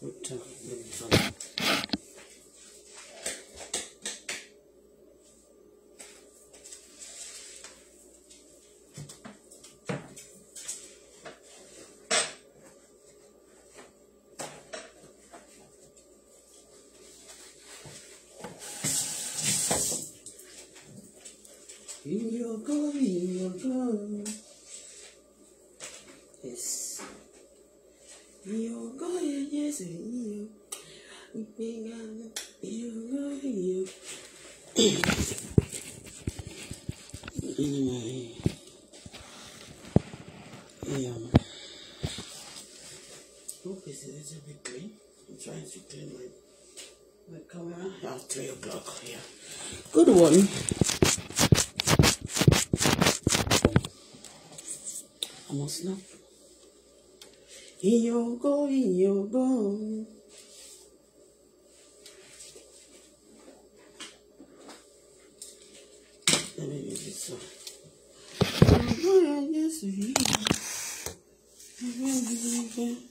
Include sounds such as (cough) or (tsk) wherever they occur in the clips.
자, 여기서 이어가 이어가 Oh, Good one. Almost enough. In your go, in your go. Let me use this one. I'm gonna use I'm gonna use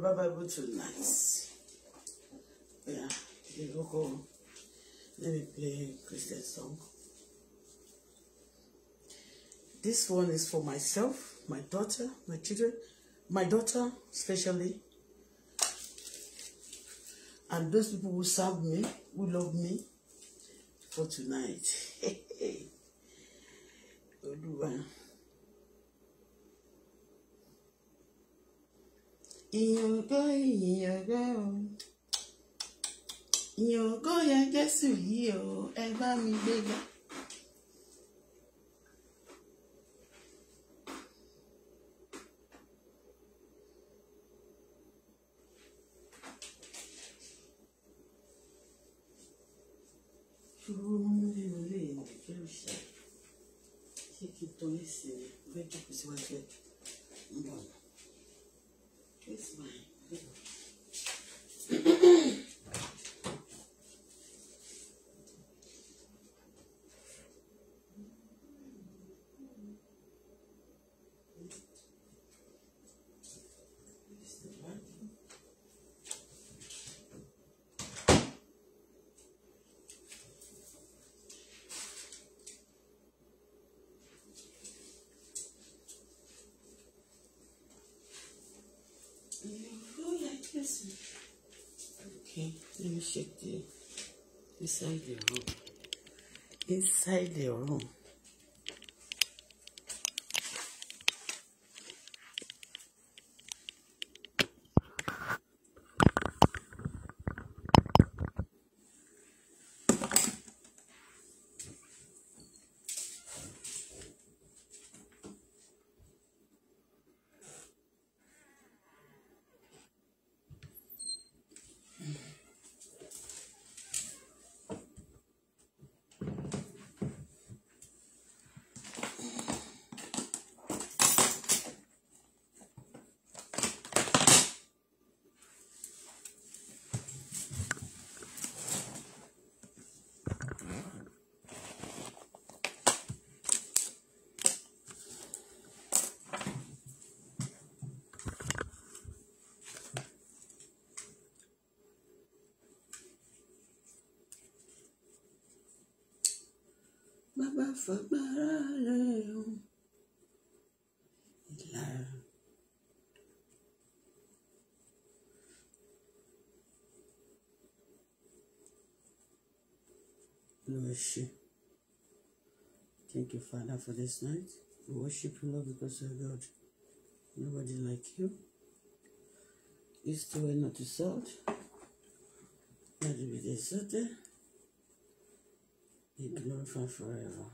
Yoruba Bible tonight. Yeah, you go go. Let me play Christian song. This one is for myself, my daughter, my children, my daughter especially, and those people who serve me, who love me for tonight. (laughs) Olúwa. ìyàngó ìyàngó ìyàngó yẹn Jésù yìí o ẹ bá mi gbéga. Thank you. Yes. Okay, let me check the inside the room. Inside the room. bàbá fagbára rẹ̀ o. Ìlara. Lord, thank you, Father, for this night. We worship you, Lord, because you're God. Nobody like you. It's too way not to salt. Let it be deserted. be glorified forever.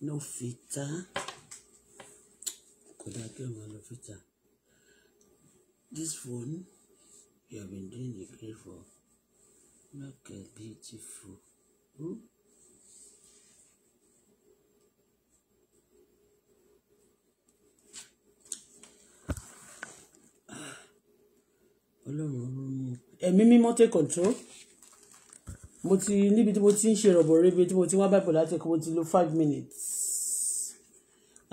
No filter. kò dáa this phone you have been doing the great for make a beautiful ooh. ọlọ́run ẹ̀mí mímọ́ take control mo ti níbi tí mo ti ń ṣe rọ̀bọ̀ rebe tí mo ti wá báyìí pẹ̀lú àtẹ̀kọ́ mo ti lo five minutes.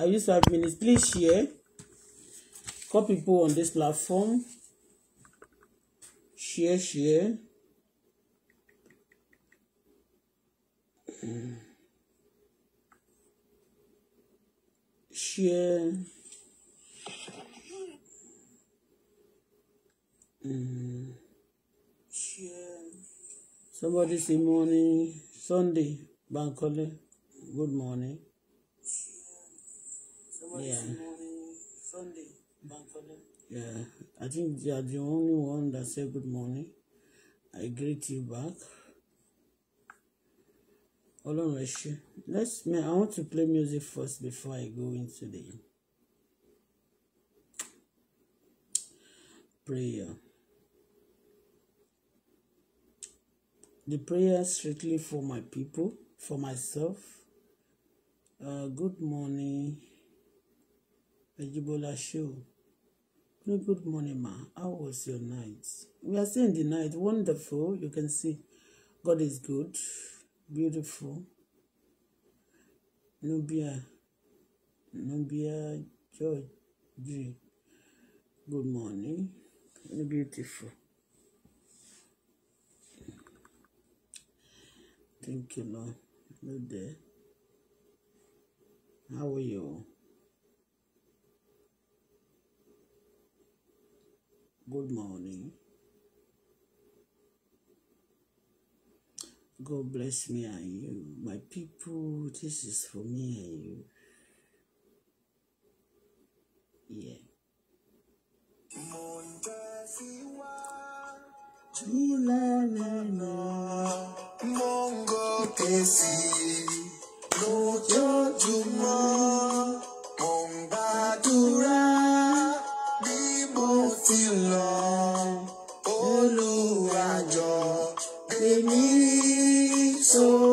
I use five minutes. Please share. Call people on this platform. Share, share. Share. Share. Somebody say morning, Sunday, Bankole. Good morning what yeah. is morning? Sunday, Bankole. Yeah, I think they are the only one that said good morning. I greet you back. Hold on, ṣé. Let's. Me, I want to play music first before I go into the prayer. The prayer strictly for my people, for myself. Uh, good morning. Ajibola Show. Good morning, ma. How was your night? We are seeing the night. Wonderful. You can see God is good. Beautiful. Nubia. Nubia George, Good morning. Beautiful. Thank you, Lord. Good day. How are you? Good morning. God bless me and you. My people, this is for me and you. Yeah. Mo ń gòkè sí lójoojúmọ́. Oh.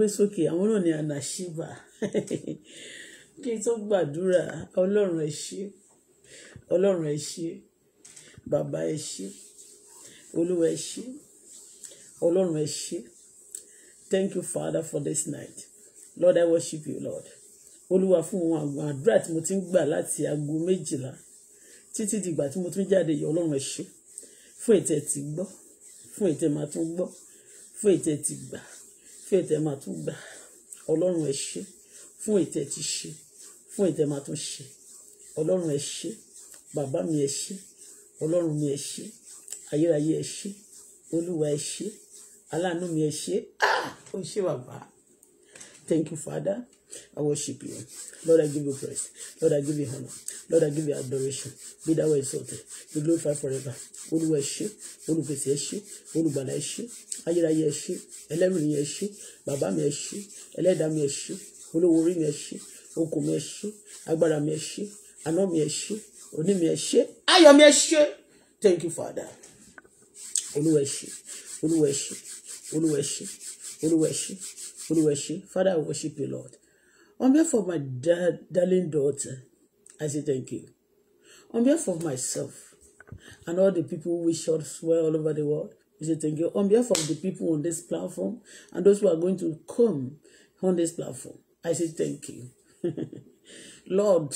gbé sókè àwọn náà ni ànàṣìbà (laughs) kí n tó gbàdúrà ọlọ́run ẹ ṣé ọlọ́run ẹ ṣé bàbá ẹ ṣé olúwa ẹ ṣé ọlọ́run ẹ ṣé thank you father for this night lord i worship you lord olúwa fún wọn àwọn àdúrà tí mo ti ń gbà láti aago méjìlá títí dìgbà tí mo tún jáde yọ ọlọ́run ẹ ṣé fún ètè tí gbọ́ fún ètè máa tún gbọ́ fún ètè tí gbà fún ètè máa tún gbà ọlọ́run ẹ ṣé fún ètè ti ṣe fún ètè máa tún ṣe ọlọ́run ẹ ṣé bàbá mi ẹ ṣé ọlọ́run mi ẹ ṣé ayérayé ẹ ṣé olúwa ẹ ṣé aláàánú mi ẹ ṣé ah ó ṣé bàbá thank you father. I worship you. Lord, I give you praise. Lord, I give you honor. Lord, I give you adoration. Be thou exalted. Be glorified forever. Olúwa ẹ ṣé, olùpèsè ẹ ṣé, olùgbàlà ẹ ṣé, ayérayé ẹ ṣé, ẹlẹ́rìí ẹ ṣé, bàbá mi ẹ ṣé, ẹlẹ́dàá mi ẹ ṣé, olówó orí mi ẹ ṣé, okùn mi ẹ agbára mi ẹ ṣé, mi ẹ òní mi ẹ ayọ̀ mi ẹ Thank you, Father. Olúwa ẹ ṣé, olúwa ẹ ṣé, olúwa ẹ ṣé, olúwa Father, I worship you, Lord. On behalf of my dad, darling daughter, I say thank you. On behalf of myself and all the people we shot swear all over the world, I say thank you. On behalf of the people on this platform and those who are going to come on this platform, I say thank you. (laughs) Lord,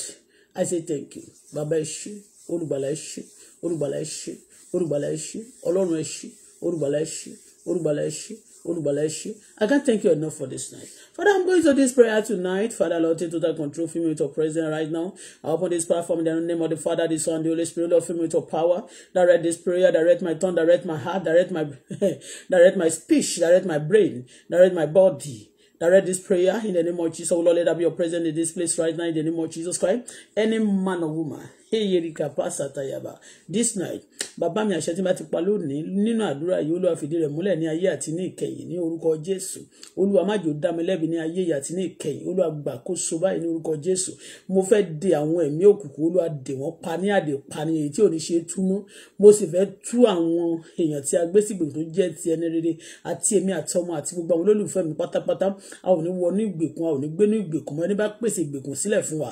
I say thank you. Baba ẹ ṣé, Olùgbàlà ẹ ṣé, Olùgbàlà ẹ ṣé, Olùgbàlà ẹ ṣé, Ọlọ́run God bless you. I can't thank you enough for this night. Father, I'm going to this prayer tonight. Father, Lord, take total control, fill me with your presence right now. I open this platform in the name of the Father, the Son, the Holy Spirit. Lord, fill me with your power. Direct this prayer, direct my tongue, direct my heart, direct my (laughs) direct my speech, direct my brain, direct my body. Direct this prayer in the name of Jesus. Oh Lord, let that be your presence in this place right now in the name of Jesus Christ. Any man or woman eyerika pasatayaba this night bàbá mi àṣẹ tí bá ti pa lónìí nínú àdúrà yìí olúwa fìdí rẹ̀ múlẹ̀ ní ayé àti ní ìkẹyìn ní orúkọ jésù olúwa májò dá mi lẹ́bi ní ayé àti ní ìkẹyìn olúwa gbàkóso báyìí ní orúkọ jésù mo fẹ́ de àwọn ẹ̀mí òkùnkùn olúwa dè wọ́n pa ní àdè pa ní èyí tí ò ní ṣe túmú mo sì fẹ́ tú àwọn èèyàn tí a gbé sígbè tó jẹ́ ti ẹni rere àti èmi àtọmọ àti gbogbo àwọn olólùfẹ́ mi pátápátá a ò ní wọ ní ìgbèkùn a ò ní gbé ní ìgbèkùn mọ́ ẹni bá pèsè ìgbèkùn sílẹ̀ fún wa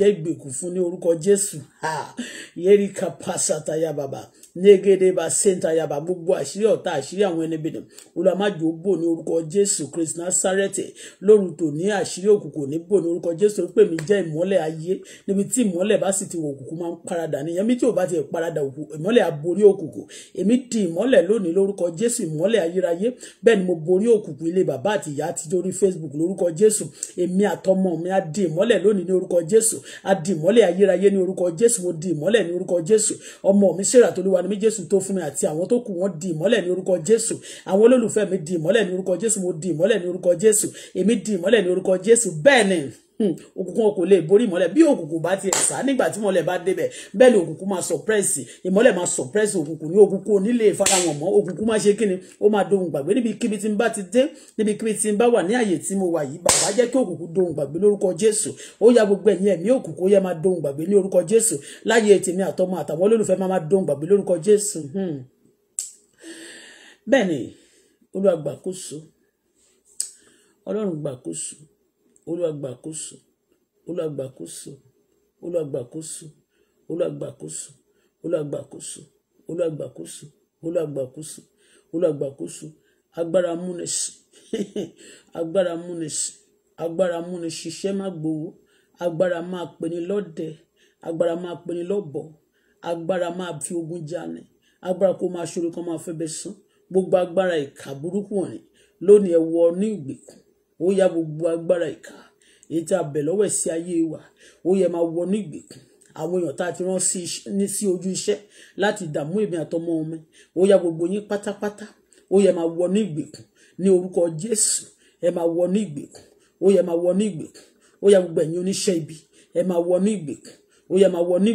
jẹ́ ìgbèkùn fún ní orúkọ Jésù yẹ́ríkà pàṣátayá bàbá negede ba senta yaba gbogbo àṣírí ọ̀tá àṣírí àwọn ẹni bìnnà olúwa má jò bò ní orúkọ jésù kristi násárẹ́tì lóru tòní àṣírí òkùnkùn ní bò ní orúkọ jésù pé mi jẹ́ ìmọ́lẹ̀ ayé níbi tí ìmọ́lẹ̀ bá sì ti wọ òkùnkùn máa ń paradà nìyẹn mi tí ò bá ti paradà ìmọ́lẹ̀ aborí òkùnkùn èmi di ìmọ́lẹ̀ lónìí lórúkọ jésù ìmọ́lẹ̀ ayérayé bẹ́ẹ̀ ni mo borí òkùnkùn ilé bàbá àti àti lórí facebook lórúkọ jésù èmi àtọmọ mi á di ìmọ́lẹ̀ lónìí ní orúkọ jésù á di ìmọ́lẹ̀ ayérayé ní orúkọ jésù mo di ìmọ́lẹ̀ ní orúkọ jésù ọmọ mi sèrà olúwa ni mí jésù tó fún mi àti àwọn tó kù wọ́n di ìmọ́lẹ̀ ní orúkọ jésù àwọn olólùfẹ́ mi di ìmọ́lẹ̀ ní orúkọ jésù mo di ìmọ́lẹ̀ ní orúkọ jésù èmi di ìmọ́lẹ̀ ní orúkọ jésù bẹ́ẹ̀ Hmm, òkùnkùn ò kò lè borí ìmọ́lẹ̀ bí òkùnkùn bá ti sá nígbà tí ìmọ́lẹ̀ bá débẹ̀ bẹ́ẹ̀ ni òkùnkùn máa sọ̀pẹ́sì ìmọ́lẹ̀ máa sọ̀pẹ́sì òkùnkùn ní òkùnkùn onílé ìfarahàn mọ́ òkùnkùn máa ṣe kíni ó máa dohun gbàgbé níbi kíbi tí n bá ti dé níbi kíbi tí n bá wà ní àyè tí mo wà yìí bàbá jẹ́ kí òkùnkùn dohun gbàgbé lórúkọ ya gbogbo ẹ̀yin ẹ̀mí òkùnkùn ó yẹ máa dohun gbàgbé ní orúkọ Jésù láyé tèmi àtọmọ àtàwọn olólùfẹ́ máa máa dohun gbàgbé lórúkọ Jésù hmm. ọlọ́run gbàkóso Olúwa gbàkóso Olúwa gbàkóso Olúwa gbàkóso Olúwa gbàkóso Olúwa gbàkóso Olúwa gbàkóso Olúwa gbàkóso Olúwa gbàkóso agbára múnisìn (laughs) agbára múnisìn agbára múnisìn ṣiṣẹ́ má gbowó agbára máa peni lọ́dẹ agbára máa peni lọ́bọ̀ agbára máa fi ogun jani agbára kó máa ṣòro kan máa fẹ́ bẹ́ sán gbogbo agbára ìka burúkú wọ̀nyí lónìí ẹ wọ ní ìgbèkùn ó yá gbogbo agbára ìka èyí tí a bẹ̀ lọ́wọ́ sí ayé wa ó yẹ máa wọ ní ìgbèkùn àwọn èèyàn tá a ti rán sí ojú iṣẹ́ láti dààmú èmi àtọmọ mi ó yá gbogbo yín pátápátá ó yẹ máa wọ ní ìgbèkùn ní orúkọ Jésù ẹ máa wọ ní ó yẹ máa wọ ní ó yá gbogbo ẹ̀yin oníṣẹ́ ibi ẹ máa wọ ní ó yẹ máa wọ ní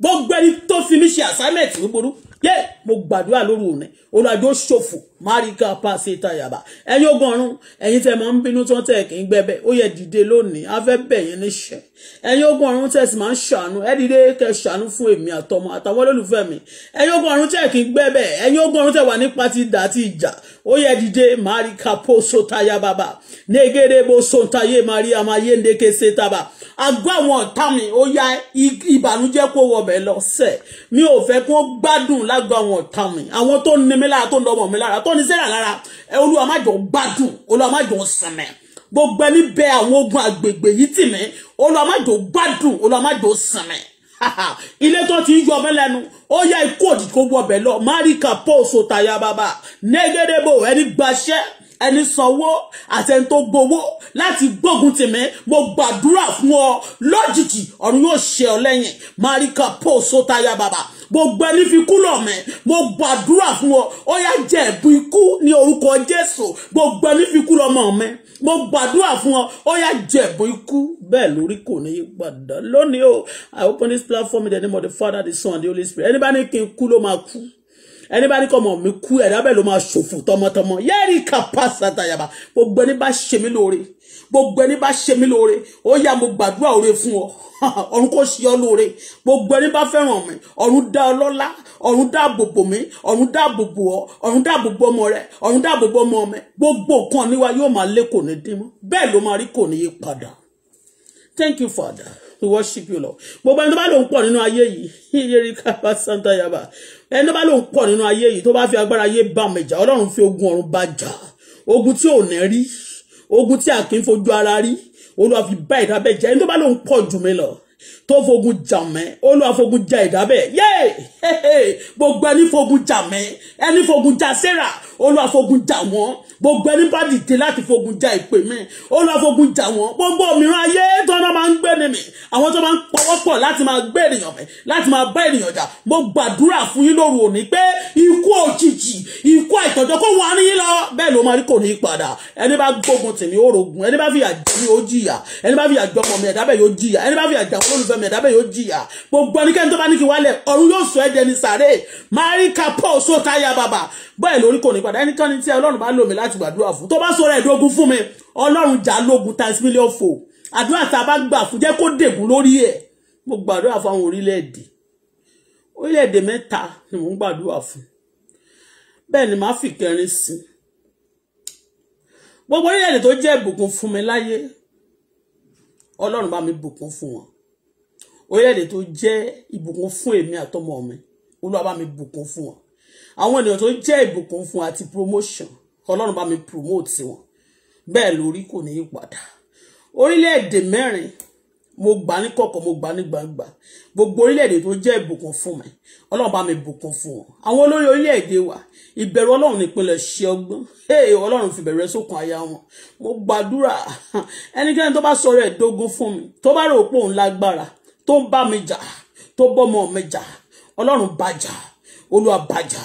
gbogbo ẹni tó fi mí ṣe assignment ló ború yé mo gbàdúrà lóru òní olùdájọ́ ṣòfò máríkà pàṣẹ tàyàbà ẹ̀yin ogun ọ̀run ẹ̀yin tẹ̀ máa ń bínú tó ń tẹ̀ kí n gbẹ́bẹ̀ ó yẹ dìde lónìí a fẹ́ bẹ̀ yín níṣẹ́ ẹ̀yin ogun ọ̀run tẹ̀ sì máa ń ṣàánú ẹ kẹ́ ṣàánú fún èmi àtọmọ àtàwọn olólùfẹ́ mi ẹ̀yin ogun ọ̀run tẹ̀ kí n gbẹ́bẹ̀ ẹ̀yin ogun ọ̀run tẹ̀ wà nípa ti dà àti ìjà ó yẹ dìde Kapo po sotaya baba negere bo sotaye maria maye ndeke setaba àgọ́ àwọn ọ̀tá mi ó yá ìbànújẹ́ kó wọbẹ̀ lọ́sẹ̀ mi ò fẹ́ kó gbádùn lágọ́ àwọn ọ̀tá mi àwọn tó ní mi lára tó ń dọmọ mi lára tó ní sẹ́yà lára olúwa má jọ gbádùn olúwa má jọ sẹ̀mẹ̀ gbogbo ẹni bẹ àwọn ogun àgbègbè yìí tì mí olúwa má jọ gbádùn olúwa má jọ sẹ̀mẹ̀. (laughs) ilé tó ti ń yọ ọbẹ̀ lẹ́nu ó yá ikú òdì kó wọ ọbẹ̀ lọ máríkà pọ́ọ̀sọ tayá bàbá nẹ́gẹ́dẹ́bò ẹni gbaṣẹ́ ẹni sanwó àti ẹni tó gbowó láti gbógun tèmi mo gbàdúrà fún ọ lójijì ọ̀run yóò ṣe ọ lẹ́yìn marika paul sotaya baba gbogbo ẹni fi kú lọ́mẹ́ mo gbàdúrà fún ọ ó yá jẹ ẹ̀bùn ikú ní orúkọ jésù gbogbo ẹni fi kú lọ́mọ mẹ́ mo gbàdúrà fún ọ ó yá jẹ ẹ̀bùn ikú bẹ́ẹ̀ lórí kò ní gbàdá lónìí o i open this platform in the name of the father the son and the holy spirit ẹni bá ní kí n kú ló máa kú ẹni bá ní kọ́mọ mi kú ẹ̀dá bẹ́ẹ̀ ló máa ṣòfò tọmọtọmọ yẹ́rì kàpá sàtàyàbà gbogbo ẹni bá ṣe mí lóore gbogbo ẹni bá ṣe mí lóore ó yá mo gbàdúrà oore fún ọ (laughs) ọ̀run kò ṣe ọ lóore gbogbo ẹni bá fẹ́ràn mi ọ̀run dá ọ lọ́lá ọ̀run dáàbò bò mí ọ̀run dáàbò bò ọ ọ̀run dáàbò bò ọmọ rẹ ọ̀run dáàbò bò ọmọ mi gbogbo nǹkan níwa yóò máa lé kò ní dín mọ́ ló máa rí kò ní yí padà thank you father we worship you lord gbogbo ẹni tó bá lòun pọ̀ nínú ayé yìí yíyí rí kápá santa yaba ẹni tó bá lòun pọ̀ nínú ayé yìí tó bá fi agbára ayé bá ọmọ ìjà ọlọ́run fi ogun ọ̀run bá jà ogun tí ò ní rí ogun tí a kì í fojú ara rí olúwa fi bá ìdábẹ́ jẹ́ ẹni tó bá lòun pọ̀ jù mí lọ tó fogun jà mẹ́ olúwa fogun jà ìdábẹ́ yéè gbogbo ẹni fogun jà mẹ́ ẹni fogun jà Sẹ́rà olúwa fogun jà wọ́n gbogbo ẹni bá dìde láti fogun jà ìpè mi olúwa fogun jà wọ́n gbogbo òmìnira ayé tó náà máa ń gbé ni mi àwọn tó máa ń pọwọ́ pọ̀ láti máa gbé ènìyàn mẹ́ láti máa bá ènìyàn jà mo gbàdúrà fún yín lóru òní pé ikú òjijì ikú àìtọ́jọ́ kó wà ní yín lọ bẹ́ẹ̀ ló máa rí kò ní padà ẹni bá gbógun tèmi ó rogun ẹni bá fi àjẹ mi ó jìyà ẹni bá fi àjọ ọmọ mi ẹ̀dá bẹ́ẹ̀ yóò jìyà ẹni bá fi àjẹ àwọn olólùfẹ́ mi ẹ̀dá bẹ́ẹ̀ yóò jìyà gbogbo ẹnikẹ́ni tó bá ní kí wálẹ̀ ọ̀run yóò sọ ẹ̀dẹ̀ ní sàré máa rí kapọ́ọ̀ sótáyà bàbà bẹ́ẹ̀ lórí kò ní gbàdá ẹnikẹ́ni tí ọlọ́run bá lò mí láti gbàdúrà fún tó bá sọ̀rọ̀ ẹ̀dógún fún mi ọlọ́run jà lógun times million four àdúrà tá a bá gbà fún jẹ́ kó dègún lórí ẹ̀ mo gbàdúrà fún àwọn orílẹ̀-èdè orílẹ̀-èdè mẹ́ta ni mò ń gbàdúrà fún bẹ́ẹ̀ ni màá fi kẹrin sí i gbogbo orílẹ̀-èdè tó jẹ́ ìbùkún fún mi láyé ọlọ́run bá mi bùkún fún wọn orílẹ̀-èdè tó jẹ́ ìbùkún fún èmi àtọmọ mi olúwa bá mi bùkún fún wọn àwọn ènìyàn tó jẹ́ ìbùkún fún àti promotion ọlọ́run bá mi promote wọn bẹ́ẹ̀ lórí kò ní í padà orílẹ̀-èdè mẹ́rin mo gbà ní kọ̀kọ̀ mo gbà ní gbangba gbogbo orílẹ̀-èdè tó jẹ́ ìbùkún fún mi ọlọ́run bá mi bùkún fún wọn àwọn olórí orílẹ̀-èdè wa ìbẹ̀rù ọlọ́run nípínlẹ̀ ṣe ọgbọ́n ee ọlọ́run fi bẹ̀rẹ̀ sókun aya wọn mo gbàdúrà ẹnikẹ́ni tó bá sọ̀rọ̀ ẹ̀ dógún fún mi tó bá rò pé òun lágbára tó ń bá mi jà tó bọ́mọ mi jà ọlọ́run bàjà olúwa bàjà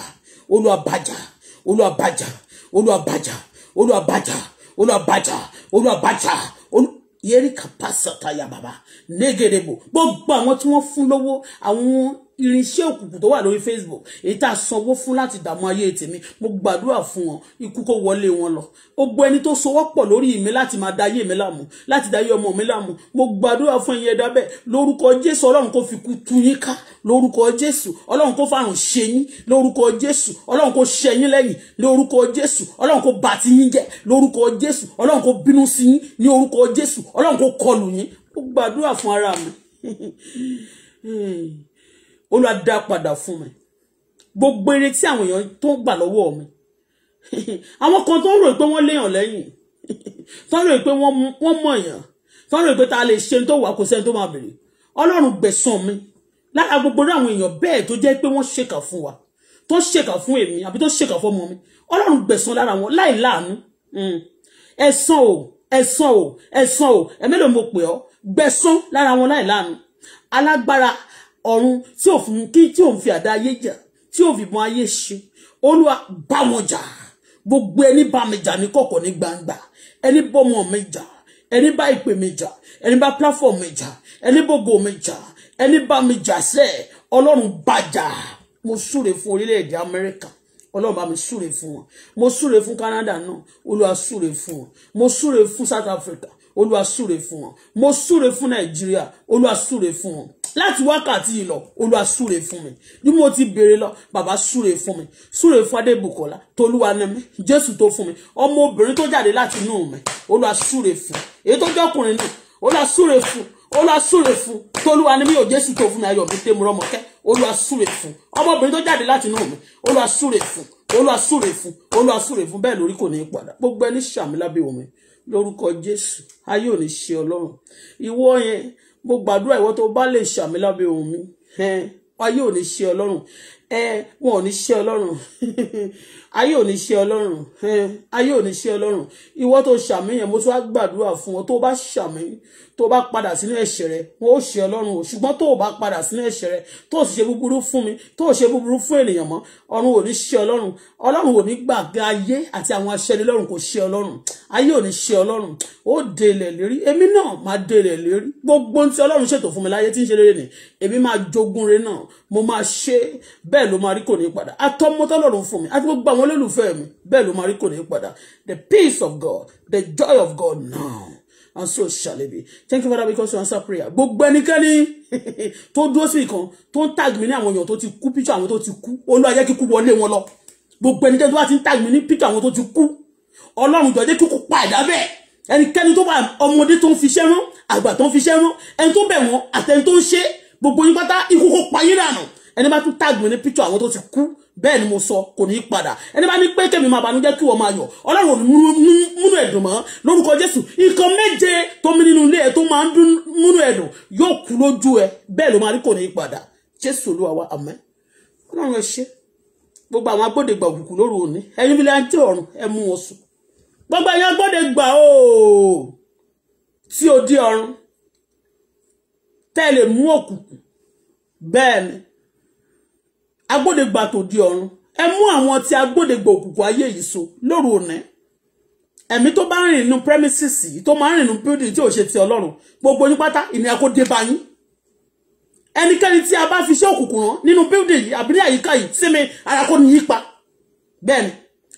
Olúwa bàjà Olúwa bàjà Olúwa bàjà Olúwa bàjà Olúwa bàjà Olúwa bàjà Olúwa yẹ́rì kàpásátà yà bàbá négedebo gbogbo àwọn tí wọ́n fún lọ́wọ́ àwọn irinṣẹ́ òkùnkùn tó wà lórí Facebook èyí tá a sanwó fún láti dààmú ayé tèmi mo gbàdúrà fún wọn ikú kó wọlé wọn lọ gbogbo ẹni tó sowọ́pọ̀ lórí mi láti máa da ayé mi láàmú láti da ayé ọmọ mi láàmú mo gbàdúrà fún ẹ̀yin ẹ̀dá bẹ́ẹ̀ lórúkọ Jésù Ọlọ́run kó fi kú tú yín ká lórúkọ Jésù Ọlọ́run kó fàrùn ṣe yín lórúkọ Jésù Ọlọ́run kó ṣe yín lẹ́yìn lórúkọ Jésù Ọlọ́run kó bà ti yín jẹ́ lórúkọ Jésù Ọlọ́run kó bínú sí (laughs) Olúwa dá padà fún mi gbogbo ire tí àwọn èèyàn tó gbà lọ́wọ́ mi àwọn kan tó ń rò pé wọ́n léèyàn lẹ́yìn tó ń rò pé wọ́n mọ̀ èèyàn tó ń rò pé ta lè ṣe tó wà kó sẹ́ni tó máa bèrè Ọlọ́run gbẹ̀san mi lára gbogbo àwọn èèyàn bẹ́ẹ̀ tó jẹ́ pé wọ́n ṣèkà fún wa tó ṣèkà fún èmi àbí tó ṣèkà fún ọmọ mi Ọlọ́run gbẹ̀san lára wọn láì láàánú hmm. ẹ̀san o ẹ̀san o ẹ̀san o ẹ̀mélòó mo pè ọ́ gbẹ̀san lára wọn láì láàánú alágbára ọ̀run tí ò fún kí tí ò ń fi àdá ayé jà tí ò fi bọ́n ayé ṣe olúwa bá wọn jà gbogbo ẹni bá mi jà ní kọ̀kọ̀ ní gbangba ẹni bọ́mọ mi jà ẹni bá ìpè mi jà ẹni bá platform mi jà ẹni bògo mi jà ẹni bá mi jà sẹ́ ọlọ́run bá jà mo súre fún orílẹ̀-èdè amẹ́ríkà ọlọ́run bá mi súre fún wọn mo súre fún canada náà olúwa súre fún wọn mo súre fún south africa olúwa súre fún wọn mo súre fún nàìjíríà olúwa súre fún wọn láti wákàtí yìí lọ olúwa súre fún mi bí mo ti béèrè lọ bàbá súre fún mi súre fún adébùkọ́lá tolúwa ni mí jésù tó fún mi ọmọ obìnrin tó jáde láti inú mi olúwa súre fún èyí tó jọkùnrin náà olúwa súre fún olúwa súre fún tolúwa ni mí ò jésù tó fún mi ayọ̀ mi tẹ́ mu rọmọkẹ́ olúwa súre fún ọmọbìnrin tó jáde láti inú mi olúwa súre fún olúwa súre fún olúwa súre fún bẹ́ẹ̀ lórí kò ní í padà gbogbo ẹni ṣàmì lábẹ́ lórúkọ jésù ayé ò ní ṣe ọlọ́run ìwọ yẹn mo gbàdúrà ìwọ tó bá lè ṣàmì lábẹ́ ohùn mi ayé ò ní ṣe ọlọ́run ẹ wọn ò ní ṣe ọlọ́run (laughs) ayé ò ní ṣe ọlọ́run ayé ò ní ṣe ọlọ́run ìwọ tó ṣàmì yẹn mo tún wá gbàdúrà fún ọ tó bá ṣàmì tó bá padà sínú ẹ̀ṣẹ̀ rẹ wọn ó ṣe ọlọ́run o ṣùgbọ́n tó bá padà sínú ẹ̀ṣẹ̀ rẹ tó sì ṣe búburú fún mi tó ṣe búburú fún ènìyàn mọ́ ọ̀run ò ní ṣe ọlọ́run ọlọ́run ò ní gbàgbé ayé àti àwọn aṣẹ́ni lọ́run kò ṣe ọlọ́run ayé ò ṣe ọlọ́run ó délẹ̀ lérí èmi náà máa délẹ̀ lérí gbogbo tí ọlọ́run ṣètò fún mi láyé tí ń ṣe rere ni èmi máa jogún re náà mo máa ṣe bẹ́ẹ̀ ló máa rí kò ní padà atọ́mọ́tọ́ àwọn olólùfẹ́ mi bẹ́ẹ̀ ló máa rí kò ní padà the peace of God the joy of God now and so shall it be thank you father because you answer prayer gbogbo ẹnikẹ́ni (laughs) tó dúró sí nǹkan tó ń tag mi ní àwọn èèyàn tó ti kú picture àwọn tó ti kú olú ajẹ́ kíkú wọlé wọn lọ gbogbo ẹnikẹ́ni tó bá ti ń tag mi ní picture àwọn tó ti kú ọlọ́run jọ̀dé kíkú pa ẹ̀dá bẹ́ẹ̀ ẹnikẹ́ni tó bá ọmọdé tó ń fiṣẹ́ rán àgbà tó ń fiṣẹ́ rán ẹni tó bẹ̀ wọ́n àtẹni tó ń ṣe gbogbo yín ikú kó pa yín dànù ẹni bá tún tag ní picture àwọn tó ti kú bẹ́ẹ̀ ni mo sọ kò ní í padà ẹni bá ní pé kẹ́mi máa bànújẹ́ kí wọ́n máa yọ̀ ọlọ́run múnú ẹ̀dùn mọ́ lórúkọ jésù nǹkan méje tó mi nínú ilé ẹ̀ tó máa ń dún múnú ẹ̀dùn yóò kú lójú ẹ bẹ́ẹ̀ ló máa rí kò ní í padà jésù olúwa wa àmín ọlọ́run ẹ ṣé gbogbo àwọn agbódegbà òkùnkùn lóru òní ẹ̀yin bí láńtí ọ̀run ẹ mú wọn sùn gbogbo ẹ̀yin agbódegbà ooo tí odi agbódegbà tó di ọ̀run ẹ mú àwọn tí agbódegbà òkùnkùn ayé yìí so lóru òní ẹ̀mí tó bá rìn nínú premises yìí tó máa ń rìn nínú building tí ò ṣe ti ọlọ́run gbogbo yín pátá ìnira kó dé bá yín ẹnikẹ́ni tí a bá fi iṣẹ́ òkùnkùn rán nínú building yìí àbí àyíká yìí sí ara kò ní yí pa bẹ́ẹ̀ ni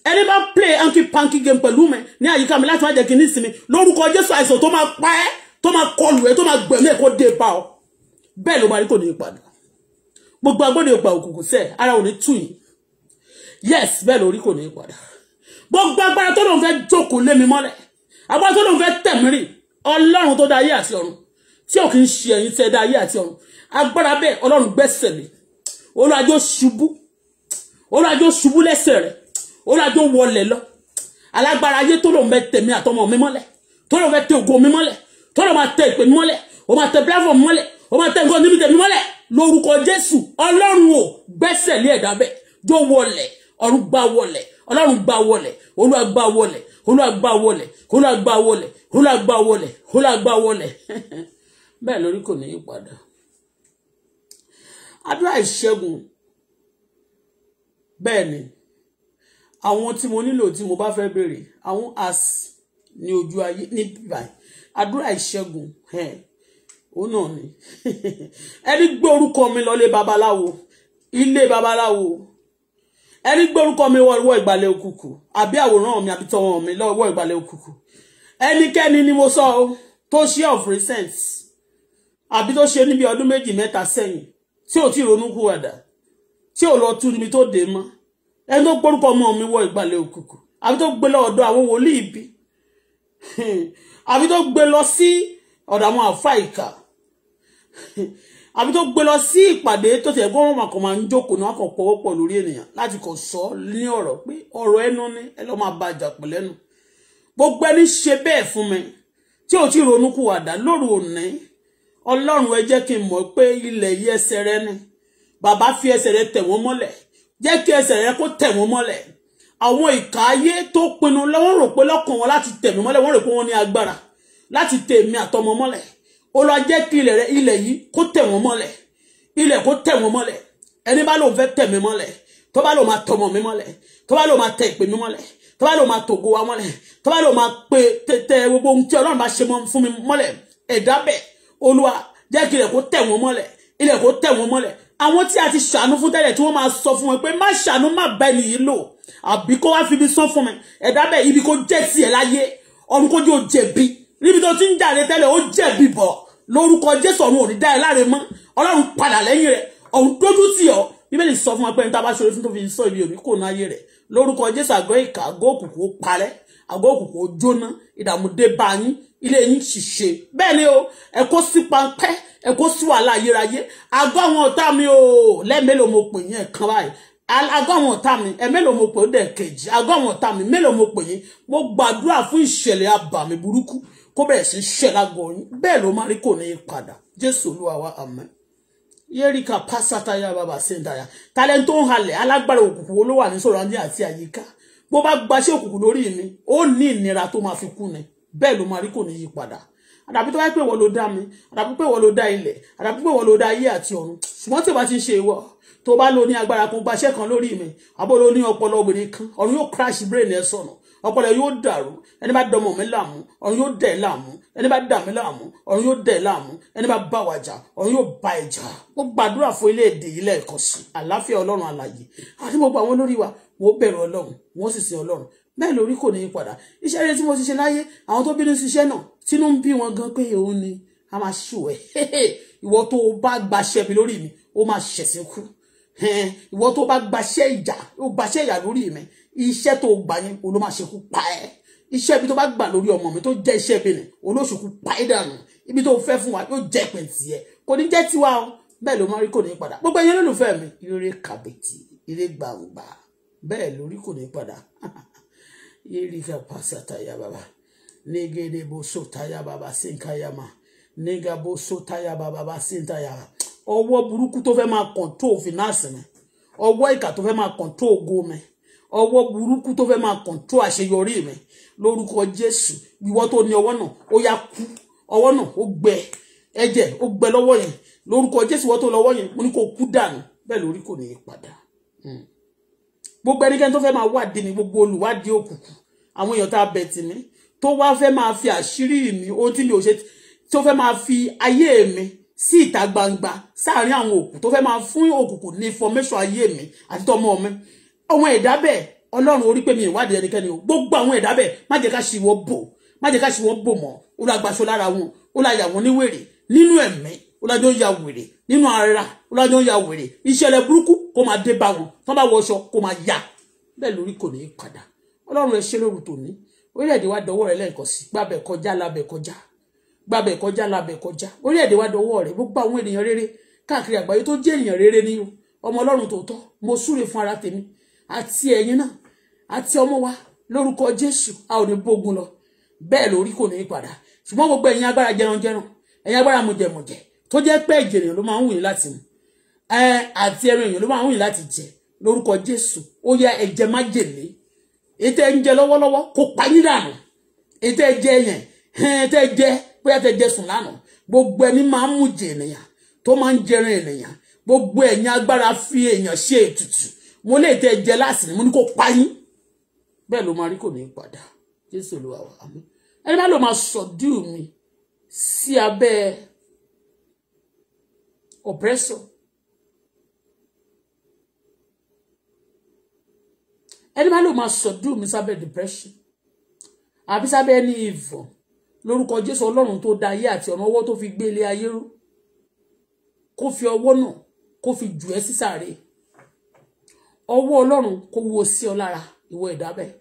ẹni bá play anki panki game pẹ̀lú mi ní àyíká mi láti má jẹ́ kí n ní ìsinmi lórúkọ jésù àìsàn tó máa pa ẹ́ tó máa kọlù ẹ́ tó máa gbẹ̀mí ẹ̀ kó dé bá ọ bẹ́ẹ̀ ló máa rí kò ní í padà gbogbo agbóni ògbà òkùnkùn sẹ ara ò ní tù yín yes bẹ́ẹ̀ lórí kò ní padà gbogbo agbára tó lòun fẹ́ jókòó lé mi mọ́lẹ̀ agbára tó lòun fẹ́ tẹ̀mí rì ọlọ́run tó dá ayé àti ọ̀run tí ò kì í ṣe ẹ̀yin tẹ́ dá ayé àti ọ̀run agbára bẹ́ẹ̀ ọlọ́run gbẹ́sẹ̀ lé olùwàjò ṣubú olùwàjò ṣubú lẹ́sẹ̀ rẹ̀ olùwàjò wọlé lọ alágbára ayé tó lòun fẹ́ tẹ̀mí àtọmọ mi mọ́lẹ̀ tó lòun fẹ́ tẹ ògo mi mọ́lẹ̀ tó lòun máa tẹ ìpè mi mọ́lẹ̀ ó máa tẹ platform mọ́lẹ̀ ó máa tẹ nǹkan níbi tẹ̀mí mọ́lẹ̀ lórúkọ jésù ọlọ́run ò gbẹ́sẹ̀ lé ẹ̀dá bẹ́ẹ̀ jó wọlẹ̀ ọ̀run gbá wọlẹ̀ ọlọ́run gbá wọlẹ̀ olúwa gbá wọlẹ̀ olúwa gbá wọlẹ̀ olúwa gbá wọlẹ̀ olúwa gbá wọlẹ̀ olúwa gbá wọlẹ̀ (laughs) bẹ́ẹ̀ lórí kò ní í padà àdúrà ìṣẹ́gun bẹ́ẹ̀ ni àwọn tí mo nílò tí mo bá fẹ́ béèrè àwọn as ní ojú ayé ní bíbáyìí àdúrà ìṣẹ́gun òun náà ni (laughs) ẹni gbé orúkọ mi lọlé babaláwo ilé babaláwo ẹni gbé orúkọ mi wọ ìgbàlẹ̀ òkùnkùn àbí àwòrán mi àbí tọwọ́ mi lọ́wọ́ ìgbàlẹ̀ òkùnkùn ẹnikẹ́ni ni mo sọ o tó ṣe of recent àbí tó ṣe níbi ọdún méjì mẹ́ta sẹ́yìn tí ò tí ronú kú wàdà tí ò lọ tú níbi tó dé mọ́ ẹni tó gbórúkọ ọmọ mi wọ ìgbàlẹ̀ òkùnkùn àbí tó gbé lọ àwọn wòlíì bí (laughs) àbí tó gbé lọ sí ọ̀dọ̀ àwọn (laughs) àbí tó gbé lọ sí ìpàdé tó tiẹ̀ gbọ́n wọn kàn máa ń jókòó náà kàn pọ̀wọ́ pọ̀ lórí ènìyàn láti kàn sọ ní ọ̀rọ̀ pé ọ̀rọ̀ ẹnu ni ẹ lọ́ máa ba àjà pọ̀ lẹ́nu gbogbo ẹni ṣe bẹ́ẹ̀ fún mi tí ò tí ronú kù wàdà lóru òní ọlọ́run ẹ jẹ́ kí n mọ̀ pé ilẹ̀ yí ẹsẹ̀ rẹ ni bàbá fi ẹsẹ̀ rẹ tẹ̀ wọ́n mọ́lẹ̀ jẹ́ kí ẹsẹ̀ rẹ kó tẹ̀ wọ́n mọ́lẹ̀ àwọn ìka ayé tó pinnu lọ́wọ́ rò pé lọ́kàn wọn láti tẹ̀ mí mọ́lẹ̀ wọ́n rò pé wọ́n ní agbára láti tẹ̀ mí àtọmọ mọ́lẹ̀ olúwa jẹ́ kí ilẹ̀ rẹ ilẹ̀ yìí kó tẹ̀ wọ́n mọ́lẹ̀ ilẹ̀ kó tẹ̀ wọ́n mọ́lẹ̀ ẹni bá lòun fẹ́ tẹ̀ mí mọ́lẹ̀ tó bá lòun máa tọmọ mi mọ́lẹ̀ tó bá lòun máa tẹ ìpè mi mọ́lẹ̀ tó bá lòun máa tògo wa mọ́lẹ̀ tó bá lòun máa pe tẹ gbogbo ohun tí ọlọ́run bá ṣe fún mi mọ́lẹ̀ ẹ̀dá bẹ̀ olúwa jẹ́ kí ilẹ̀ kó tẹ̀ wọ́n mọ́lẹ̀ ilẹ̀ kó tẹ̀ wọ́n mọ́lẹ̀ àwọn tí a ti ṣàánú fún tẹ́lẹ̀ tí wọ́n máa sọ fún wọn pé má ṣàánú má bá ẹni yìí lò àbí kó wá fi ibi sán fún mi ẹ̀dá bẹ̀ ibi kó jẹ́ tiẹ̀ láyé ọ̀run kó jẹ́ òjẹ̀bi níbi tó ti ń jàre tẹ́lẹ̀ ó jẹ̀bi bọ̀ lórúkọ jésù ọ̀run ò ní dá ẹ láre mọ́ ọlọ́run padà lẹ́yìn rẹ̀ ọ̀run dójú tì ọ́ bíbélì sọ fún wa pé ní tá a bá ṣe orí fún tó fi sọ ibi òní kò ná ayé rẹ̀ lórúkọ jésù àgọ́ ìkà àgọ́ òkùnkùn ó parẹ́ àgọ́ òkùnkùn ó jóná ìdààmú dé bá yín ilé yín ṣìṣe bẹ́ẹ̀ ni o ẹ kó sí pańpẹ́ ẹ kó sí wàhálà ayérayé àgọ́ àwọn ọ̀tá mi o lẹ́ẹ̀mélòó mo pè yín ẹ̀kan báyìí àgọ́ àwọn ọ̀tá mi ẹ mélòó mo pè ó dẹ̀ kejì àgọ́ àwọn ọ̀tá mi mélòó mo pè yín mo gbàdúrà fún ìṣẹ̀lẹ̀ abàmì burúkú kó bẹ̀rẹ̀ sí ṣẹ̀ lágọ̀ọ́ yín bẹ́ẹ̀ ló máa rí kò ní í padà jésù olúwa wa àmín yẹ́ríkà pásátayà bàbá sẹ́ńdáyà talẹ́ tó ń halẹ̀ alágbára òkùnkùn olówó àní sọ̀rọ̀ ní àti àyíká bó bá gbaṣẹ́ òkùnkùn lórí mi ó ní ìnira tó máa fi kú ni bẹ́ẹ̀ ló máa rí kò ní yí padà àdàbí tó bá pè wọ́n ló dá mi àdàbí pé wọ́n ló dá ilẹ̀ àdàbí pé wọ́n ló dá ayé àti ọ̀run ṣùgbọ́n tí ìwà ti ń ṣe ìwọ tó bá lo ní agbára kan gbaṣẹ́ kan lórí mi àbó lo ní ọpọlọ obìnrin kan ọ̀run yóò crash brain ẹ sọ̀nà ọpọlọ yóò dàrú ẹni bá dọmọ mi láàmú ọ̀run yóò dẹ̀ láàmú ẹni bá dà mí láàmú ọ̀run yóò dẹ̀ láàmú ẹni bá bá wa jà ọ̀run yóò bá ẹ jà mo gbàdúrà fún ilé èdè yìí lẹ́ẹ̀kan sí àlàáfíà ọlọ́run àlàyé àti gbogbo àwọn olórí wa wọ́n bẹ̀rù ọlọ́run wọ́n sì sin ọlọ́run bẹ́ẹ̀ lórí kò ní í padà iṣẹ́ rere tí mo ti ṣe láyé àwọn tó bínú ṣiṣẹ́ náà tínú ń bí wọn gan pé òun ni a máa ṣù ẹ́ (laughs) ìwọ tó bá gbaṣẹ́ mi lórí mi ó máa ṣẹ̀sìn kú ìwọ tó o bá gbaṣẹ́ ìjà ó gbaṣẹ́ ìyà lórí mi iṣẹ́ tó gbà yẹn òun ló máa ṣekú pa ẹ́ iṣẹ́ ibi tó bá gbà lórí ọmọ mi tó jẹ́ iṣẹ́ ibi nìyẹn olóṣùkú pa ẹ́ dànù ibi tó fẹ́ fún wa yóò jẹ́ ìpín tiẹ̀ kò ní jẹ́ tiwa o bẹ́ẹ̀ ló máa rí kò ní padà gbogbo ẹ̀yin olólùfẹ́ mi ire kàbètì ire gbàǹgbà bẹ́ẹ̀ lórí kò ní padà (laughs) ire kàpàṣà táyà bàbà nígẹ̀dẹ̀ bó so táyà bàbà sí nkáyà máa nígà bó so táyà bàbà bá sí ntáyà ọwọ́ burúkú tó fẹ́ máa kọ̀ńtró finance mi ọwọ́ ìkà tó fẹ́ máa kọ̀ńtró ògo mi ọwọ́ burúkú tó fẹ́ máa kọ̀ǹtró àṣeyọrí mi lórúkọ Jésù ìwọ tó ní ọwọ́ náà ó yá kú ọwọ́ náà ó gbẹ ẹ̀jẹ̀ ó gbẹ lọ́wọ́ yẹn lórúkọ Jésù ìwọ tó lọ́wọ́ yẹn mo ní kó kú dànù bẹ́ẹ̀ lórí kò ní í padà hmm. gbogbo ẹnikẹ́ni tó fẹ́ máa wádìí mi gbogbo olùwádìí òkùnkùn àwọn èèyàn tá a bẹ̀ tì mí tó wá fẹ́ máa fi àṣírí mi ohun tí mi ò ṣe tó fẹ́ máa fi ayé mi sí ìta gbangba sáàárín àwọn òkú tó fẹ́ máa fún òkùnkùn ní information ayé mi àti tọmọ mi ọmọ ẹ̀dá bẹ́ẹ̀ ọlọ́run orí pé mi ìwádìí ẹnikẹ́ni o gbogbo àwọn ẹ̀dá bẹ́ẹ̀ má jẹ́ ká ṣì wọ́n bò má jẹ́ ká ṣì wọ́n bò mọ́ ó la gbaṣọ lára wọn ó la yà wọ́n nínú ẹ̀mí ó lájọ́ ya wèrè nínú ara ó lájọ́ ya wèrè ìṣẹ̀lẹ̀ burúkú kó máa dé bá wọn tó bá wọṣọ kó máa yà bẹ́ẹ̀ lórí kò ní í padà ọlọ́run ẹ ṣe lóru tòní orílẹ̀-èdè wa dọwọ́ rẹ lẹ́ẹ̀kan sí gbàbẹ̀ kọjá labẹ̀ kọjá gbàbẹ̀ kọjá labẹ̀ kọjá orílẹ̀-èdè wa ọmọ ọlọ́run tòótọ́ mo súre fún ara tèmi àti ẹ̀yin náà àti ọmọ wa lórúkọ Jésù a ò ní bógun lọ bẹ́ẹ̀ lórí kò ní padà ṣùgbọ́n gbogbo ẹ̀yin agbára jẹranjẹran ẹ̀yin agbára mọ̀jẹ̀mọ̀jẹ̀ tó jẹ́ pé ẹ̀jẹ̀ èèyàn ló máa ń wù yín láti mu àti ẹran èèyàn ló máa ń wù yín láti jẹ lórúkọ Jésù ó yá ẹ̀jẹ̀ májèlé ètò ẹ̀jẹ̀ lọ́wọ́lọ́wọ́ kò pa yín dànù ètò ẹ̀jẹ̀ yẹn ètò ẹ̀jẹ̀ bóyá tẹ jẹ sùn lánàá gbogbo ẹni máa ń mú ènìyàn tó máa ń jẹrin ènìyàn gbogbo ẹ̀yin agbára fi èèyàn ṣe ètùtù mo lè tẹ jẹ láàsì ni mo ní kó pa yín bẹ́ẹ̀ ló máa rí kò ní padà jésù olúwa wa ẹni bá lò máa subdue mi sí abẹ́ oppressor ẹni bá lò máa subdue mi sábẹ́ depression àbí sábẹ́ ẹni ìfọ̀ lórúkọ jésù ọlọ́run tó dá ayé àti ọ̀nà ọwọ́ tó fi gbé ilé ayé rú kó fi ọwọ́ náà kó fi jù ẹ́ sí sàréè ọwọ́ ọlọ́run kó wo sí ọ lára ìwọ ẹ̀dá bẹ́ẹ̀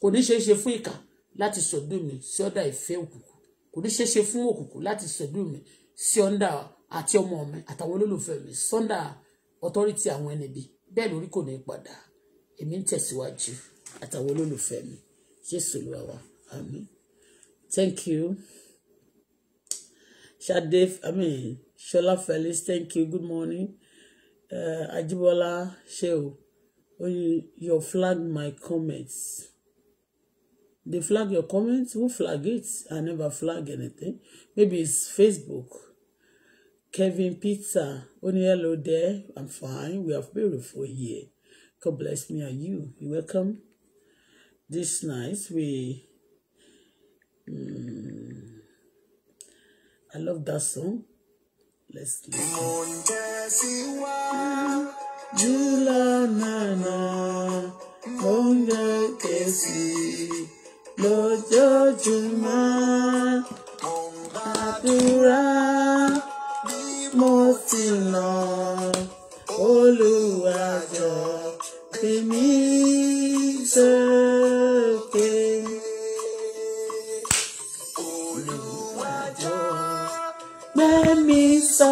kò ní ṣeé ṣe fún ìkà láti sọ̀dú mi sí ọ̀dà ìfẹ́ òkùnkùn kò ní ṣeé ṣe fún òkùnkùn láti sọ̀dú mi sí ọ̀dà àti ọmọ mi àtàwọn olólùfẹ́ mi sọ́ndà ọ̀tọ́rìtì àwọn ẹni bí bẹ́ẹ̀ lórí kò ní padà èmi ń tẹ̀síwájú àtàwọn olólùfẹ́ mi Jésù Olúwa wa àmín thank you Ṣadé I mean Ṣọlá Felix thank you good morning uh, Ajibola ṣe o when you, you flag my comments. They flag your comments. Who flag it? I never flag anything. Maybe it's Facebook. Kevin Pizza. only hello there. I'm fine. We are beautiful here. God bless me and you. You welcome. This night we. Mm, I love that song. Let's listen. Julanana Konga kesi lójoojúmọ́ àdúrà mo ti nà Olúwa jọ tèmi sókè. Olúwa jọ gbé mi sọ.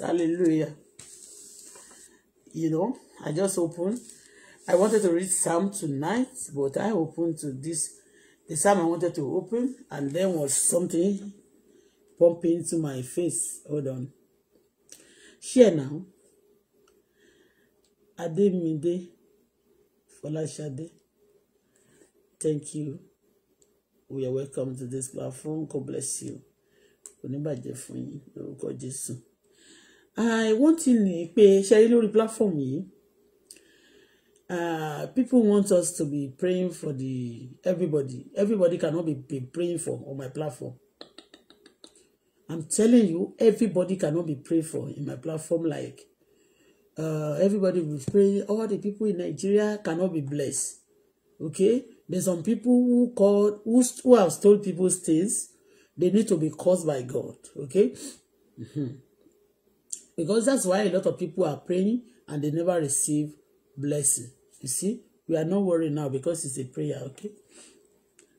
Hallelujah. You know, I just opened. I wanted to read Psalm tonight, but I opened to this. The Psalm I wanted to open, and then was something pumping into my face. Hold on. Share now. Ademide Folashade. Thank you. We are welcome to this platform. God bless you. Oníbàjẹ́ fún yín lórúkọ Jésù. I wọ́n ti ní pé ṣẹ́rí lórí platform yìí uh, people want us to be praying for the everybody everybody cannot be, be praying for on my platform I'm telling you everybody cannot be praying for in my platform like uh, everybody will pray all the people in Nigeria cannot be blessed okay there's some people who called who, who have told people's things they need to be caused by God okay mm-hmm because that's why a lot of people are praying and they never receive blessing. You see, we are not worried now because it's a prayer, okay?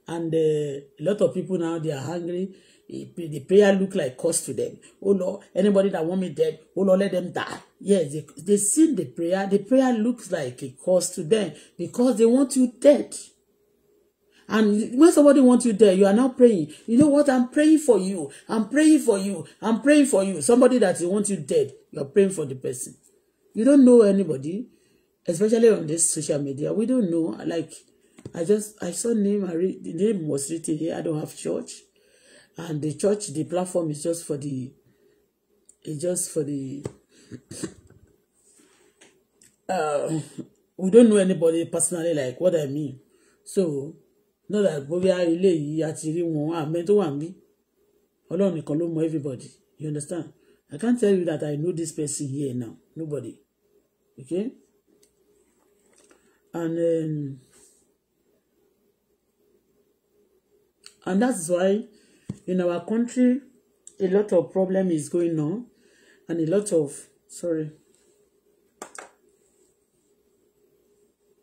And uh, a lot of people now they are hungry. The prayer look like cost to them. Oh Lord, anybody that want me dead, oh Lord, let them die. Yes, they, they see the prayer. The prayer looks like a cost to them because they want you dead. And when somebody wants you there, you are now praying. You know what? I'm praying for you. I'm praying for you. I'm praying for you. Somebody that wants you dead, you're praying for the person. You don't know anybody, especially on this social media. We don't know. Like, I just, I saw name, I read, the name was written here. I don't have church. And the church, the platform is just for the, it's just for the, uh, we don't know anybody personally, like what I mean. So, náà dà bóyá ilé yìí a ti rí wọn àmẹ tó wà níbí Ọlọ́run nìkan ló mọ everybody you understand I can't tell you that I know this person here now nobody okay and um, and that's why in our country a lot of problem is going on and a lot of sorry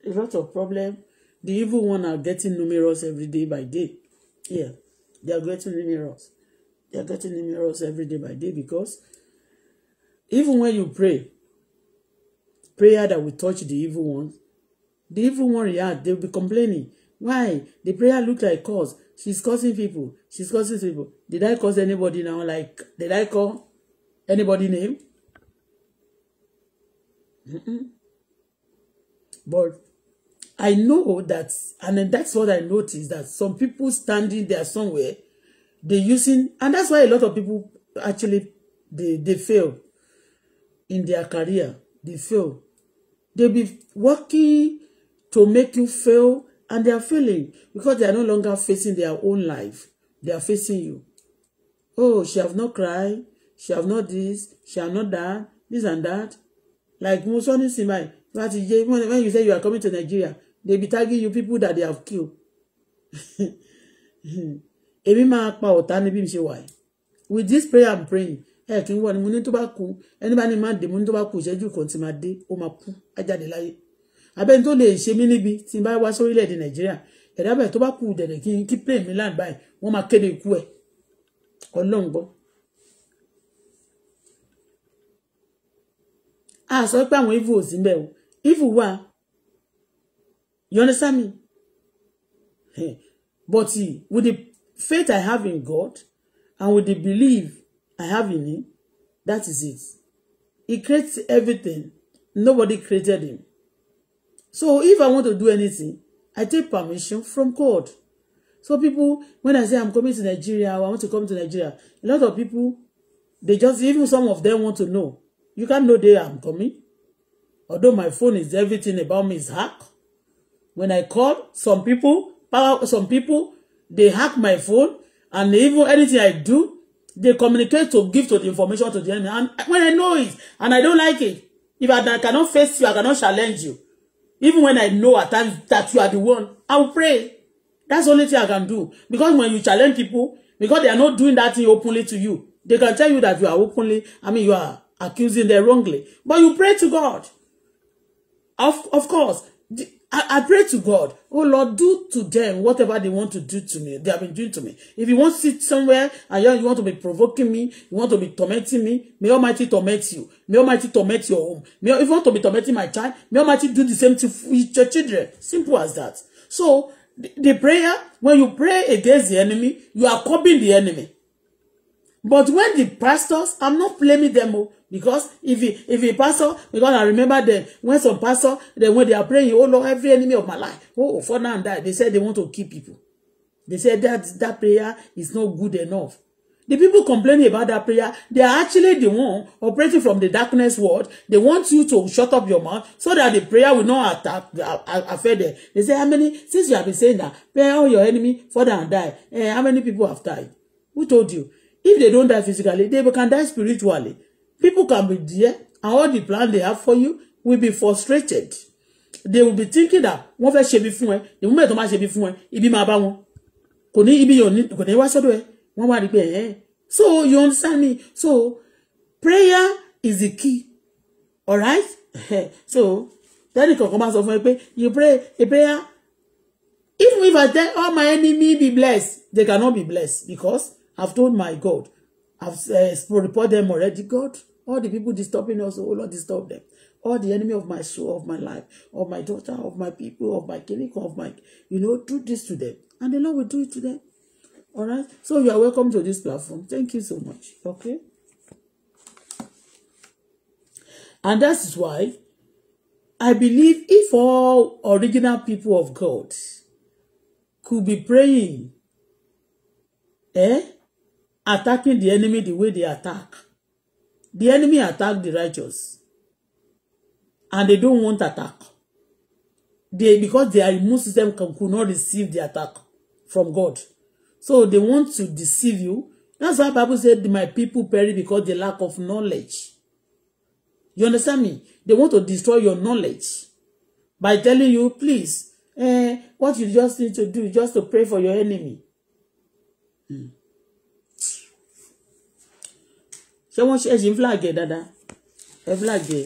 a lot of problem. The evil one are getting numerous every day by day. Yeah, they are getting numerous. They are getting numerous every day by day because even when you pray, prayer that will touch the evil ones, the evil one react. They'll be complaining. Why? The prayer look like cause. She's causing people. She's causing people. Did I cause anybody now? Like, did I call anybody name? Mm-mm. But I know that, and that's what I noticed, that some people standing there somewhere, they're using, and that's why a lot of people actually, they, they fail in their career. They fail. They be working to make you fail, and they are failing because they are no longer facing their own life. They are facing you. Oh, she have not cried. She have not this. She have not that. This and that. Like Musoni Simai, when you say you are coming to Nigeria, they be tagging you people that they have killed (laughs) èmi máa pa ọ̀tá níbi mi ṣe wà with this prayer i'm praying ẹ kì í wọ ni mo ní tó bá kú ẹni bá ní máa dé mo ní tó bá kú ìṣẹ́jú kan tí máa dé ó máa kú á jáde láyé abẹ́ni tó lè ṣe mí níbi tí n bá wá sórílẹ̀-èdè nàìjíríà ẹ̀dá bẹ̀rẹ̀ tó bá kú dẹ̀dẹ̀ kí n kí plane mi land báyìí wọ́n máa kéde ikú ẹ̀ ọlọ́run gbọ́. a sọ pé àwọn ivu ò sí o ivu wà You understand me? But see, with the faith I have in God and with the belief I have in Him, that is it. He creates everything. Nobody created Him. So if I want to do anything, I take permission from God. So people, when I say I'm coming to Nigeria or I want to come to Nigeria, a lot of people, they just, even some of them want to know. You can't know they I'm coming. Although my phone is everything about me is hacked. When I call, some people, power, some people, they hack my phone, and even anything I do, they communicate to give to the information to the enemy. And when I know it, and I don't like it, if I, I cannot face you, I cannot challenge you. Even when I know at times that you are the one, I will pray. That's the only thing I can do. Because when you challenge people, because they are not doing that thing openly to you, they can tell you that you are openly, I mean, you are accusing them wrongly. But you pray to God. Of, of course, I, I pray to God, oh Lord, do to them whatever they want to do to me. They have been doing to me. If you want to sit somewhere and you want to be provoking me, you want to be tormenting me, may Almighty torment you. May Almighty torment your home. May, if you want to be tormenting my child, may Almighty do the same to your children. Simple as that. So, the, the prayer, when you pray against the enemy, you are copying the enemy. But when the pastors, I'm not blaming them, oh, Because if it, if a pastor, because I remember that when some pastor, then when they are praying, oh Lord, every enemy of my life, oh for now and that, they said they want to kill people. They said that that prayer is not good enough. The people complaining about that prayer, they are actually the one operating from the darkness world. They want you to shut up your mouth so that the prayer will not attack, affect them. They say, how many, since you have been saying that, pray all your enemy further and die. Eh, how many people have died? Who told you? If they don't die physically, they can die spiritually. People can be there and all the plan they have for you will be frustrated. They will be thinking that wọ́n fẹ́ ṣe bí fún ẹ, the moment wọ́n máa ṣe bí fún ẹ, ibi máa bá wọn. Kò ní ibi yàn ní kò ní wá sọ́dọ̀ ẹ, wọ́n wá rí pé So you understand me? So prayer is the key. All right. (laughs) So tẹ́lẹ̀ kankan máa sọ fún ẹ pé you pray a prayer. Even if I tell all my enemy be blessed, they cannot be blessed because I've told my God. I've uh, reported them already, God. All the people disturbing us, oh Lord, disturb them. All the enemy of my soul, of my life, of my daughter, of my people, of my clinic, of my, you know, do this to them. And the Lord will do it to them. All right? So you are welcome to this platform. Thank you so much. Okay? And that is why I believe if all original people of God could be praying, eh, attacking the enemy the way they attack, The enemy attack the righteous. And they don't want attack. They because their immune system can, could not receive the attack from God. So they want to deceive you. That's why Bible said my people perish because they lack of knowledge. You understand me? They want to destroy your knowledge by telling you, please, eh, what you just need to do just to pray for your enemy. Mm. ṣé wọ́n ṣe ń flag ẹ̀ dáadáa ẹ flag ẹ̀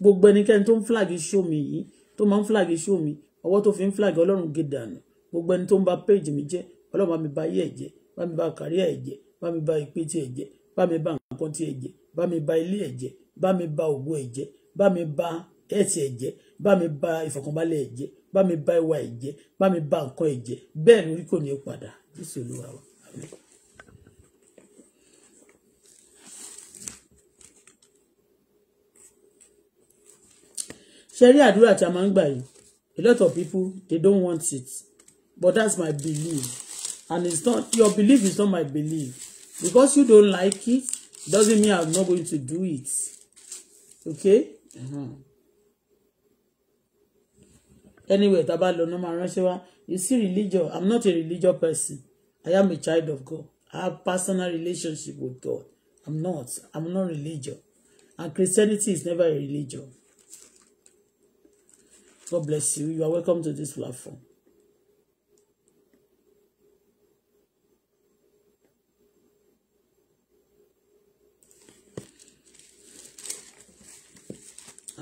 gbogbo ẹnikẹ́ni tó ń flag show mi yìí tó máa ń flag show mi ọwọ́ tó fi ń flag ọlọ́run gé dànù gbogbo ẹni tó ń ba page mi jẹ́ ọlọ́run bá mi ba ayé ẹ̀ jẹ́ bá mi ba kárí ẹ̀ jẹ́ bá mi ba ìpè tí ẹ̀ jẹ́ bá mi ba nǹkan tí ẹ̀ jẹ́ bá mi ba ilé ẹ̀ jẹ́ bá mi ba ògbó ẹ̀ jẹ́ bá mi ba ẹ̀sì ẹ̀ jẹ́ bá mi ba ìfọ̀kànbalẹ̀ ẹ̀ jẹ́ bá mi ba ìwà ẹ̀ jẹ́ bá mi ba nǹkan ẹ̀ jẹ́ bẹ́ẹ̀ ni orí kò ní padà jésù olúwa wa ṣe rí àdúrà tí a a lot of people they don't want it but that's my belief and it's not your belief is not my belief because you don't like it doesn't mean i'm not going to do it okay. Uh-huh. anyway tá a bá you see religion i'm not a religious person i am a child of god i have personal relationship with god i'm not i'm not religious and christianity is never a religion God bless you. You are welcome to this platform.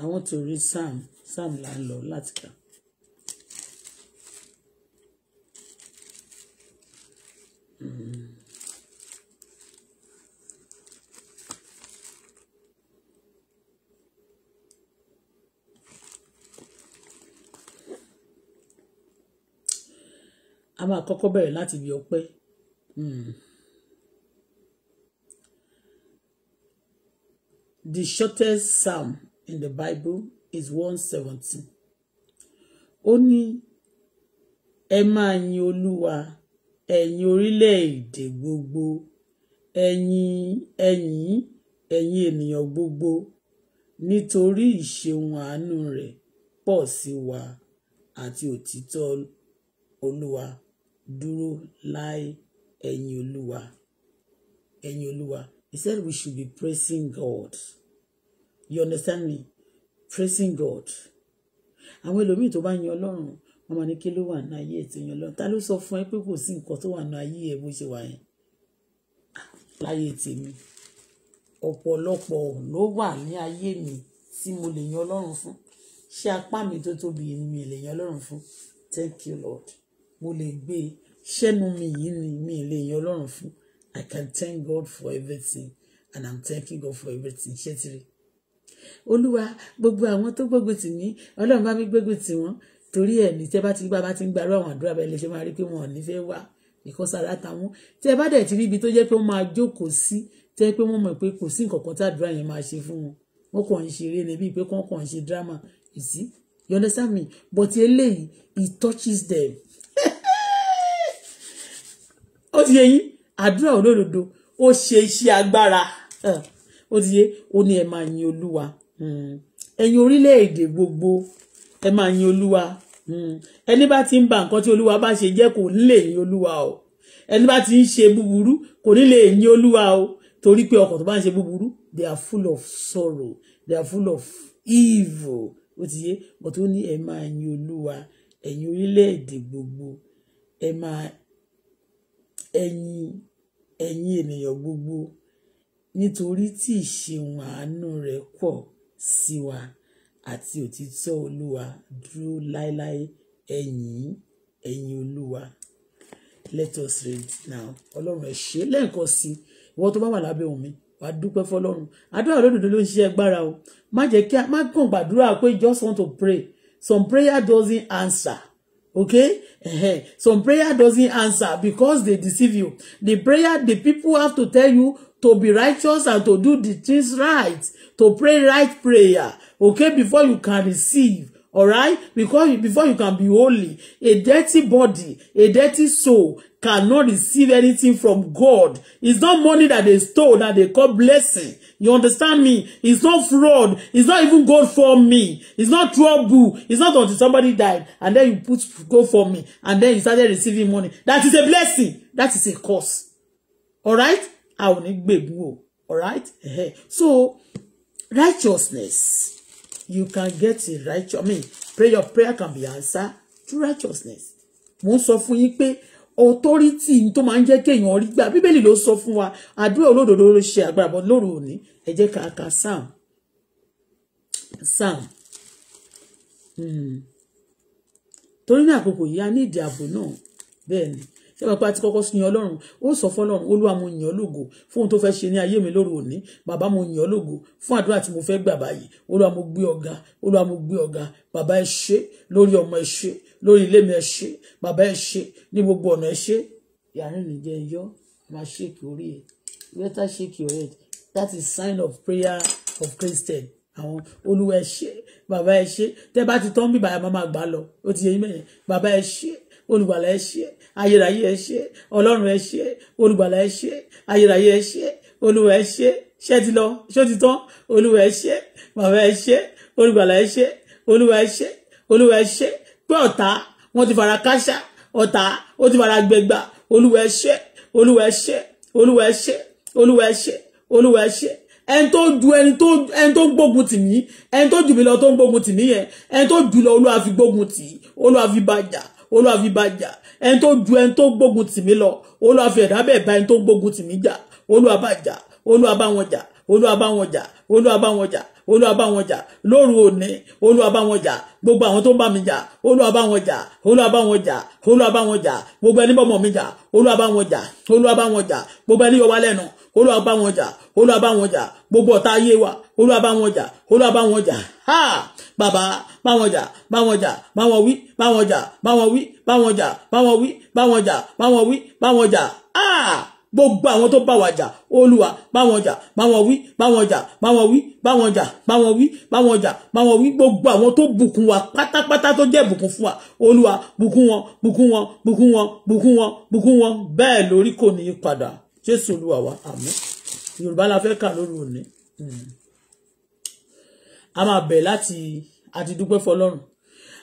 I want to read Sam. Sam landlord. ń lọ Mm-hmm. a máa kọ́kọ́ bẹ̀rẹ̀ láti ibi ọpẹ́ hmm. the shortest psalm in the Bible is one seventeen. ó ní ẹ máa yin olúwa ẹ̀yin orílẹ̀-èdè gbogbo ẹ̀yin ẹ̀yin ẹ̀yin ènìyàn gbogbo nítorí ìṣeun àánú rẹ̀ pọ̀ sí wa àti òtítọ́ olúwa dúró láì ẹ̀yìn olúwa ẹ̀yìn olúwa he said we should be praising God you understand me praising God àwọn ẹlòmíì tó bá yan ọlọ́run wọ́n máa ní kí ló wà ní ayé ètò yan ọlọ́run ta ló sọ fún ẹ pé kò sí nǹkan tó wà ní ayé ẹ bó ṣe wà yẹn láyé tèmi ọ̀pọ̀lọpọ̀ ló wà ní ayé mi tí mo lè yan ọlọ́run fún ṣé apá mi tó tóbi mi lè yan ọlọ́run fún thank you lord mo lè gbé e ṣẹ́nu mi yìí ni mi lè yan ọlọ́run fún I can thank God for everything and I'm thanking God for everything ṣé ti rí olúwa gbogbo àwọn tó gbógun tì mí ọlọ́run bá mi gbógun tì wọ́n torí ẹ̀ ní tẹ́ bá ti bá bá ti ń gbarú àwọn àdúrà bẹ́ẹ̀ lè ṣe máa rí pé wọn ní fẹ́ wà because ara tàwọn tẹ́ bá dẹ̀ ti rí ibi tó jẹ́ pé wọ́n máa jókòó sí tẹ́ pé wọ́n mọ̀ pé kò sí nǹkan kan tàdúrà yẹn máa ṣe fún wọn wọn kàn ń ṣeré ni bíi pé kàn kàn ń ṣe drama you see you understand me but eléyìí he touches them ti yé yín àdúrà olódodo ó ṣe iṣẹ́ agbára ó ti yé ó ni ẹ máa yin olúwa hmm, ẹ̀yin orílẹ̀-èdè gbogbo ẹ máa yin olúwa hmm, ẹni bá ti ba nǹkan tí olúwa bá ṣe jẹ́ kò ní yin olúwa o ẹni bá ti ń ṣe búburú kò ní yin olúwa o Tori pé ọkàn tó bá ń ṣe they are full of sorrow they are full of evil ó ti yé but ó ni ẹ máa yin olúwa ẹ̀yin orílẹ̀-èdè gbogbo ẹ máa ẹ̀yin ẹ̀yin ènìyàn gbogbo nítorí tí ìṣeun àánú rẹ̀ pọ̀ sí wa àti òtítọ́ olúwa dúró láéláé ẹ̀yin ẹ̀yin olúwa let us read now ọlọ́run ẹ ṣé lẹ́ẹ̀kan sí ìwọ tó bá wà lábẹ́ òun mi wàá dúpẹ́ fọ́lọ́run àdúrà olódodo ló ń ṣe agbára o má jẹ́ kí a má kàn gbàdúrà pé just want to pray some prayer doesn't answer okay uh-huh. some prayer doesn't answer because they deceive you the prayer the people have to tell you to be righteous and to do the things right to pray right prayer okay before you can receive all right because before you can be holy a dirty body a dirty soul cannot receive anything from God. It's not money that they stole that they call blessing. You understand me? It's not fraud. It's not even God for me. It's not trouble. It's not until somebody died and then you put God for me and then you started receiving money. That is a blessing. That is a curse. All right? I will need baby. All right? So, righteousness. You can get it right. I mean, prayer, prayer can be answered through righteousness. Most of sọ fún authority tó máa ń jẹ́ kéèyàn rí gbà bíbélì ló sọ fún wa àdúrà olódodo ló ṣe agbára bọ́ lóru òní ẹ jẹ́ ká ka psalm psalm hmm. torí ní àkókò yìí a ní ìdí ààbò náà bẹ́ẹ̀ ni ṣé bàbá àti kọ́kọ́ sí yan ọlọ́run ó sọ fọlọ́run olúwa mo yàn lógo fún ohun tó fẹ́ ṣe ní ayé mi lóru òní bàbá mo yàn lógo fún àdúrà tí mo fẹ́ gbà báyìí olúwa mo gbé ọ̀gá olúwa mo gbé ọ̀gá bàbá ẹ ṣé lórí ọmọ ẹ ṣé lórí ilé mi ẹ ṣé bàbá ẹ ṣé ní gbogbo ọ̀nà ẹ ṣé yàrá ìlú jẹ yọ máa ṣèkì orí better shake your head that is sign of prayer of Christian àwọn olúwa ẹ ṣé bàbá Te ba tẹ bá ti tán bíbá ẹ máa gbà lọ ó ti yẹ yín mẹ́rin bàbá ẹ ṣé olùgbàlà ẹ ṣé ayérayé ẹ ṣé ọlọ́run ẹ ṣé olùgbàlà ẹ ṣé ayérayé ẹ ṣé olúwa ẹ ṣé ṣé ti lọ ṣé ti tán olúwa ẹ ṣé bàbá ẹ ṣé olùgbàlà ẹ ṣé olúwa pé ọ̀tá wọn ti fara káṣá ọ̀tá ó ti fara gbẹgbà olúwa ẹ ṣé olúwa ẹ ṣé olúwa ẹ ṣé olúwa ẹ ṣé olúwa ẹ ṣé ẹni tó ju ẹni tó ẹni tó gbógun tì mí ẹni tó jù mí lọ tó gbógun tì mí yẹn ẹni tó jù lọ olúwa fi gbógun tì olúwa fi bàjà olúwa fi bàjà ẹni tó ju ẹni tó gbógun tì mí lọ olúwa fi ẹ̀dá bẹ́ẹ̀ bá ẹni tó gbógun tì mí jà olúwa bàjà olúwa bá wọn jà olúwa bá wọn jà olúwa bá wọn jà olúwa bá wọn jà lóru òní olúwa bá wọn jà gbogbo àwọn tó ń bá mi jà olúwa bá wọn jà olúwa bá wọn jà olúwa bá wọn jà gbogbo ẹni bọ́mọ mi jà olúwa bá gbogbo ẹni yọ lẹ́nu olúwa bá gbogbo ọ̀tá ayé wa olúwa bá ha bàbá bá wọn jà bá wọn jà bá wọn wí bá wọn wí bá wọn wí bá wọn wí bá wọn ah gbogbo àwọn tó bá wa jà olúwa bá wọn jà bá wọn wí bá wọn jà bá wọn wí bá wọn jà bá wọn wí bá wọn jà bá wọn wí gbogbo àwọn tó bùkún wa pátápátá tó jẹ́ bùkún fún wa olúwa bùkún wọn bùkún wọn bùkún wọn bùkún wọn bùkún wọn bẹ́ẹ̀ lórí kò ní í padà jésù olúwa wa àmín yorùbá la fẹ́ kà lórí òní hmm. a máa bẹ̀ láti àti dúpẹ́ fọlọ́run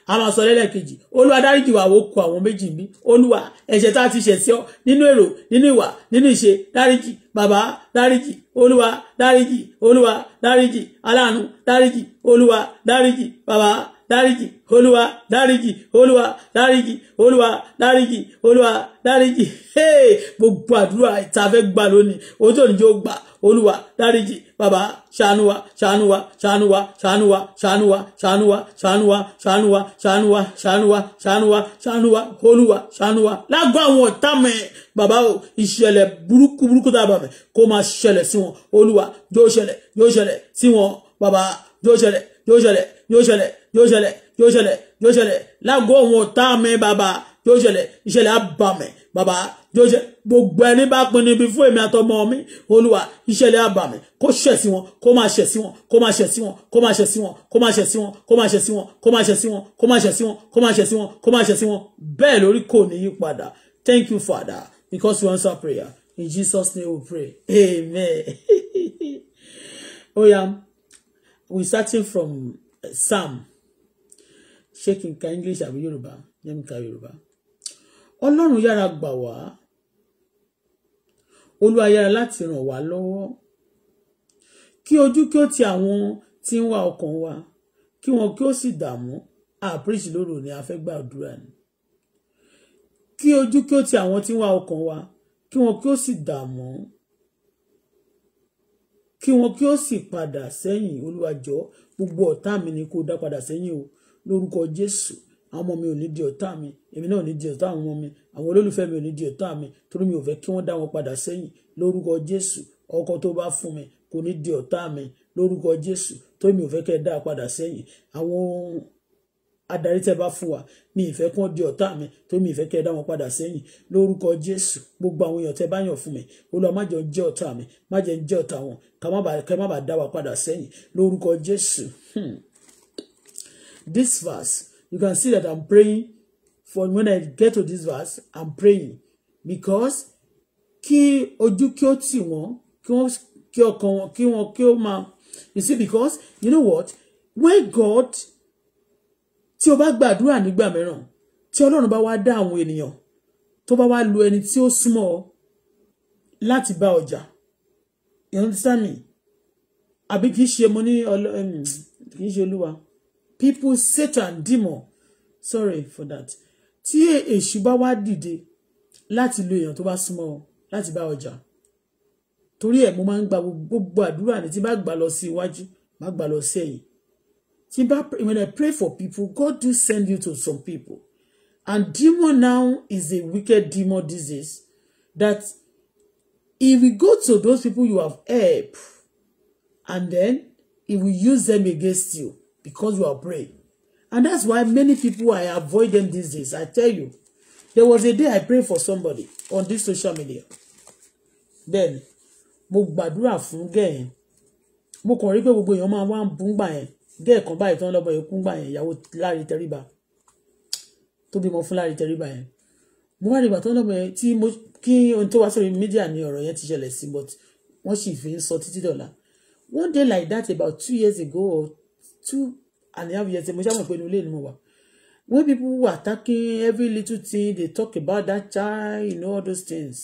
a máa sọ lẹ́lẹ́kejì olúwa dáríjì wá wo kó àwọn méjì bí olúwa ẹ̀ṣẹ̀ tá a ti ṣẹ̀ sí ọ nínú èrò nínú ìwà nínú ìṣe dáríjì bàbá dáríjì olúwa dáríjì olúwa dáríjì aláàánú dáríjì olúwa dáríjì bàbá dáríjì olúwa dáríjì olúwa dáríjì olúwa dáríjì olúwa dáríjì hey gbogbo àdúrà ìta fẹ́ gbà lónìí ojú òní yóò gbà olúwa dáríjì bàbá ṣàánúwa ṣàánúwa ṣàánúwa ṣàánúwa ṣàánúwa ṣàánúwa ṣàánúwa ṣàánúwa ṣàánúwa ṣàánúwa ṣàánúwa ṣàánúwa olúwa ṣàánúwa lágbo àwọn ọ̀tá mẹ́ bàbá o ìṣẹ̀lẹ̀ burúkú burúkú tá a bàbẹ̀ kó máa ṣẹlẹ̀ sí wọn olúwa yóò ṣẹlẹ̀ yóò ṣẹlẹ̀ sí wọn bàbá yóò ṣẹlẹ̀ yóò ṣẹlẹ̀ yóò ṣẹlẹ̀ yóò ṣẹlẹ̀ yóò ṣẹlẹ̀ yóò ṣẹlẹ̀ lágbo òun ọ̀tá mi bàbá yóò ṣẹlẹ̀ ìṣẹ̀lẹ̀ abàmì bàbá yóò ṣẹlẹ̀ gbogbo ẹni bá pinnu ibi fún èmi àtọmọ mi olúwa ìṣẹ̀lẹ̀ abàmì kó ṣẹ̀ sí wọn kó máa ṣẹ̀ sí wọn kó máa ṣẹ̀ sí wọn kó máa ṣẹ̀ sí wọn kó máa ṣẹ̀ sí wọn kó máa ṣẹ̀ sí wọn kó máa ṣẹ̀ sí wọn kó máa ṣẹ̀ sí wọn kó máa ṣẹ̀ sí wọn kó máa ṣẹ̀ sí wọn bẹ́ẹ̀ lórí kò ní yí padà thank you father because you answer prayer in Jesus name we pray amen. ó yá. We starting from Psalm uh, ṣé kí ka English àbí Yorùbá jẹ́ mi ka Yorùbá Ọlọ́run yára gbà wá Olúwa yára láti ràn wá lọ́wọ́ kí ojú kí ó ti àwọn tí ń wá ọkàn wa kí wọn kí ó sì dààmú àpríṣì lóru ni a fẹ́ gbàdúrà ni kí ojú kí ó ti àwọn tí ń wá ọkàn wa kí wọn kí ó sì dààmú kí wọn kí ó sì padà sẹ́yìn Olúwa gbogbo ọ̀tá mi ni kó dá padà sẹ́yìn o lórúkọ Jésù àwọn ọmọ mi ò ní di ọ̀tá mi èmi náà ò ní di ọ̀tá àwọn ọmọ mi àwọn olólùfẹ́ mi ò ní di ọ̀tá mi torí mi ò fẹ́ kí wọ́n dá wọn padà sẹ́yìn lórúkọ Jésù ọkọ tó bá fún mi kò ní di ọ̀tá mi lórúkọ Jésù torí mi ò fẹ́ kẹ́ dá padà sẹ́yìn àwọn adarí tẹ́ bá fún wa mi ìfẹ́ kí wọ́n di mi tó mi ìfẹ́ kí ẹ dá wọn padà sẹ́yìn lórúkọ Jésù gbogbo àwọn èèyàn tẹ́ bá yàn fún mi Olúwa má jẹ́ jẹ́ ọ̀tá mi má jẹ́ jẹ́ ọ̀tá wọn ká má bàa dá wa padà sẹ́yìn lórúkọ Jésù. Hmm. This verse you can see that I'm praying for when I get to this verse I'm praying because kí ojú kí ó tì wọ́n kí wọ́n kí ọkàn wọn kí wọ́n kí ó máa you see because you know what when God tí o bá gbàdúrà nígbà mìíràn tí ọlọ́run bá wá dá àwọn ènìyàn tó bá wá lo ẹni tí ó súnmọ́ ọ láti bá ọjà you understand me àbí kì í ṣe mo ní kì ṣe olúwa people satan demon sorry for that tí èṣù bá wá dìde láti lo èèyàn tó bá súnmọ́ ọ láti bá ọjà torí ẹ̀ mo máa ń gba gbogbo àdúrà ní tí bá gbà lọ sí iwájú má gbà lọ sí ẹ̀yìn Timber, when I pray for people, God do send you to some people. And demon now is a wicked demon disease that if we go to those people you have helped, and then it will use them against you because you are praying. And that's why many people, I avoid them these days. I tell you, there was a day I prayed for somebody on this social media. Then, mo gbàdúrà fún gẹ̀yìn. Mo kàn rí bẹ́ẹ̀ kan báyìí tó ń lọ́bọ̀ yẹn kú gbà yẹn ìyàwó Láre Tẹríba tó bímọ fún Láre Tẹríba yẹn mo wá nígbà tó ń lọ́bọ̀ yẹn tí mo kí ohun tó wá sórí mídíà ni ọ̀rọ̀ yẹn ti ṣẹlẹ̀ sí but wọ́n sì fi ń sọ títí dọ̀la one day like that about two years ago or two and a half years ago mo ṣàmọ̀ pé inú ilé ni mo wà when people were attacking every little thing they talk about that child you know all those things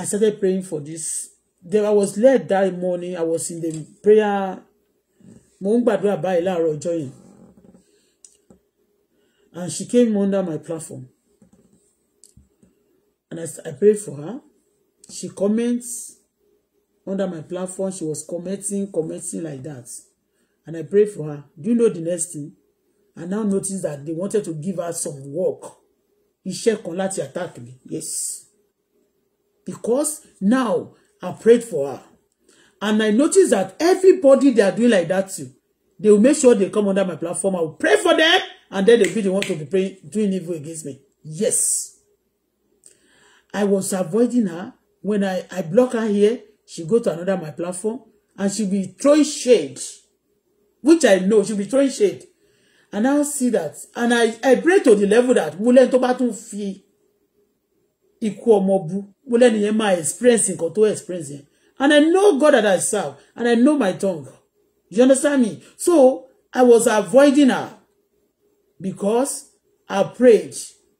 I started praying for this There, I was led that morning I was in the prayer mo ń gbàdúrà báyìí láàárọ̀ ọjọ́ yẹn and she came under my platform and I, I prayed for her she comments under my platform she was commenting commenting like that and I prayed for her do you know the next thing I now notice that they wanted to give her some work iṣẹ́ kan láti attack me yes because now I prayed for her And I noticed that everybody they are doing like that too. They will make sure they come under my platform. I will pray for them. And then they'll be the one to be praying, doing evil against me. Yes. I was avoiding her. When I, I block her here, she go to another my platform. And she'll be throwing shade. Which I know. She'll be throwing shade. And I see that. And I, I pray to the level that wúlẹ̀ tó bá tún fi ikú ọmọ bú wúlẹ̀ nìyẹn máa experience nǹkan tó experience And I know God that I serve. And I know my tongue. You understand me? So I was avoiding her because I prayed.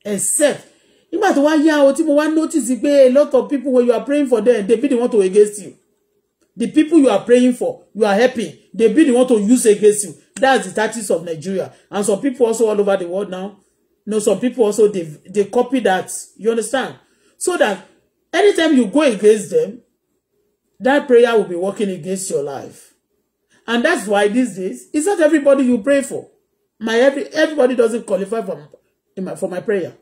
Except nígbà tó wá yá o tí mo wá notice pé a lot of people when you are praying for them they be the one to against you the people you are praying for you are helping they be the one to use against you that's the tactics of Nigeria and some people also all over the world now you know some people also they they copy that you understand so that anytime you go against them that prayer will be working against your life. And that's why these days, it's not everybody you pray for. My every, everybody doesn't qualify for, my, for my prayer.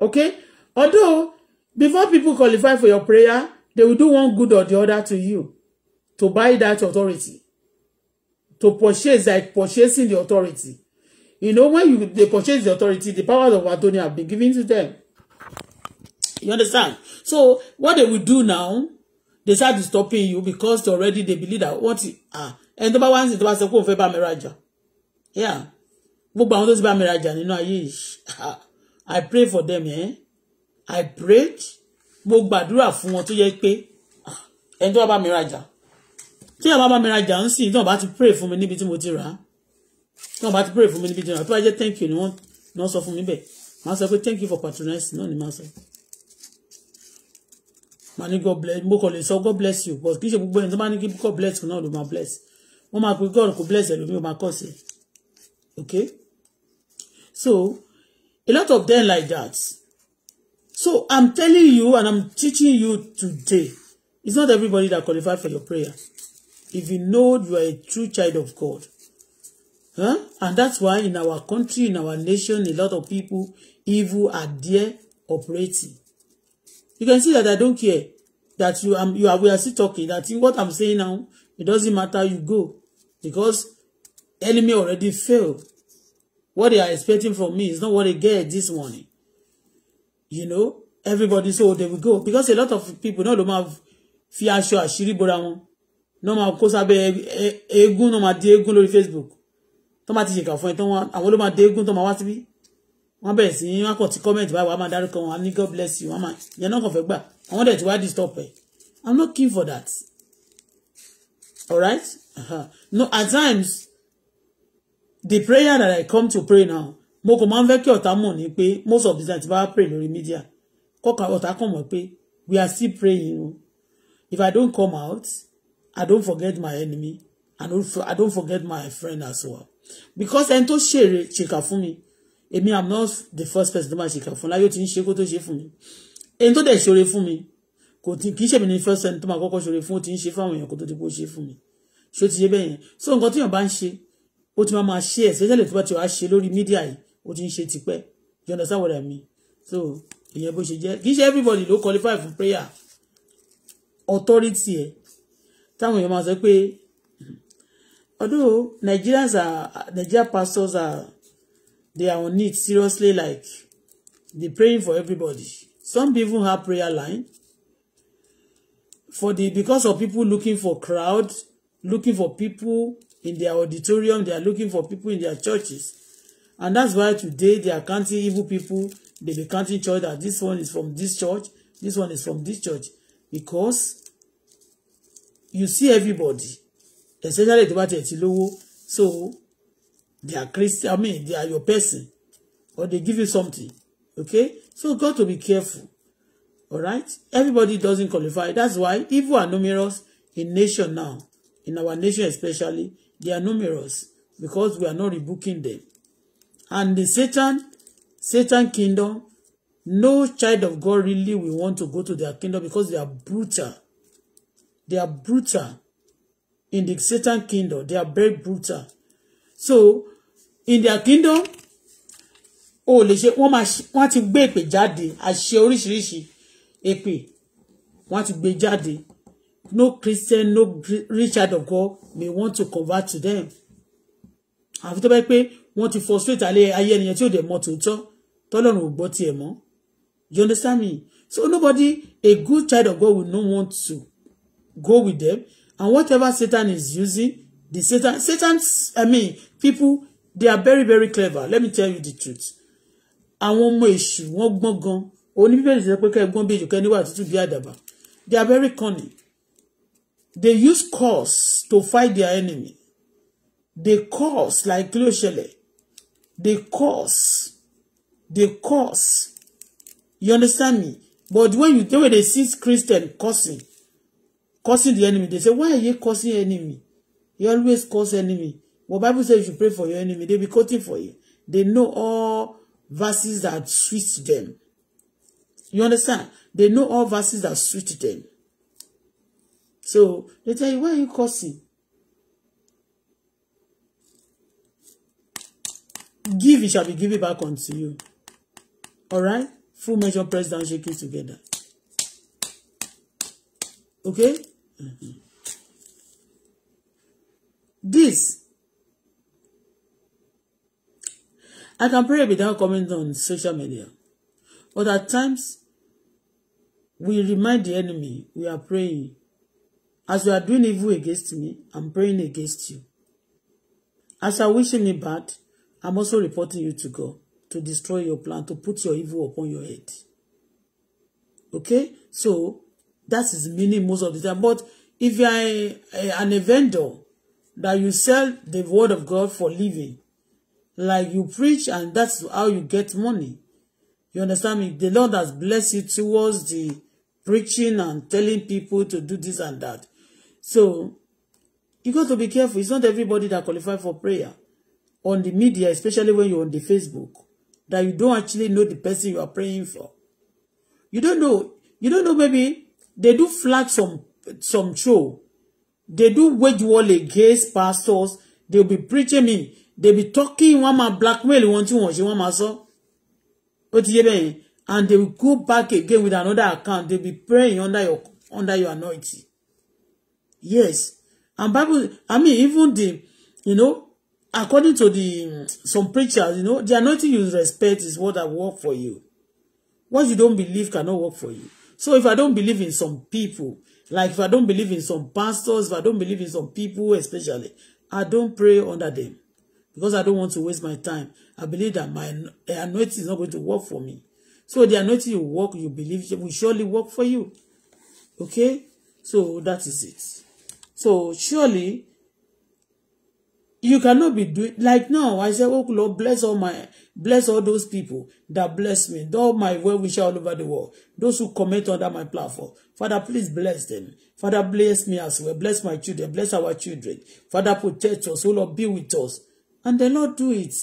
Okay? Although, before people qualify for your prayer, they will do one good or the other to you to buy that authority, to purchase, like purchasing the authority. You know, when you they purchase the authority, the powers of Adonai have been given to them. You understand? So, what they will do now, they start stopping you because already they believe that what ah ẹni tó bá wá ń sìn tó bá sọ pé òun fẹ́ bá mi rajà yeah gbogbo àwọn tó ti bá mi rajà nínú ayé ah, I pray for them eh? I prayed mo gbàdúrà fún wọn tó yẹ pé ah, ẹni tó bá bá mi rajà tí àwọn bá mi rajà ń sìn tí wọn bá ti pray fún mi níbi tí mo ti rà á tí wọn bá ti pray fún mi níbi tí mo ti rà tó bá jẹ́ thank you ni wọ́n sọ fún mi bẹ́ẹ̀ màá sọ pé thank you for patronizing náà ni màá sọ màá ní god bless mo kàn lè sọ god bless you but kì í ṣe gbogbo ẹni tó bá ní kí god bless you náà ló máa bless wọ́n máa pe god kò bless ẹ lómi ó máa kọsẹ okay so a lot of them like that so i'm telling you and i'm teaching you today it's not everybody that qualify for your prayer if you know you are a true child of god huh? and that's why in our country in our nation a lot of people evil are there operating You can see that I don't care that you am you are we are still talking that in what I'm saying now it doesn't matter you go because enemy already failed. What they are expecting from me is not what they get this morning. You know, everybody so oh, they will go because a lot of people no ma fi aṣọ àṣírí bora wọn no ma kó sábẹ́ e, e, eégún no ma di eégún lórí Facebook. Tó ma ti ṣèkà fún ẹ tán ma di eégún tó wọ́n bẹ̀rẹ̀ sí wọ́n kàn ti kọ́mẹ̀ntì báyìí wọ́n máa dárúkọ wọn ní god bless you wọ́n máa yẹn náà kàn fẹ́ gbà àwọn dẹ̀ ti wá disturb ẹ̀ i'm not keen for that alright uh-huh. no at times the prayer that i come to pray now mo kò máa ń fẹ́ kí ọ̀tá mọ̀ ní pé most of the time ti bá pray lórí media kọ́ka ọ̀tá kàn mọ̀ pé we are still praying o if i don come out i don forget my enemy i don i don forget my friend as well because ẹni tó ṣèrè ṣèkà fún mi èmi am not the first person tó máa ṣe kà fún láyé ó ti ń ṣe kó tó ṣe fún mi èyí tó dẹ̀ ṣoore fún mi kò tí kì í ṣèmi ní first person tó máa kọ́kọ́ ṣoore fún ó ti ń ṣe fáwọn èèyàn kó tó ti kó ṣe fún mi ṣé ó ti ṣe bẹ́ẹ̀ yẹn so nǹkan tí èèyàn bá ń ṣe ó ti máa máa ṣe especially tó bá ti wá ṣe lórí mídíà yìí ó ti ń ṣe tipẹ́ you understand what I mean so ìyẹn bó ṣe jẹ́ kì í ṣe everybody ló qualify for prayer authority ẹ̀ táwọn èèyàn máa sọ pé although Nigerians are Nigerian pastors are They are on it seriously, like they praying for everybody. Some people have prayer line for the because of people looking for crowd, looking for people in their auditorium, they are looking for people in their churches. And that's why today they are counting evil people. They be counting church that this one is from this church, this one is from this church. Because you see everybody, especially the bá tẹ̀ So They are Christian, I mean, they are your person. Or they give you something. Okay? So got to be careful. All right, Everybody doesn't qualify. That's why evil are numerous in nation now. In our nation especially, they are numerous because we are not rebooking them. And the Satan, Satan kingdom, no child of God really will want to go to their kingdom because they are brutal. They are brutal. In the Satan kingdom, they are very brutal. So in their kingdom o lè ṣe wọ́n máa wọ́n ti gbé èpè jáde àṣẹ oríṣiríṣi èpè wọ́n ti gbé jáde no Christian no richard child of God may want to convert to them àfi tó bá pé wọ́n ti frustrate alẹ́ ayé ènìyàn tí ò dẹ̀ mọ̀ tòótọ́ tọ́lọ́run ò gbọ́ tiẹ̀ mọ́ you understand me so nobody a good child of God will not want to go with them and whatever Satan is using the Satan Satan's I mean people they are very very clever let me tell you the truth àwọn ọmọ èṣù wọ́n gbọ́n gan òní bíbélì ti sọ pé kẹ́ẹ̀gbọ́n bí èjòkẹ́ níwà tútù bí àdàbà they are very cunning they use cause to fight their enemy they cause like kí ló ṣẹlẹ̀ they cause. they cause. you understand me but when you tell me they see Christian cursing cursing the enemy they say why are you cursing enemy you always curse enemy But Bible says you pray for your enemy, they be quoting for you. They know all verses that suit them. You understand? They know all verses that suit them. So they tell you, why are you cursing? Give, it shall be given back unto you. All right? Full measure, press down, shake it together. Okay? Mm-hmm. This I can pray without coming on social media. But at times, we remind the enemy we are praying. As you are doing evil against me, I'm praying against you. As you are wishing me bad, I'm also reporting you to God to destroy your plan, to put your evil upon your head. Okay? So, that is meaning most of the time. But if you are a, a, an vendor that you sell the word of God for living, like you preach and that's how you get money. You understand me? The Lord has blessed you towards the preaching and telling people to do this and that. So you got to be careful. It's not everybody that qualify for prayer on the media, especially when you're on the Facebook, that you don't actually know the person you are praying for. You don't know. You don't know. Maybe they do flag some some show. They do wage war against pastors. They'll be preaching me they be talking one máa blackmail wọn tí wọ́n ṣe wọ́n máa so, ó ti yé bẹ́yẹn and they will go back again with another account they be praying under your under your anointing yes and Bible I mean even the you know according to the um, some preachers you know the anointing you respect is what I work for you what you don't believe cannot work for you so if I don't believe in some people like if I don't believe in some pastors if I don't believe in some people especially I don't pray under them because I don't want to waste my time. I believe that my eh, anointing is not going to work for me. So the anointing you work, you believe will surely work for you. Okay? So that is it. So surely you cannot be doing like now. I say, Oh Lord, bless all my bless all those people that bless me, all my well wisher all over the world, those who comment under my platform. Father, please bless them. Father, bless me as well. Bless my children. Bless our children. Father, protect us. Oh Lord, be with us and they not do it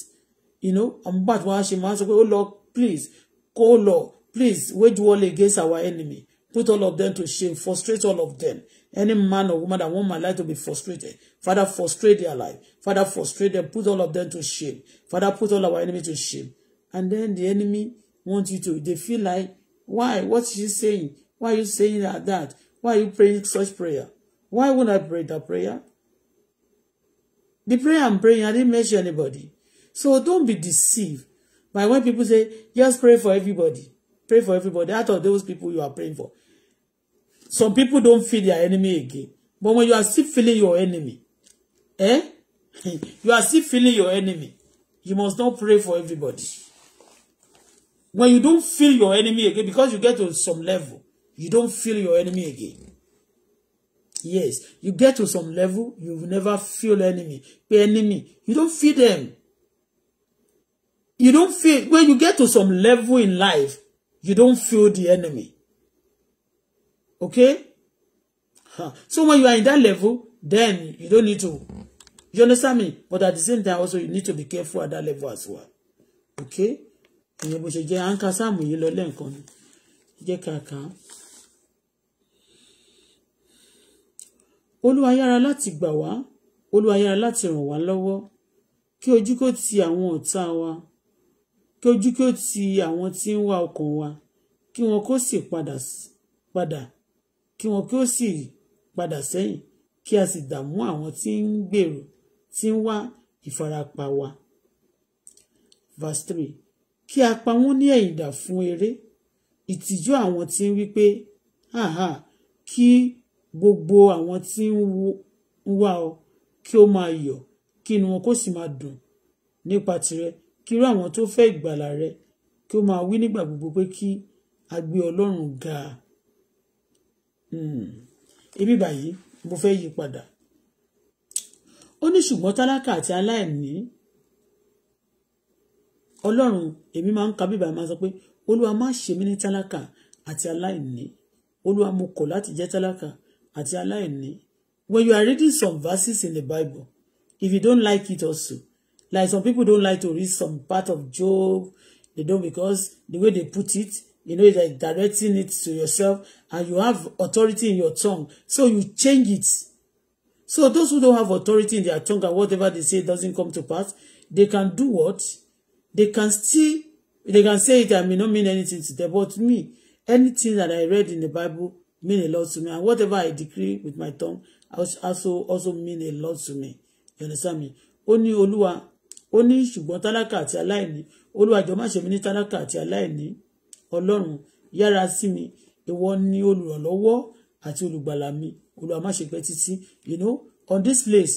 you know àmúgbà tí wọ́n á ṣe máa sọ pé oh please kó lọ please wage war against our enemy put all of them to shame frustrate all of them any man or woman that want my life to be frustrated father frustrate their life father frustrate them put all of them to shame father put all our enemy to shame and then the enemy want you to they feel like why what is she saying why are you saying that that why are you praying such prayer why won't I pray that prayer The prayer I'm praying, I didn't mention anybody. So don't be deceived by when people say, just pray for everybody. Pray for everybody. Out of those people you are praying for. Some people don't feel their enemy again. But when you are still feeling your enemy, eh? (laughs) you are still feeling your enemy. You must not pray for everybody. When you don't feel your enemy again, because you get to some level, you don't feel your enemy again. Yes, you get to some level, you never feel enemy. Be enemy. You don't feel them. You don't feel when you get to some level in life, you don't feel the enemy. Okay? Huh. So when you are in that level, then you don't need to. You understand me? But at the same time, also you need to be careful at that level as well. Okay? Ìyẹn jẹ́ àǹkà sáàmù yìí lọ lẹ́ǹkan. Jẹ́ kàkà. olúwa yára láti gbà wá olúwa yára láti ràn wá lọ́wọ́ kí ojú kó ti àwọn ọ̀tá wa kí ojú kó ti àwọn tí ń wá ọkàn wa kí wọn kó sì padà padà kí wọn kó sì padà sẹ́yìn kí a sì dààmú àwọn tí ń gbèrò tí ń wá ìfarapa wa. verse three kí a pa wọ́n ní ẹ̀yìndà fún eré ìtìjú àwọn tí ń wí pé kí gbogbo àwọn tí ń wá ọ kí ó máa yọ̀ kí inú wọn kó sì máa dùn nípa tirẹ̀ kí irú àwọn tó fẹ́ ìgbàlà rẹ kí ó máa wí nígbà gbogbo pé kí a gbé Ọlọ́run ga hmm. ibi báyìí mo fẹ́ yí padà ó ní ṣùgbọ́n tálákà àti aláìní Ọlọ́run èmi máa ń ka bíbá máa sọ pé Olúwa má ṣe mí ní tálákà àti aláìní Olúwa mo kọ̀ láti jẹ́ tálákà àti aláìní when you are reading some verses in the Bible if you don't like it also like some people don't like to read some part of Job they don't because the way they put it you know it's like directing it to yourself and you have authority in your tongue so you change it so those who don't have authority in their tongue and whatever they say doesn't come to pass they can do what they can still they can say it and may not mean anything to them but me anything that I read in the Bible mean a lot to me and whatever I decree with my tongue also also mean a lot to me you understand me ó ní olúwa ó ní ṣùgbọ́n tálákà àti aláìní olúwa jọ̀ọ́ má ṣe mí ní tálákà àti aláìní ọlọ́run yára sí mi ìwọ ni olùrànlọ́wọ́ àti olùgbàlà mi olúwa má ṣe pẹ́ títí you know on this place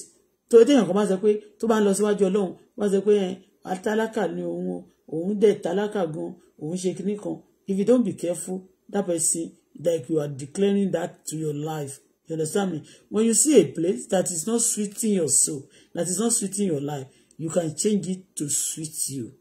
tó o téèyàn kan bá sọ pé tó bá ń lọ síwájú ọlọ́run wọ́n sọ pé atálákà ni òun òun dẹ̀ tálákà gan òun ṣe kinní kan if you don't be careful that person like you are declaring that to your life. You understand me? When you see a place that is not sweeting your soul, that is not sweeting your life, you can change it to sweet you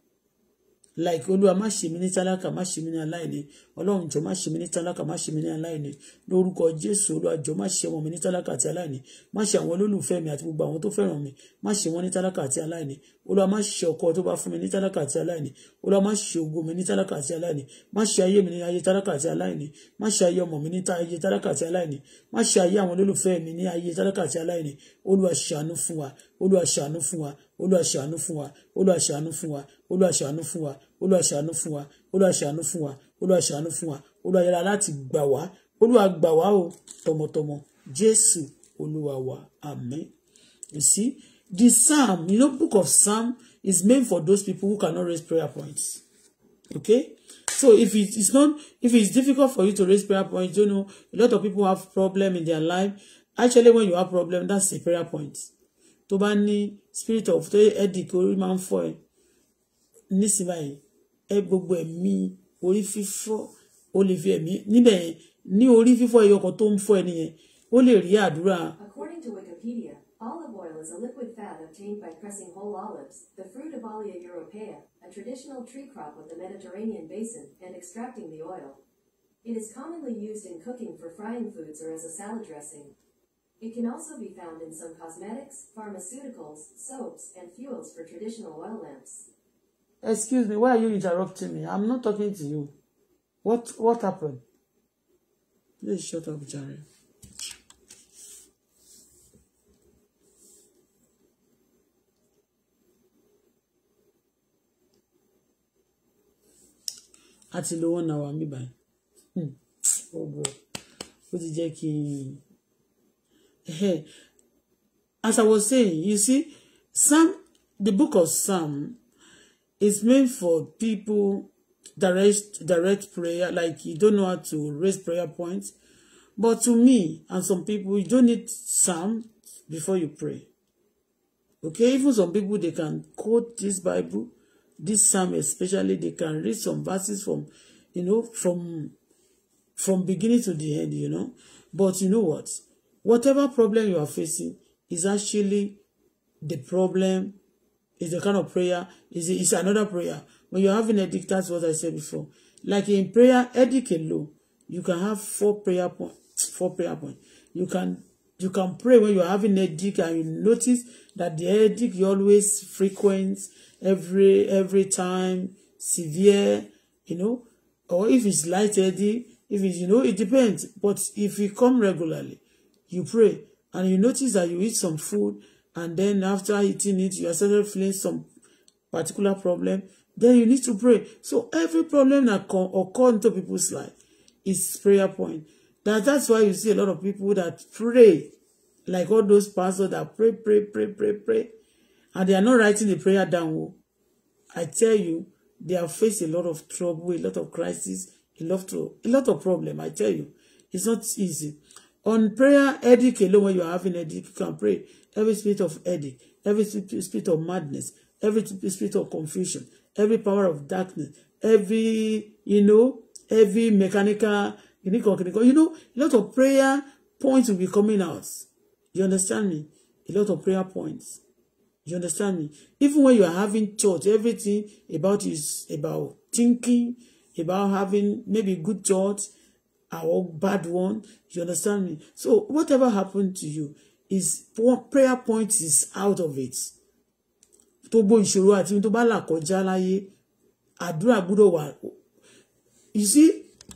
like olúwa má ṣe mí ní tálákà má ṣe mí ní aláìní ọlọ́run jọ má ṣe mí ní tálákà má ṣe mí ní aláìní lórúkọ jésù olúwa jọ má ṣe ọmọ mi ní tálákà àti aláìní má ṣe àwọn olólùfẹ́ mi àti gbogbo àwọn tó fẹ́ràn mi má ṣe wọn ní tálákà àti aláìní olúwa má ṣe ọkọ tó bá fún mi ní tálákà àti aláìní olúwa má ṣe ògo mi ní tálákà àti aláìní má ṣe ayé mi ní ayé tálákà àti aláìní má ṣe ayé ọmọ mi ní ayé tálákà àti aláìní má ṣe ayé àwọn olólùfẹ́ mi ní ayé tálákà àti aláìní olúwa ṣàánú fún wa olúwa ṣàánú fún wa olúwa ṣàánú fún wa olúwa ṣàánú fún wa olúwa ṣàánú fún wa olúwa ṣàánú fún wa olúwa ṣàánú fún wa olúwa ṣàánú fún wa olúwa yára láti gbà wá olúwa gbà wá o tọmọtọmọ jésù olúwa wa amen you see the psalm you know book of psalm is made for those people who cannot raise prayer points okay so if it is not if it's difficult for you to raise prayer points you know a lot of people have problem in their life actually when you have problem that's a prayer point tó bá ní spirit of headache orí máa ń fọ́ ẹ ẹ gbogbo ẹ̀mí orí fífọ́ ó lè fi ẹ̀mí níbẹ̀ ní orí fífọ́ tó ẹni yẹn ó lè rí àdúrà. According to Wikipedia, olive oil is a liquid fat obtained by pressing whole olives, the fruit of Olea europaea, a traditional tree crop of the Mediterranean basin, and extracting the oil. It is commonly used in cooking for frying foods or as a salad dressing. It can also be found in some cosmetics, pharmaceuticals, soaps, and fuels for traditional oil lamps. Excuse me, why are you interrupting me? I'm not talking to you. What what happened? Please shut up, Jerry. Ati lo one hour mi báyìí hmm. oh God ó ti jẹ́ kí n as I was saying you see Psalm the book of Psalm It's meant for people direct direct prayer, like you don't know how to raise prayer points. But to me and some people, you don't need psalm before you pray. Okay, even some people they can quote this Bible, this psalm especially, they can read some verses from, you know, from from beginning to the end, you know. But you know what? Whatever problem you are facing is actually the problem Is the kind of prayer. is it's another prayer. When you're having headache, that's what I said before. Like in prayer, headache alone, you can have four prayer point, four prayer point. You can you can pray when you're having headache and you notice that the headache you always frequent every every time, severe, you know, or if it's light headache, if it's you know, it depends. But if you come regularly, you pray and you notice that you eat some food and then after eating it you are suddenly feeling some particular problem then you need to pray so every problem that come occur into people's life is prayer point that that's why you see a lot of people that pray like all those pastors that pray pray pray pray pray and they are not writing the prayer down oh. I tell you they have faced a lot of trouble a lot of crisis a lot of a lot of problem I tell you it's not easy On prayer headache alone, when you are having headache, you can pray. Every spirit of headache, every spirit of madness, every spirit of confusion, every power of darkness, every, you know, every mechanical, you know, a lot of prayer points will be coming out. You understand me? A lot of prayer points. You understand me? Even when you are having church, everything about is about thinking, about having maybe good thoughts, or bad one. You understand me? So whatever happened to you is prayer point is out of it. Gbogbo ìṣòro àti tó bá là kọjá láyé àdúrà gbúdọ̀ wà. You see,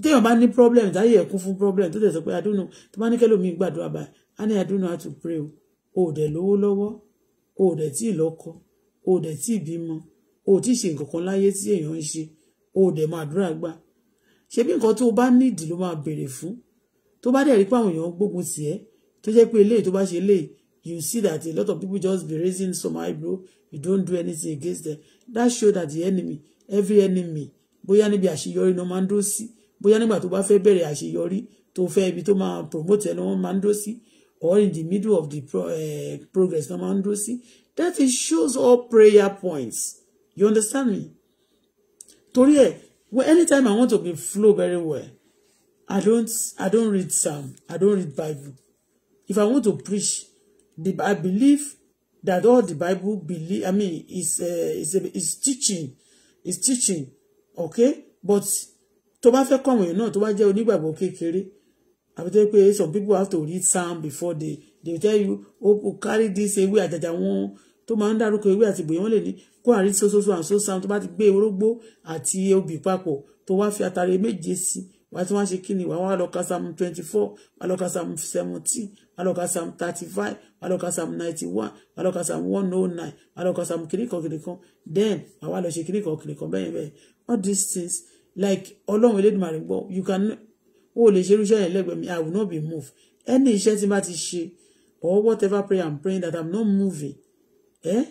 téèyàn bá ní problem That is a kufu problem tó tẹ̀sán pé I don't know tó bá ní kẹ́lòmíì gbàdúrà báyìí á ní I don't know how to pray Oh, the low dẹ̀ Oh, the ti ò Oh, the ti bima. Oh, ò dẹ̀ tí ì bímọ, o ò tí ì ṣe nǹkan kan ṣebí nǹkan tó bá nídìí ló máa béèrè fún tó bá dẹ̀ rí pé àwọn èèyàn gbógun tì ẹ́ tó jẹ́ pé eléyìí tó bá ṣe eléyìí you see that a lot of people just be raising some eyebrow you don't do anything against them that show that the enemy every enemy bóyá níbi àṣeyọrí ni wọ́n máa ń dó sí bóyá nígbà tó bá fẹ́ bẹ̀rẹ̀ àṣeyọrí tó fẹ́ ibi tó máa promote ẹ̀ ni wọ́n máa ń dó sí or in the middle of the pro, uh, progress ni wọ́n máa ń dó sí that is shows all prayer points you understand me torí ẹ̀ Well, anytime I want to be flow very well, I don't I don't read Psalm. I don't read Bible. If I want to preach, the I believe that all the Bible believe. I mean, is uh, is is teaching, is teaching. Okay, but tó bá fẹ́ kọ̀wé náà tó bá Bible. Okay, kékeré I will tell you some people have to read Psalm before they they tell you oh, carry this away àjàjà wọn tó máa ń dárúkọ ewé àti ìgbòye wọ́n lè ní kó àrí sososo and so sound tó bá ti gbé orógbó àti obì papọ̀ tó wá fi àtàrí méje sí wá tí wọ́n ṣe kí ni wá wá lọ ka psalm twenty four wá lọ ka psalm seventeen wá lọ ka psalm thirty five wá lọ ka psalm ninety one wá lọ ka psalm one oh nine wá lọ ka psalm kìnìkan kìnìkan then wá wá lọ ṣe kìnìkan kìnìkan bẹ́ẹ̀ bẹ́ẹ̀ all these things like ọlọ́run elédùnmarè gbọ́ you can o lè ṣe irúṣẹ́ yẹn lẹ́gbẹ̀ẹ́ mi i will not be moved any iṣẹ́ tí n bá ti ṣe or whatever prayer i'm praying that i'm not moving Eh?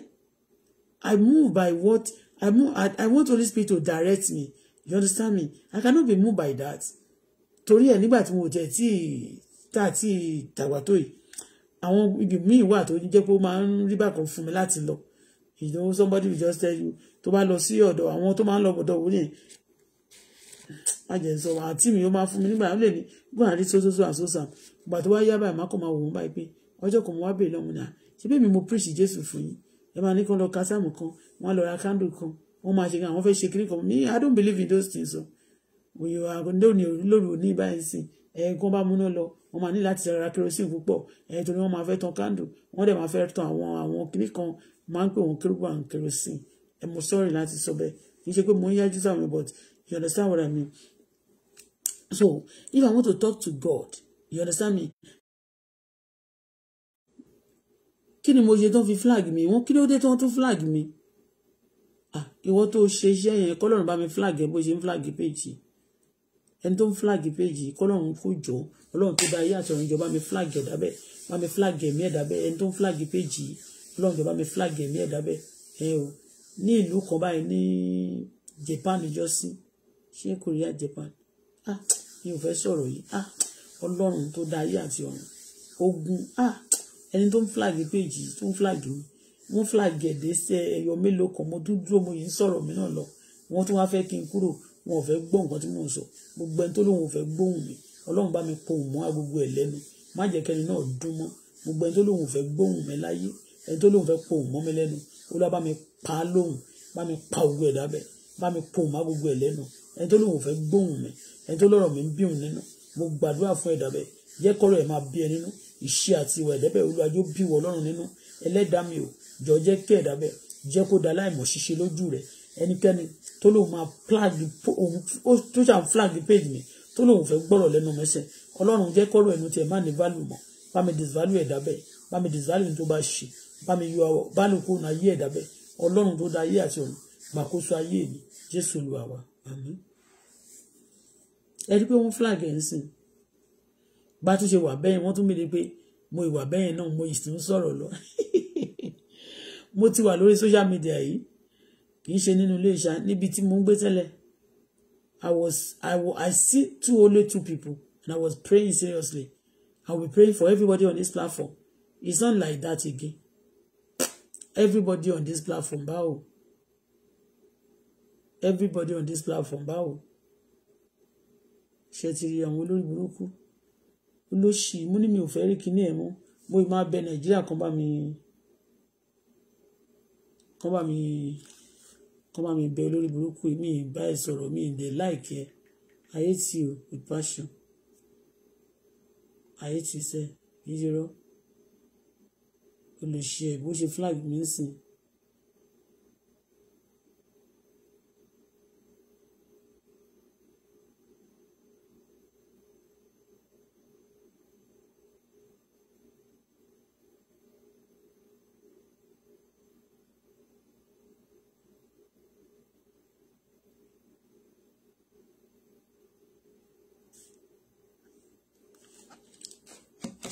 I move by what I move. I, I want Holy Spirit to direct me. You understand me? I cannot be moved by that. Tori and nígbà tí mo jẹ tí tá àti ìtàgbà tó yìí, àwọn ibi míì wà tó jẹ́ pé You know somebody will just tell you to bá lọ sí ọ̀dọ̀ àwọn tó máa ń lọ ọ̀dọ̀ òun yẹn. I jẹ́ sọ àǹtí mi ó máa fún mi nígbà ó lè ní gbọ́n àrí sósósó àsósà. Ìgbà tó wá yá báyìí má kàn máa wò wọ́n báyìí pé ọjọ́ kan mo wá bèèrè lọ́mùnà. Ah, ṣé bẹ́ẹ̀ mi preach Jésù fún yín? ẹ máa ní kó lọ kásámù kan wọ́n lọ ra kándù kan wọ́n máa ṣe kan àwọn fẹ́ ṣe kiri kan me i don't believe in those things o òye àgọ́ndé òní lóru òní báyìí sí ẹ̀ẹ́gbọ́n bá múná lọ wọ́n máa ní láti ra kerosene púpọ̀ ẹ̀ẹ́ torí wọ́n máa fẹ́ tan kándù wọ́n dẹ̀ máa fẹ́ tan àwọn àwọn kiri kan máa ń pè wọ́n kérúbù àwọn kerosene ẹ̀ mo sorry láti sọ bẹ́ẹ̀ kì í ṣe pé mo ń yájú sáwọn but you understand what I mean so if I want to talk to God you understand me kí ni mo ṣe tó fi flag mi wọ́n kí ló dé tó tún flag mi ah ìwọ tó ṣe iṣẹ́ yẹn kọ́lọ́run bá mi flag ẹ bó ṣe ń flag péjì ẹni tó ń flag péjì kọ́lọ́run kò jọ ọlọ́run tó dá ayé àti ọ̀run jọ bá mi flag ẹ̀ dábẹ́ bá mi flag ẹ̀mí ẹ̀ dábẹ́ ẹni tó ń flag péjì ọlọ́run jọ bá mi flag ẹ̀mí ẹ̀ dábẹ́ ẹ o ní ìlú kan báyìí ní Japan ìjọsìn ṣé Korea Japan ah mi ò fẹ́ sọ̀rọ̀ yìí ah ọlọ́run tó dá ayé àti ọ̀run ogun ah ẹni tó ń flag péjì tó ń flag mi wọ́n flag ẹ̀dẹ́ sẹ́ ẹyọ mélòó kan mo tún dúró mo yìí ń sọ̀rọ̀ mi náà lọ wọ́n tún wáá fẹ́ kí n kúrò wọn ò fẹ́ gbọ́ nǹkan tí mò ń sọ gbogbo ẹni tó lóun ò fẹ́ gbóhùn mi ọlọ́run bá mi pohùn mọ́ agogo ẹ̀ lẹ́nu má jẹ́ kẹ́ni náà dún mọ́ gbogbo ẹni tó lóun ò fẹ́ gbóhùn mi láyé ẹni tó lóun fẹ́ pohùn mọ́ mi lẹ́nu ó lọ́ bá mi pa lóhùn bá mi pa ògo ẹ̀ dábẹ́ bá mi pohùn mọ́ agogo ẹ̀ lẹ́nu ẹni tó lóun ò fẹ́ gbóhùn mi ẹni tó lọ́rọ̀ mi ń bí nínú mo gbàdúrà fún ẹ̀ dábẹ́ jẹ́ kọ́rọ̀ ẹ̀ máa bí ẹ nínú ìṣe àti ìwà ẹ̀dẹ́bẹ̀ olúwàjò bí wọ ọlọ́run nínú ẹlẹ́dàá mi ò jọ jẹ́ kí ẹ̀dá bẹ̀ jẹ́ kó da láìmọ̀ ṣíṣe lójú rẹ̀ ẹnikẹ́ni tó lóun máa flag òun tó ṣàn flag page mi tó lóun fẹ́ gbọ́rọ̀ lẹ́nu mẹ́sẹ̀ ọlọ́run jẹ́ kọ́rọ̀ ẹnu tiẹ̀ má ní value mọ́ bá mi disvalue ẹ̀dá bẹ̀ bá mi disvalue tó bá ṣe bá mi yọ value kó na ayé ẹ̀dá bẹ̀ ọlọ́run tó da ayé àti ọ̀run gbàkóso ayé mi jésù olúwa wa àmín ẹ rí pé wọ́n flag ẹ̀ ń sìn bá tún ṣe wà bẹ́yẹn wọ́n tún mèlè pé mo ìwà bẹ́yẹn náà mo ìsìn ń sọ̀rọ̀ lọ (laughs) mo ti wà lórí social media yìí kì í ṣe nínú ilé ìṣá níbi tí mo ń gbé tẹ́lẹ̀ I was I, I see two only two people and I was praying seriously I will be praying for everybody on this platform it's not like that again everybody on this platform báwo everybody on this platform báwo ṣe ti rí àwọn olórí burúkú olóṣì mo ní mi ò fẹ́ rí kinní ẹ̀ mọ́ mo ì máa bẹ nàìjíríà kan bá mi kan bá mi kan bá mi bẹ olórí burúkú mi ì bá ẹ sọ̀rọ̀ mi ì dẹ̀ láìkẹ́ I hate you with passion I hate you sẹ́ yíyí rọ́ olùṣe bó ṣe flag mi ń sìn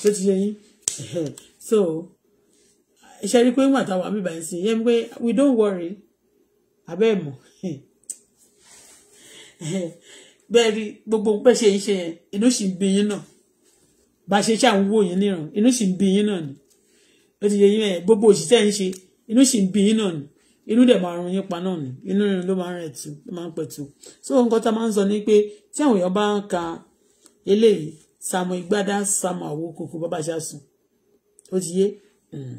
ṣé ti yẹ yín (laughs) so ṣe rí i pé ń wà táwọn àbí báyìí sí yẹn pé we don't worry abẹ́ ẹ̀ mọ̀ (laughs) bẹ́ẹ̀ rí gbogbo bẹ́ẹ̀ ṣe ń ṣe yẹn inú sì ń bí yín náà bá ṣe ṣe àwọn owó yẹn níran inú sì ń bí yín náà ni ó ti yẹ yín ẹ̀ gbogbo òṣìṣẹ́ ń ṣe inú sì ń bí yín náà ni inú dẹ̀ máa run yín pa náà ni inú rìn ló máa ń rẹ̀ tù ló máa ń pẹ̀tù so nǹkan tá a máa ń sọ ni pé tí àwọn èèyàn bá ń ka eléyìí sàmù ìgbádá sàmù awo kòkó bàbá ṣàṣùn ó ti yé hmm.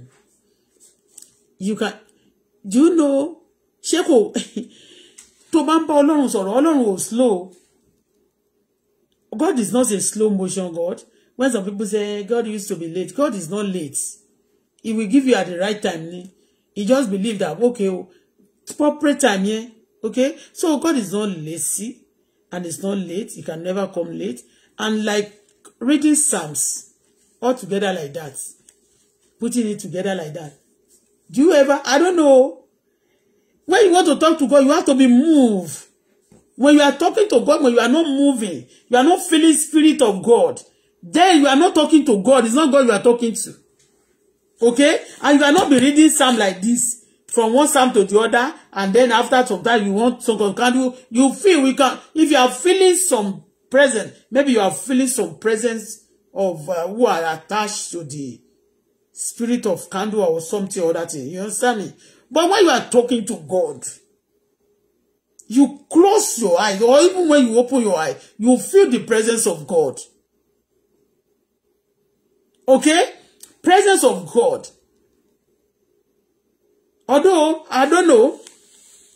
you can do you know Sheko, kò (laughs) tó bá ń bá ọlọ́run sọ̀rọ̀ ọlọ́run slow God is not a slow motion God when some people say God used to be late God is not late he will give you at the right time ni he just believe that okay o proper time yẹn okay so God is not lazy and it's not late he can never come late and like reading psalms all together like that putting it together like that do you ever i don't know when you want to talk to god you have to be moved when you are talking to god when you are not moving you are not feeling spirit of god then you are not talking to god it's not god you are talking to okay and you are not be reading psalm like this from one psalm to the other and then after some time you want some kind you you feel we can if you are feeling some present. Maybe you are feeling some presence of uh, who are attached to the spirit of candle or something or that thing. You understand me? But when you are talking to God, you close your eyes, or even when you open your eyes, you feel the presence of God. Okay? Presence of God. Although, I don't know,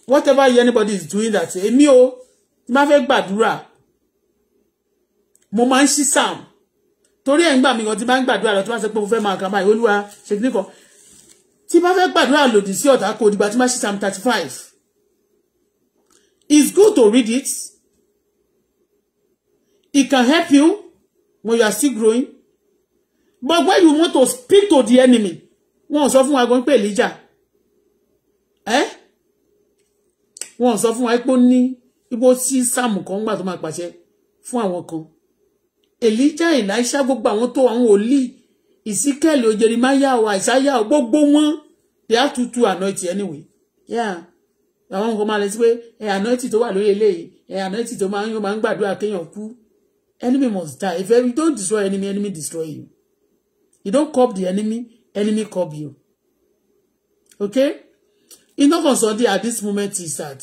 whatever anybody is doing that, èmi o, má fẹ́ gbàdúrà, mo máa ń ṣí sound torí ẹ̀ ń gbà mí kan tí bá ń gbàdúrà lọ tí wọ́n sọ pé mo fẹ́ máa kà báyìí olúwa ṣe kí nìkan tí bá fẹ́ gbàdúrà lòdì sí ọ̀tá kò dìgbà tí máa ṣí sound thirty five it's good to read it it can help you when you are still growing but when you want to speak to the enemy wọn ò sọ fún wa gan pé Èlíjà ẹ wọn ò sọ fún wa pé ó ní ibo tí sáàmù kan gbà tó máa pàṣẹ fún àwọn kan Elijah Elisha gbogbo àwọn tó àwọn òlì Ezekiel o Jeremiah o Isaiah o gbogbo wọn they a tutu to anyway yeah àwọn nǹkan máa lè sí pé ẹ anoint tó wà lórí eléyìí ẹ anoint tó máa ń yọ máa ń gbàdúrà kéèyàn kú enemy must die if you don't destroy enemy enemy destroy you you don't curb the enemy enemy curb you okay in no concern at this moment is that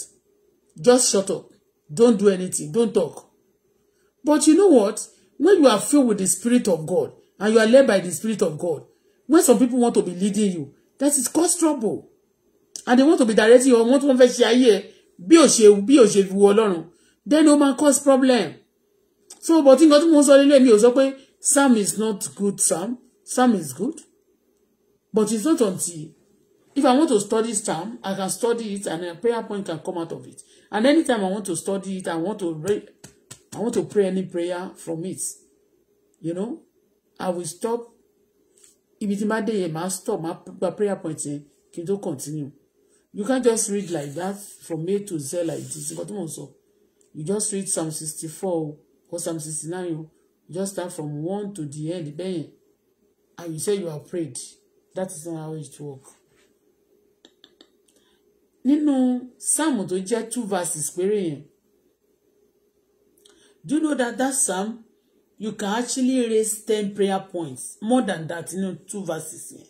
just shut up don't do anything don't talk but you know what when you are filled with the Spirit of God and you are led by the Spirit of God, when some people want to be leading you, that is cause trouble. And they want to be directing you, want to fẹ́ ṣe ayé bí o ṣe bí o ṣe wu Ọlọ́run, then ó man, cause problem. So but nǹkan tí mo sọ nílé mi ò sọ pé Sam is not good Sam, Sam is good, but it's not until if I want to study Sam, I can study it and a prayer point can come out of it. And anytime I want to study it, I want to read I want to pray any prayer from it. You know, I will stop. if it's máa dé yẹn, stop, my prayer point Can kí continue. You can't just read like that from A to Z like this. But also, You just read Psalm sixty four or Psalm sixty nine You just start from one to the end then, And you say you are prayed. That is not how it work. Nínú Psalm tó jẹ́ two verses péré Do you know that that psalm you can actually raise ten prayer points more than that You know two verses yẹn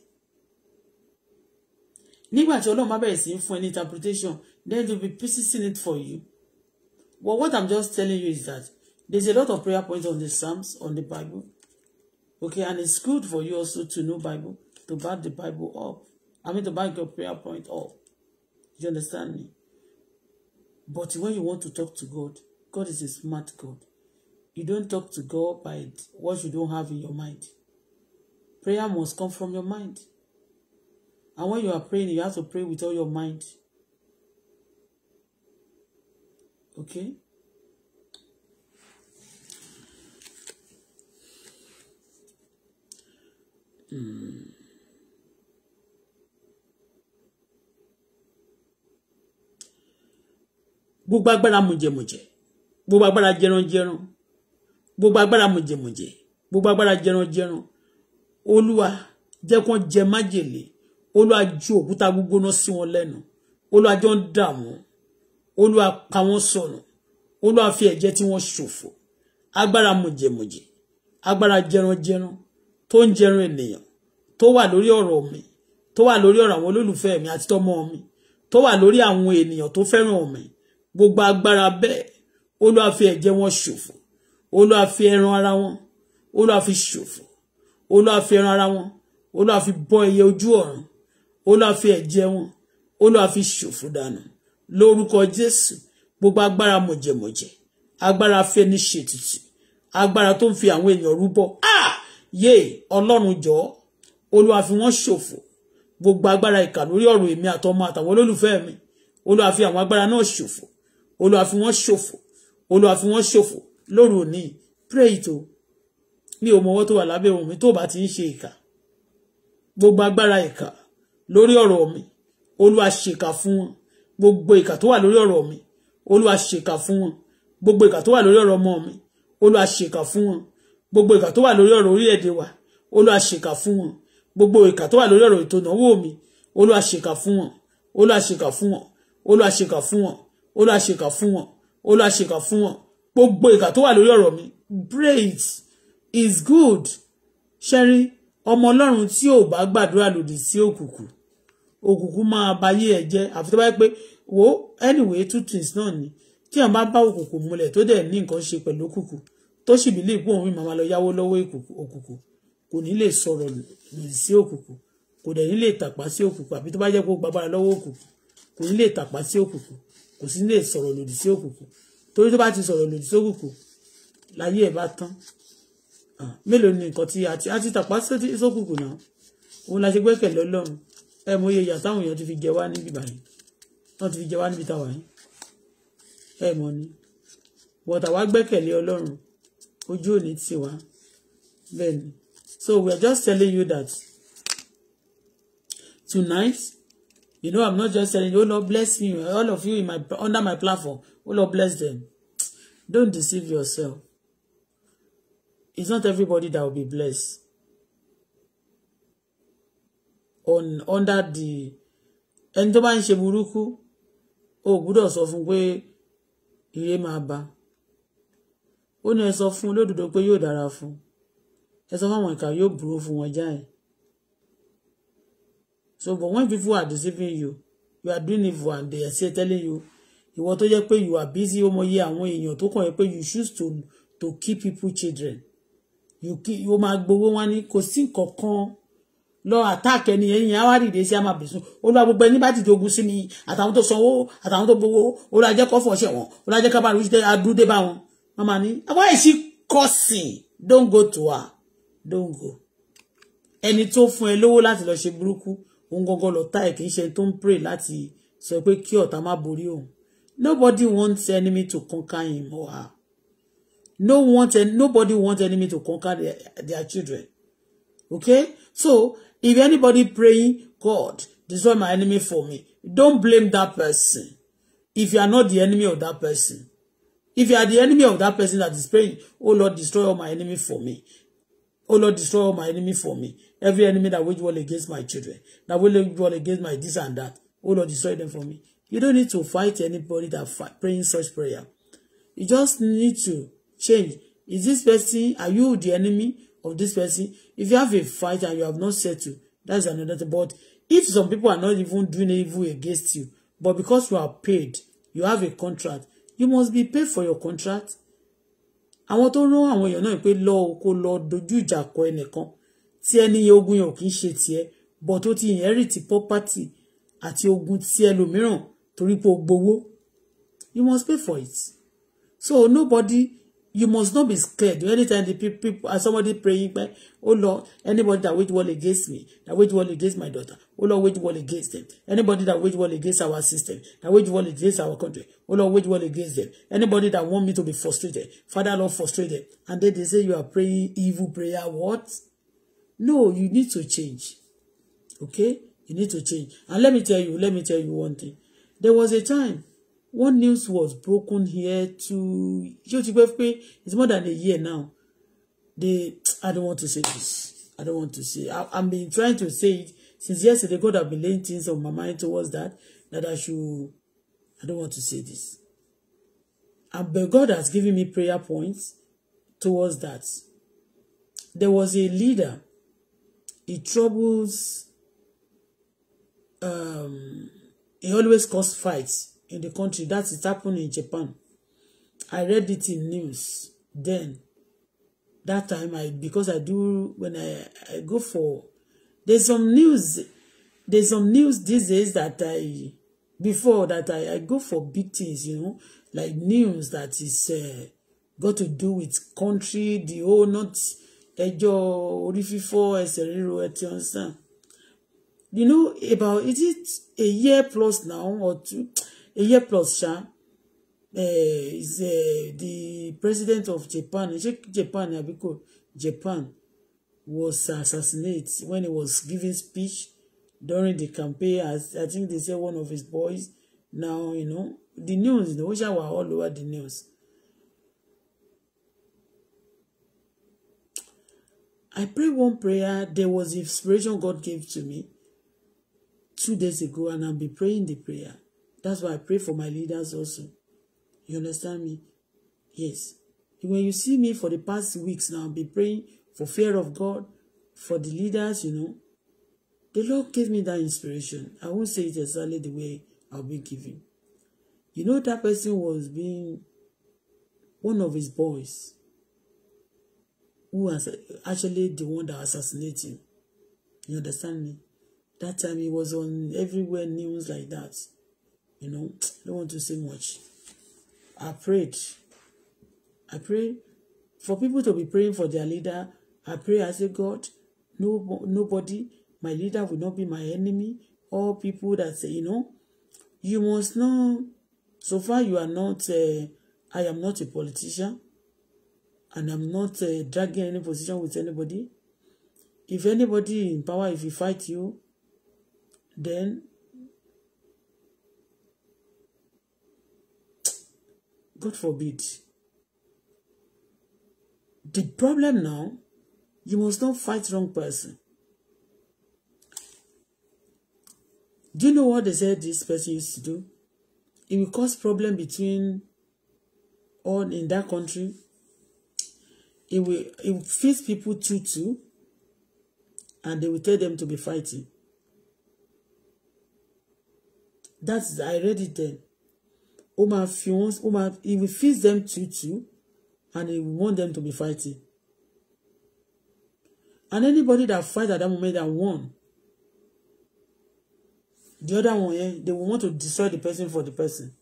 nígbà tí Ọlọ́run bá bẹ̀rẹ̀ sí fún ẹ ní interpretation then there be processing it for you but what I'm just telling you is that there's a lot of prayer points on the psalms on the Bible okay and it's good for you also to know Bible to back the Bible up I mean to back your prayer point up you understand me but when you want to talk to God God is a smart God. You don't talk to God by what you don't have in your mind. Prayer must come from your mind. And when you are praying, you have to pray with all your mind. Okay? Mm. gbogbo agbára mujẹmujẹ gbogbo agbára jẹranjẹran gbogbo agbára mọ̀jẹ̀mọ̀jẹ̀ gbogbo agbára jẹranjẹran olúwa jẹ́ kán jẹ májèlé olúwa ju òkúta gbígbóná sí wọn lẹ́nu olúwa jọ ń dà wọ́n olúwa pa wọ́n sọnù olúwa fi ẹ̀jẹ̀ tí wọ́n ṣòfò agbára mọ̀jẹ̀mọ̀jẹ̀ agbára jẹranjẹran tó ń jẹran ènìyàn tó wà lórí ọ̀rọ̀ mi tó wà lórí ọ̀rọ̀ àwọn olólùfẹ́ mi àti tọmọ mi tó wà lórí àwọn ènìyàn tó fẹ́ràn mi gbogbo agbára bẹ́ẹ̀ olúwa fi ẹ̀jẹ̀ wọn ṣòfò olúwa fi ẹran ara wọn olúwa fi ṣòfò olúwa fi ẹran ara wọn olúwa fi bọ́ ẹyẹ ojú ọ̀run olúwa fi ẹ̀jẹ̀ wọn olúwa fi ṣòfò dànù lórúkọ jésù gbogbo agbára mọ̀jẹ̀mọ̀jẹ̀ agbára fẹ́ni ṣètùtù agbára tó ń fi àwọn èèyàn rúbọ yé ọlọ́run jọ olúwa fi wọ́n ṣòfò gbogbo agbára ìkà lórí ọ̀rọ̀ èmi àtọmọ àtàwọn olólùfẹ́ mi olúwa fi àwọn agbára náà ṣòfò olúwa fi wọ́n ṣòfò olúwa fi wọ́n ṣòfò lóru òní pray it o mi ò mọwọ́ tó wà lábẹ́ ohun mi tó bá ti ń ṣe ìkà gbogbo agbára ìkà lórí ọ̀rọ̀ mi olúwa ṣèkà fún wọn gbogbo ìkà tó wà lórí ọ̀rọ̀ mi olúwa ṣèkà fún wọn gbogbo ìkà tó wà lórí ọ̀rọ̀ ọmọ mi olúwa ṣèkà fún wọn gbogbo ìkà tó wà lórí ọ̀rọ̀ orílẹ̀-èdè wa olúwa ṣèkà fún wọn gbogbo ìkà tó wà lórí ọ̀rọ̀ ètò ìnáwó mi olúwa ṣèkà fún wọn olúwa ṣèkà fún wọn olúwa ṣèkà fún wọn olúwa ṣèkà fún wọn olúwa ṣe ìkà fún wọn gbogbo ìkà tó wà lórí ọ̀rọ̀ mi braid is good ṣẹ́rí ọmọ ọlọ́run tí ò bá gbàdúrà lòdì sí òkùnkùn òkùnkùn máa bayé ẹ jẹ́ àfi tó bá pé wo anyway two things náà ni tí àwọn bá bá òkùnkùn múlẹ̀ tó dẹ̀ ní nǹkan ṣe pẹ̀lú òkùnkùn tó sì bí lè gbọ́ òun màmá lọ yáwó lọ́wọ́ òkùnkùn kò ní lè sọ̀rọ̀ lòdì sí òkùnkùn kò dẹ̀ ní lè tàpá sí òkùnkùn àbí tó bá jẹ́ kó gbàgbára lọ́wọ́ òkùnkùn kò ní lè tàpá sí òkùnkùn kò sí lè sọ̀rọ̀ lòdì sí òkùnkùn torí tó bá ti sọ̀rọ̀ lòdì sí òkùnkùn láyé ẹ̀ bá tán ah, mélòó ni nǹkan tí àti àti tàpá sókùnkùn náà òun la ṣe gbẹ́kẹ̀lé ọlọ́run ẹ mọ iye ìyà táwọn èèyàn ti fi jẹ wá níbi báyìí wọ́n ti fi jẹ wá níbi táwa yìí ẹ mọ ni bọ̀tà wá gbẹ́kẹ̀lé ọlọ́run ojú òní ti wá bẹ́ẹ̀ ni so we are just telling you that tonight You know, I'm not just telling you, oh Lord, bless me. All of you in my under my platform. Oh Lord, bless them. Don't deceive yourself. It's not everybody that will be blessed. On under the ẹni tó bá ń ṣe burúkú, o gbúdọ̀ sọ fún pé ire máa bá. Ó ní ẹ sọ fún olódodo pé yóò dára fún. Ẹ sọ fún àwọn ìkà yóò burú fún wọn jáì. So, but when people are deceiving you, you are doing evil and they are still telling you, ìwọ to jẹ́ pé you are busy ó mọyé àwọn èèyàn tó kàn yẹ pé you choose to to keep people children you keep you máa gbowó wọn ní kò sí kankan lọ attack ẹni yẹn yẹn á wá dìde sí àmà bẹ̀sùn olúwa gbogbo ẹni bá ti jogún sí mi àtàwọn tó sanwó àtàwọn tó gbowó olúwa jẹ́ kọ́ fọ̀ọ́ṣẹ̀ wọn olúwa jẹ́ kábàárù jẹ́ adúdé bá wọn wọn máa ní why is she cursing don't go to her don't go ẹni tó fún ẹ lówó láti lọ ṣe burúkú òun gọ́gọ́ lọ́tá ẹ̀ kì í ṣe tó ń pray láti sọ pé kí ọ̀tá má borí òun nobody wants enemy to conquer him or her no want nobody wants enemy to conquer their, their children okay so if anybody praying God destroy my enemy for me don't blame that person if you are not the enemy of that person if you are the enemy of that person that is praying oh Lord destroy all my enemy for me oh Lord destroy all my enemy for me Every enemy that wage war against my children, that wage war against my this and that, oh Lord, destroy them for me. You don't need to fight anybody that fight, praying such prayer. You just need to change. Is this person, are you the enemy of this person? If you have a fight and you have not settled, that's another thing. But if some people are not even doing evil against you, but because you are paid, you have a contract, you must be paid for your contract. Àwọn tó rán àwọn èèyàn náà pé lọ kó lọ dojú ìjà kọ ẹnìkan tí ẹni yẹn ogún yẹn ò kì í ṣe tiẹ̀ but ó ti inherit property àti ogún tí ẹlòmíràn torí pé o gbowó you must pay for it so nobody you must not be scared anytime the people as somebody praying by, oh lord anybody that wage war against me that wage war against my daughter oh lord wage war against them anybody that wage war against our system that wage war against our country oh lord wage war against them anybody that want me to be frustrated father lord frustrated and then they say you are praying evil prayer what No, you need to change. Okay? You need to change. And let me tell you, let me tell you one thing. There was a time one news was broken here to it's more than a year now. They I don't want to say this. I don't want to say I, I've been trying to say it since yesterday. God have been laying things on my mind towards that that I should I don't want to say this. And but God has given me prayer points towards that. There was a leader It troubles, um, it always cause fights in the country. That is happened in Japan. I read it in news then. That time I because I do when I, I go for there's some news there's some news these days that I before that I, I go for big things, you know, like news that is uh, got to do with country, the whole not ẹjọ́ orí fífọ́ ẹsẹ̀ ríro ẹ ti understand you know about is it a year plus now or two a year plus ṣá uh, is uh, the president of Japan ṣé Japan àbí kò Japan was assassinated when he was giving speech during the campaign as I think they say one of his boys now you know the news you know ó ṣàwà all over the news. I prayed one prayer. There was inspiration God gave to me two days ago, and I'll be praying the prayer. That's why I pray for my leaders also. You understand me? Yes. When you see me for the past weeks now, I'll be praying for fear of God, for the leaders, you know. The Lord gave me that inspiration. I won't say it exactly the way I'll be giving. You know, that person was being one of his boys who has actually the one that assassinated him. You understand me? That time he was on everywhere news like that. You know, I (tsk) don't want to say much. I prayed. I pray for people to be praying for their leader. I pray, I say, God, no, nobody, my leader will not be my enemy. All people that say, you know, you must know. So far, you are not. Uh, I am not a politician and I'm not uh, dragging any position with anybody. If anybody in power, if he fight you, then God forbid. The problem now, you must not fight wrong person. Do you know what they said this person used to do? It will cause problem between all in that country It will it feeds people too too, and they will tell them to be fighting. That's I read it then. Oma máa Oma, he will feed them too too, and he will want them to be fighting. And anybody that fights at that moment that won, the other one, eh, they will want to destroy the person for the person.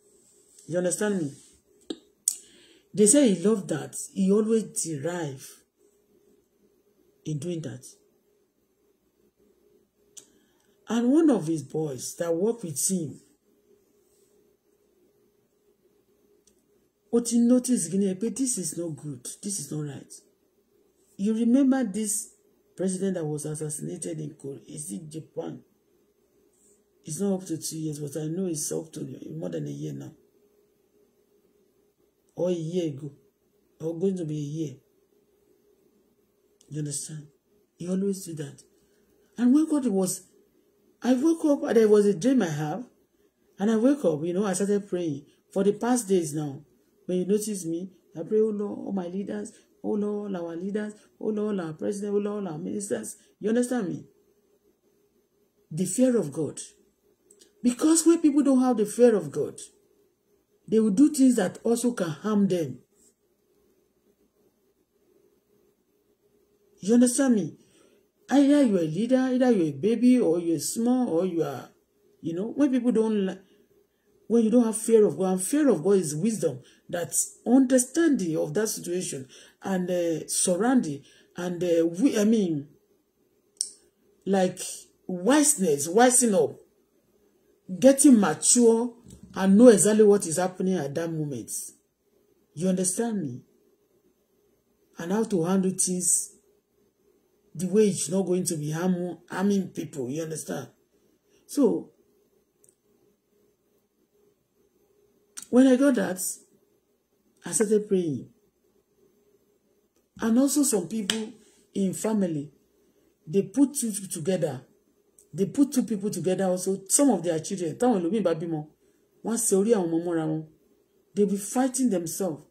You understand me? They say he loved that. He always derive in doing that. And one of his boys that worked with him, what he noticed, this is not good. This is not right. You remember this president that was assassinated in Korea? Is it Japan? It's not up to two years, but I know it's up to more than a year now or a year ago or going to be a year. You understand? He always do that. And when God was, I woke up and there was a dream I have. And I woke up, you know, I started praying for the past days now. When you notice me, I pray, oh Lord, all my leaders, oh Lord, all our leaders, oh Lord, our president, oh Lord, our ministers. You understand me? The fear of God. Because when people don't have the fear of God, They will do things that also can harm them. You understand me? Either you're a leader, either you're a baby, or you're small, or you are, you know, when people don't when you don't have fear of God, and fear of God is wisdom that's understanding of that situation and uh, surrounding and uh, we, I mean, like wiseness, wising up, getting mature and know exactly what is happening at that moment. You understand me? And how to handle things the way it's not going to be harm, harming people. You understand? So, when I got that, I started praying. And also some people in family, they put two together. They put two people together also. Some of their children, táwọn ẹlòmíì bá bímọ, wọ́n ṣe orí àwọn ọmọ mọ́ra wọn they be fighting themselves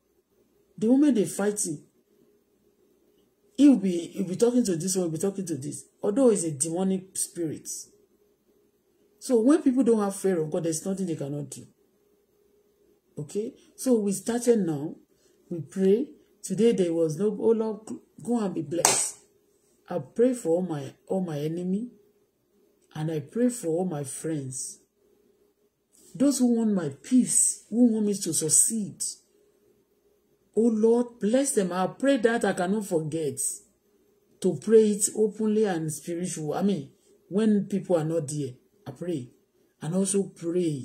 the women dey fighting he will be he be talking to this one he will be talking to this although it's a demonic spirit so when people don't have fear of God there's nothing they cannot do okay so we started now we pray today there was no oh Lord go and be blessed I pray for all my all my enemy and I pray for all my friends Those who want my peace, who want me to succeed. Oh Lord, bless them. I pray that I cannot forget to pray it openly and spiritual. I mean, when people are not there, I pray. And also pray.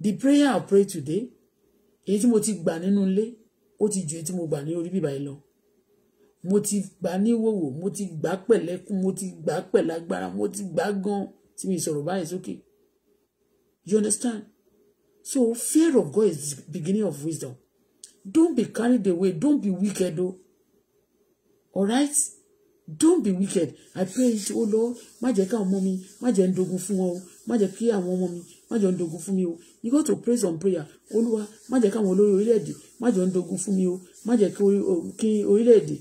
The prayer I pray today, èyí tí mo ti gbà nínú ilé, ó ti ju èyí mo gbà ní orí bíbá yìí lọ. Mo ti gbà ní wòwò, mo ti gbà pẹ̀lẹ́kún, mo ti gbà pẹ̀lágbára, mo ti gbà gan tí mi sọ̀rọ̀ báyìí sókè. Okay You understand? So fear of God is the beginning of wisdom. Don't be carried away. Don't be wicked though. All right? Don't be wicked. I pray it, oh Lord, má jẹ́ káwọn ọmọ mi, má jẹ́ ń dogun fún wọn o, You got to pray some prayer. Olúwa, má jẹ́ káwọn olórí orílẹ̀-èdè, má jẹ́ ń dogun fún mi o, má jẹ́ kí orílẹ̀-èdè,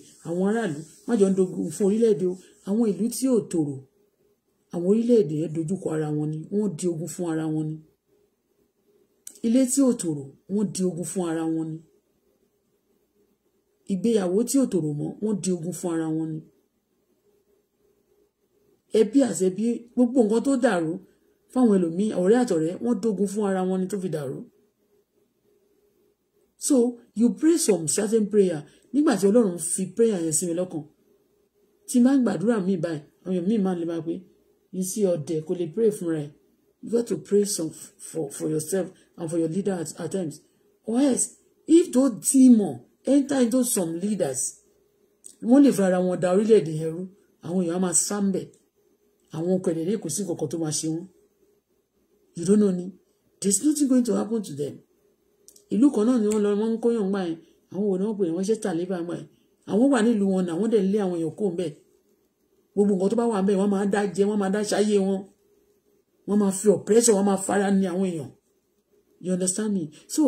àwọn àwọn orílẹ̀-èdè yẹn dojúkọ ara wọn ni wọ́n di ogun fún ara wọn ni ilé tí ò tòrò wọ́n di ogun fún ara wọn ni ìgbéyàwó tí ò tòrò mọ́ wọ́n di ogun fún ara wọn ni ẹbí àṣẹbí gbogbo nǹkan tó dàrú fáwọn ẹlòmíín ọ̀rẹ́ àtọ̀rẹ́ wọ́n dógun fún ara wọn ni tó fi dàrú so you pray some certain prayer nígbà tí Ọlọ́run fi prayer yẹn sí mi lọ́kàn tí máa ń gbàdúrà míì báyìí àwọn èèyàn míì máa ń lè máa pé you see your day. kò lè pray for rẹ you got to pray some for for yourself and for your leader at, at times or else if those demon enter into some leaders wọ́n lè fara wọn da orílẹ̀-èdè ẹrú àwọn èèyàn máa sá ń bẹ̀ àwọn ọkọ̀ ẹ̀dẹ̀ kò sí kankan tó máa ṣe wọ́n you don't know ni there is nothing going to happen to them ìlú kan náà ni wọ́n lọ wọ́n ń kóyàn gbà yẹn àwọn òun náà pè wọ́n ṣe tàlébà gbà yẹn àwọn wà nílùú wọn náà wọ́n dẹ̀ lé àwọn èèyàn kó ń bẹ́ẹ̀ gbogbo nǹkan tó bá wà ń bẹ wọ́n máa dá jẹ wọ́n máa dá ṣáyé wọn wọ́n máa fi oppression wọ́n máa fara ní àwọn èèyàn you understand me so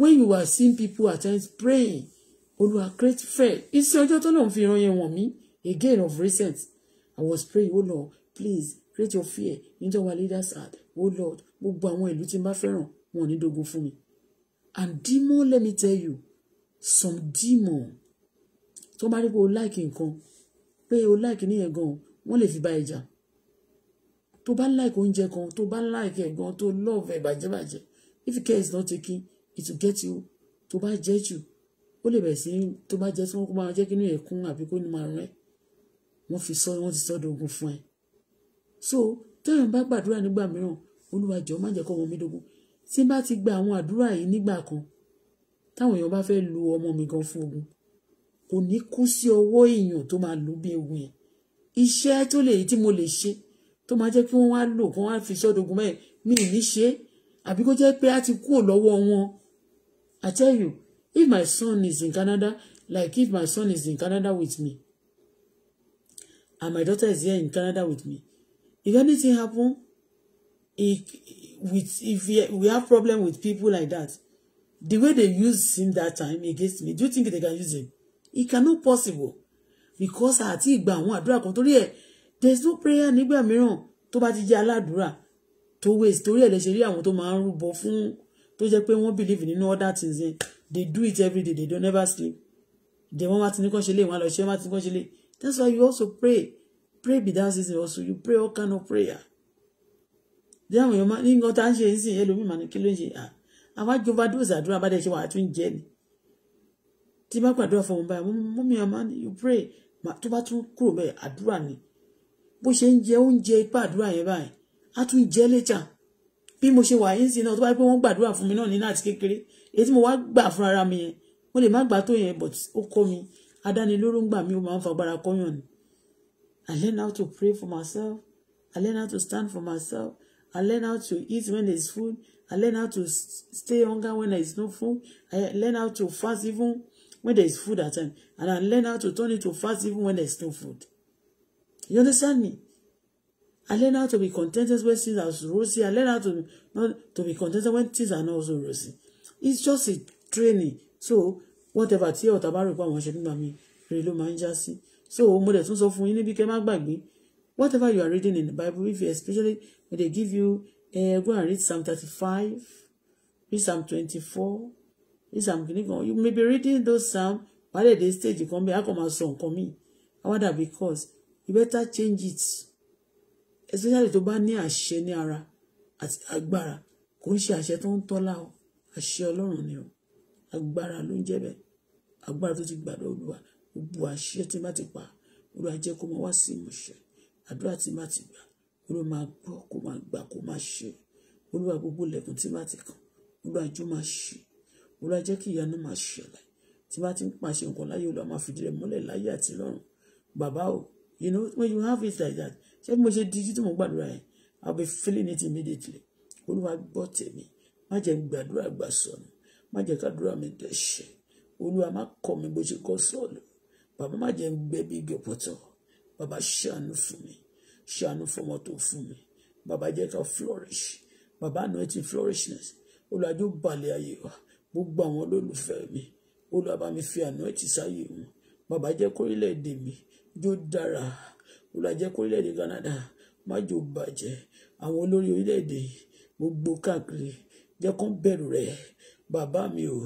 when you are seeing people at times praying olúwa create faith iṣẹ́ ọjọ́ tó náà fi ran yẹn wọ̀n mí again of recent i was praying oh lord please create your fear into our leaders heart oh lord gbogbo àwọn ìlú tí n bá fẹ́ràn wọn ò ní dogun fún mi and demon let me tell you some demon tó bá rí pé o like nǹkan pé o láìkì níyẹn gan wọ́n lè fi ba ìjà tó bá láìkì oúnjẹ kan tó bá láìkì ẹ̀ gan tó lọ́ọ̀fẹ́ bàjẹ́bàjẹ́ if care is not taking, it to get you tó bá jẹ́ jù ó lè bẹ̀rẹ̀ sí tó bá jẹ́ tí wọ́n kó máa jẹ́ kí inú ẹ̀ kún àbí kó ní máa rẹ́ wọ́n fi sọ wọ́n ti sọ́dọ̀ ogun fún ẹ so tẹ́yìn bá gbàdúrà nígbà mìíràn Olúwa jọ̀ọ́ má jẹ́ kọ́ ọmọ mi dógún tí n bá ti gba àwọn àdúrà yìí nígbà kan táwọn èèyàn bá fẹ́ lu ọmọ mi gan fún ogun kò ní kú sí ọwọ́ èèyàn tó máa lò bí ewu yẹn iṣẹ́ tó lè tí mo lè ṣe tó máa jẹ́ kí wọ́n wá lò kí wọ́n wá fi ṣọ́dogun mẹ́rin mi ì ní ṣe é àbí kó jẹ́ pé a ti kúrò lọ́wọ́ wọn I tell you if my son is in Canada like if my son is in Canada with me and my daughter is here in Canada with me if anything happen if with if we have problem with people like that the way they use him that time against me do you think they can use him it cannot possible because àti ìgbà àwọn àdúrà kan torí ẹ̀ there is no prayer nígbà mìíràn tó bá ti jẹ́ aládùúrà tó waste torí ẹ̀ lè ṣe rí àwọn tó máa ń rúbọ fún tó jẹ́ pé wọ́n believe nínú other things in they do it every day they don't never sleep they wọ́n máa ti ní kàn ṣe lé wọ́n á lọ ṣe wọ́n máa ti ní kàn ṣe lé that's why you also pray pray be that season also you pray all kind of prayer Then àwọn èèyàn máa ní nǹkan tá à ń ṣe ń sìn ẹlòmíì máa ní kí ló ń ṣe à àwa jọba dóòsì àdúrà bá dẹ̀ ṣe wà tún jẹ́ ni tí bá gbàdúrà fún ọmọ báyìí mú mi àmà you pray tó bá tún kúrò bẹ́ẹ̀ àdúrà ni bó ṣe ń jẹ oúnjẹ ipá àdúrà yẹn báyìí á tún jẹ létà bí mo ṣe wà yín sí náà tó bá yẹ wọ́n gbàdúrà fún mi náà nínú àti kékeré èyí tí mo wá gbà fún ara mi yẹn mo lè má gbà tó yẹn but ó kọ́ mi adánilóró ń gbà mí ó máa ń fagbára kọ́yàn ni I learn how to pray for myself I learn how to stand for myself I learn how to eat when there is food I learn how to stay hunger when there is no food I learn how to fast even when there is food at time and I learn how to turn it to fast even when there's no food. You understand me? I learn how to be contented when things are rosy. I learn how to not to be contented when things are not so rosy. It's just a training. So whatever tí ọ̀tá bá rò pé àwọn ṣe nígbà mi rèé ló máa ń já So mo dẹ̀ tún sọ fún Whatever you are reading in the Bible, if you especially when they give you, uh, go and read Psalm 35, read Psalm 24, ní psalm kìíní kan you may be reading those psalm but at the stage you kan bẹ́ẹ̀ akọ̀ song sọ nǹkan I wonder because you better change it especially tó bá ní àṣẹ ni ara àti agbára kò ń ṣe àṣẹ tó ń tọ́lá o àṣẹ ọlọ́run ni o agbara ló ń jẹ́ bẹ́ẹ̀ agbára tó ti gbàdọ̀ olúwa gbogbo àṣẹ tí má ti pa olúwa jẹ́ kó máa wá sí ìmúṣẹ àdúrà tí má ti gbà olúwa máa gbọ́ kó máa gbà kó máa ṣe olúwa gbogbo lẹ̀kùn tí má ti kàn olúwa jọ̀ọ́ máa ṣe olúwa jẹ́ kí ìyanu máa ṣẹlẹ̀ tí bá ti ń pàṣẹ nǹkan láyé olúwa máa fìdí rẹ̀ múlẹ̀ láyé àti lọ́run bàbá o you know when you have it like that ṣé bí mo ṣe di títí mo gbàdúrà yẹn i be feeling it immediately olúwa gbọ́ tèmi má jẹ́ gbàdúrà gbà sọnù má jẹ́ kádúrà mi dẹ̀ṣẹ̀ olúwa má kọ̀ mi bó ṣe kọ̀ sọ́ọ̀lù bàbá má jẹ́ gbẹ́ bí igi ọ̀pọ̀tọ̀ bàbá ṣàánú fún mi ṣàánú fọmọ tó fún mi bàbá jẹ́ ká flourish bàbá anointing flourishness olùwàjò balẹ̀ ayé wa gbogbo àwọn olólùfẹ́ mi Olúwa bá mi fi àná ẹ̀tì sáyé wọn bàbá jẹ́ kórílẹ̀-èdè mi jó dára Olúwa jẹ́ kórílẹ̀-èdè Canada má jò bàjẹ́ àwọn olórí orílẹ̀-èdè gbogbo káàkiri jẹ́ kó bẹ̀rù rẹ̀ bàbá mi o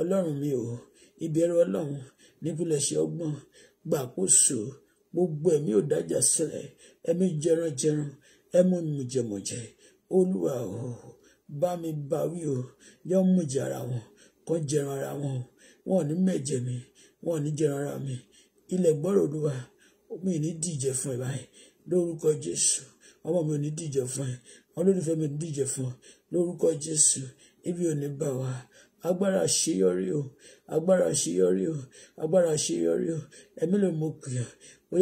ọlọ́run mi o ìbẹ̀rù ọlọ́run nípìnlẹ̀ṣẹ̀ ọgbọ́n gbàkóso gbogbo ẹ̀mí ò dájà sílẹ̀ ẹ̀mí jẹranjẹran ẹ̀mú mùjẹmùjẹ olúwa o bá mi bá wí o yọ mú ìjà ara wọn kan jẹran ara wọn o wọn ò ní mẹ̀jẹ̀ mi wọn ò ní jẹran ara mi ilẹ̀ gbọ́rọ̀ olúwa mi ní díje fún ẹ báyìí lórúkọ jésù ọmọ mi ò ní díje fún ẹ olólùfẹ́ mi ò ní díje fún ẹ lórúkọ jésù ibi ò ní bá wa agbára àṣeyọrí o agbára àṣeyọrí o agbára àṣeyọrí o ẹ̀mí ló mọ̀ pé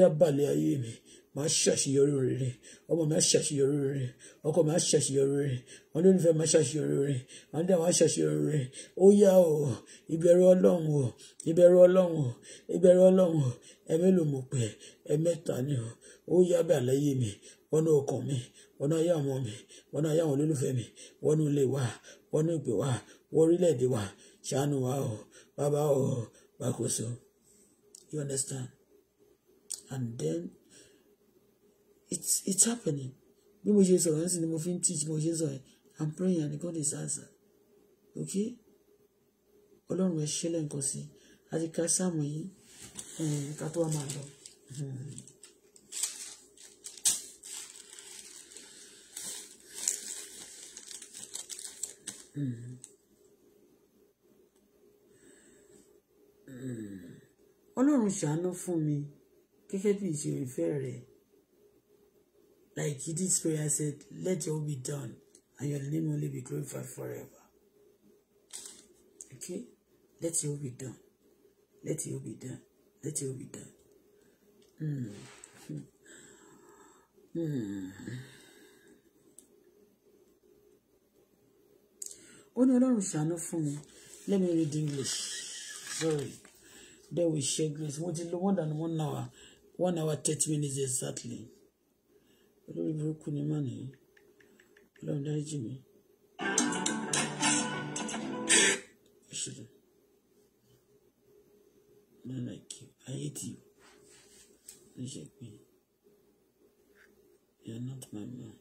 ó balẹ̀ ayé mi máa ṣàṣeyọrí rere ọmọ mi á ṣàṣeyọrí rere ọkọ mi á ṣàṣeyọrí rere wọn ló nífẹ̀ẹ́ máa ṣàṣeyọrí rere wọn dá wọn á ṣàṣeyọrí rere ó yá o ìbẹ̀rù ọlọ́run o ìbẹ̀rù ọlọ́run o ìbẹ̀rù ọlọ́run o ẹ̀mí ló mọ̀ pé ẹ̀mẹ́ta ni o ó yá bẹ́ẹ̀ láyé mi wọnú ọkàn mi wọnú ayé àwọn mi wọnú ayé àwọn olólùfẹ́ mi wọnú ilé wa wọnú ìpè wa wọ orílẹ̀-èdè wa ṣàánú wa o bàbá o bàkóso you understand and then it's it's happening bí mo ṣe sọ̀rọ̀ ẹ̀sìn ni mo fi ń teach mo ṣe sọ̀rọ̀ i'm praying and God is answer okay ọlọ́run ẹ ṣẹlẹ̀ nǹkan sí àti ká sáàmù yìí eh, ká tó wá máa lọ. ọlọ́run ṣàánú fún mi gẹ́gẹ́ bí ìṣèrèfẹ́ rẹ̀. Like did, pray. prayer said, let your will be done, and your name only be glorified forever. Okay? Let your will be done. Let your will be done. Let your will be done. Hmm. Mm. Mm. no, ní ọlọ́run ṣàánú fún mi let me read english sorry then we share grace mo ti lò more than one hour one hour thirty minutes exactly olórí burúkú ni mà nìyí ọlọ́run dáríjì mi. Shouldn't. Not like you. I hate you. Reject me. You are not my man.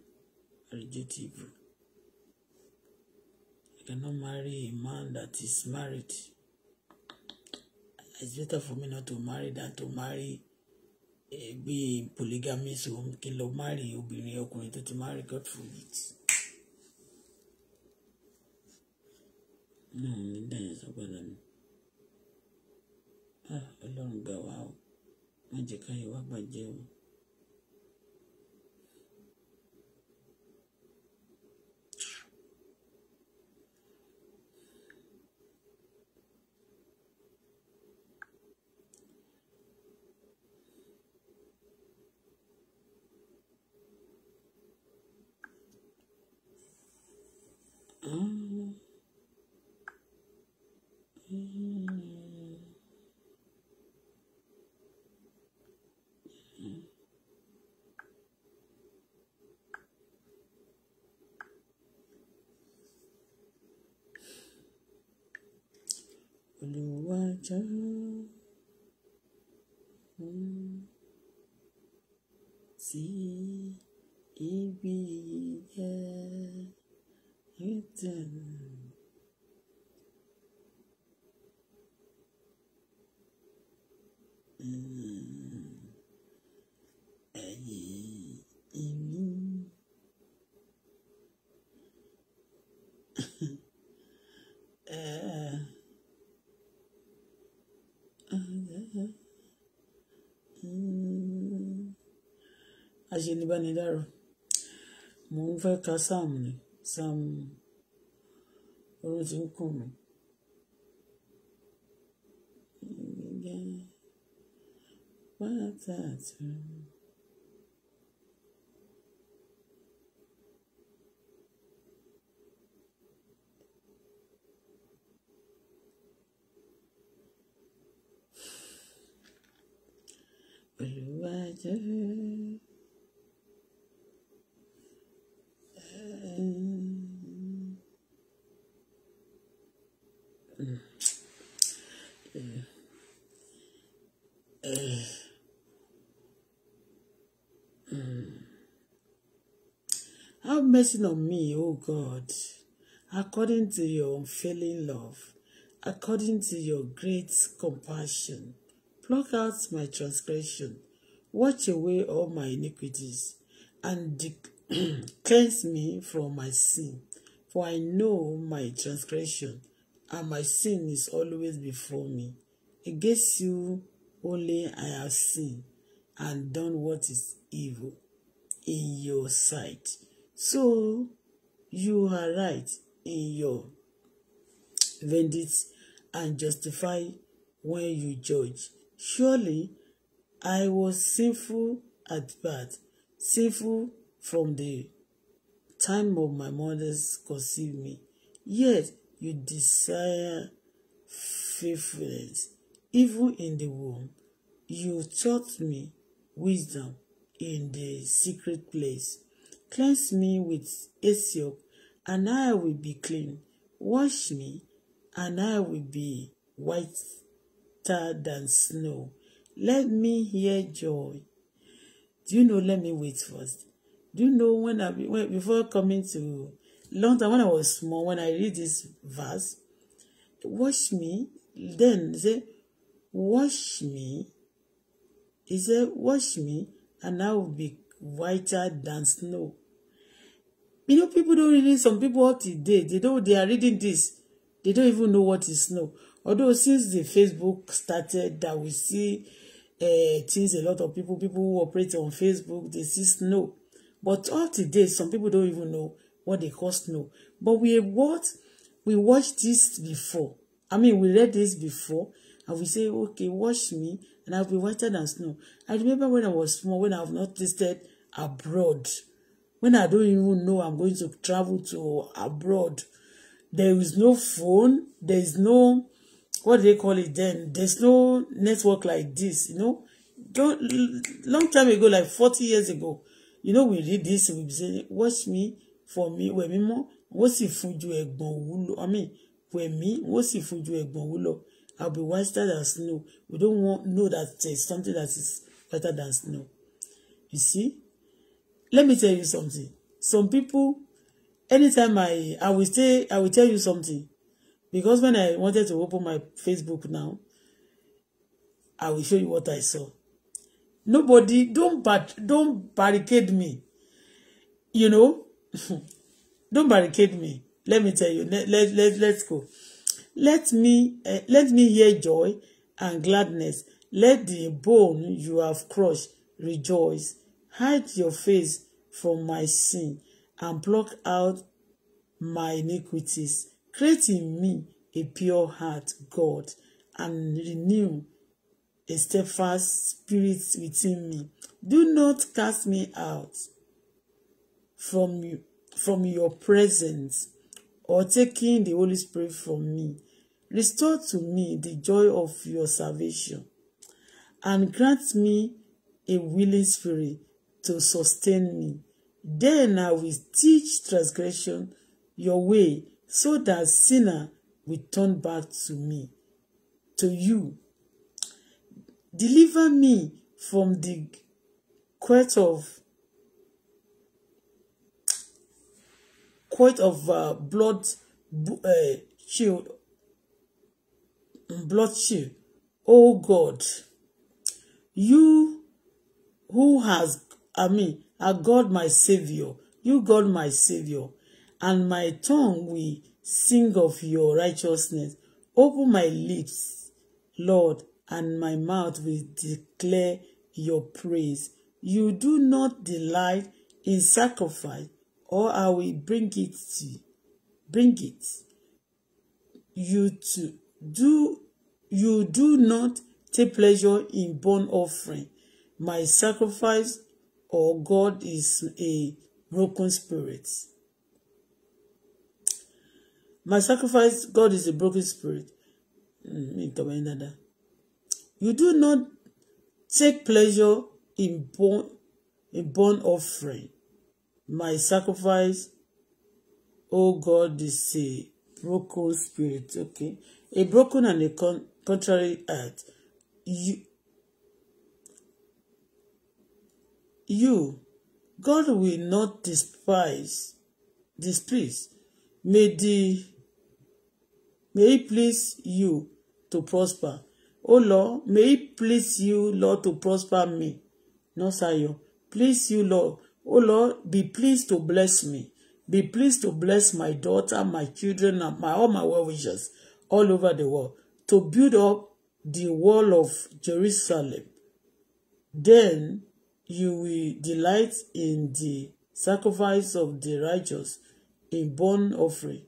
I reject you. I cannot marry a man that is married. It's better for me not to marry than to marry bíi polygamy so kí n lọ márì obìnrin ọkùnrin tó ti márì god forbid. náà mi dẹ̀yìn sọ́gbọ́dọ̀ mi ọlọ́run gbà wá o má jẹ́ káyọ̀ wá bàjẹ́ o. olùwàjà. Hmm. Tí ṣe ní bánidárò mò ń fẹ́ ka sáàmù ni sáàmù orun ti ń kùn mí. pátàtì. Blue eyes. mercy on me, O God, according to your unfailing love, according to your great compassion. Pluck out my transgression, wash away all my iniquities, and (clears throat) cleanse me from my sin. For I know my transgression, and my sin is always before me. Against you only I have sinned and done what is evil in your sight. So you are right in your verdict and justify when you judge. Surely I was sinful at birth, sinful from the time of my mother's conceived me. Yet you desire faithfulness. Even in the womb, you taught me wisdom in the secret place. Cleanse me with hyssop, and I will be clean. Wash me, and I will be whiter than snow. Let me hear joy. Do you know? Let me wait first. Do you know when I when, before coming to London when I was small when I read this verse, wash me. Then say, wash me. He said, wash me, and I will be whiter than snow. You know, people don't really, some people up they date, they don't, they are reading this, they don't even know what is snow. Although since the Facebook started that we see uh, things, a lot of people, people who operate on Facebook, they see snow. But up all date, some people don't even know what they call snow. But we what we watched this before. I mean, we read this before, and we say, okay, watch me, and I'll be whiter than snow. I remember when I was small, when I have not tasted abroad when I don't even know I'm going to travel to abroad. There is no phone. There is no, what do they call it then? There's no network like this, you know. don't Long time ago, like 40 years ago, you know, we read this, we say, watch me, for me, wẹ̀ mí mọ́, wọ́n sì fún a ẹ̀gbọ̀n òwú I mean, wẹ̀ me, wọ́n if you ju ẹ̀gbọ̀n òwú I'll be wiser than snow. We don't want know that there's something that is better than snow. You see? let me tell you something some people anytime i i will say i will tell you something because when i wanted to open my facebook now i will show you what i saw nobody don't but don't barricade me you know (laughs) don't barricade me let me tell you let let, let let's go let me uh, let me hear joy and gladness let the bone you have crushed rejoice Hide your face from my sin and pluck out my iniquities. Create in me a pure heart, God, and renew a steadfast spirit within me. Do not cast me out from you, from your presence or taking the Holy Spirit from me. Restore to me the joy of your salvation and grant me a willing spirit to sustain me. Then I will teach transgression your way, so that sinner will turn back to me, to you. Deliver me from the quest of quest of uh, blood uh, shield, blood shield. O oh God, you who has I mean, I God my Savior. You God my Savior. And my tongue will sing of your righteousness. Open my lips, Lord, and my mouth will declare your praise. You do not delight in sacrifice, or I will bring it to Bring it. You to do you do not take pleasure in burnt offering. My sacrifice or God is a broken spirit. My sacrifice, God is a broken spirit. Hmm, you do not take pleasure in born, in born offering. My sacrifice, oh God, is a broken spirit. Okay. A broken and a con contrary heart. You, you, God will not despise, despise. May the may he please you to prosper. O Lord, may he please you, Lord, to prosper me. No, Sayo. Please you, Lord. O Lord, be pleased to bless me. Be pleased to bless my daughter, my children, and my all my well wishes all over the world to build up the wall of Jerusalem. Then You will delight in the sacrifice of the righteous, in burnt offering.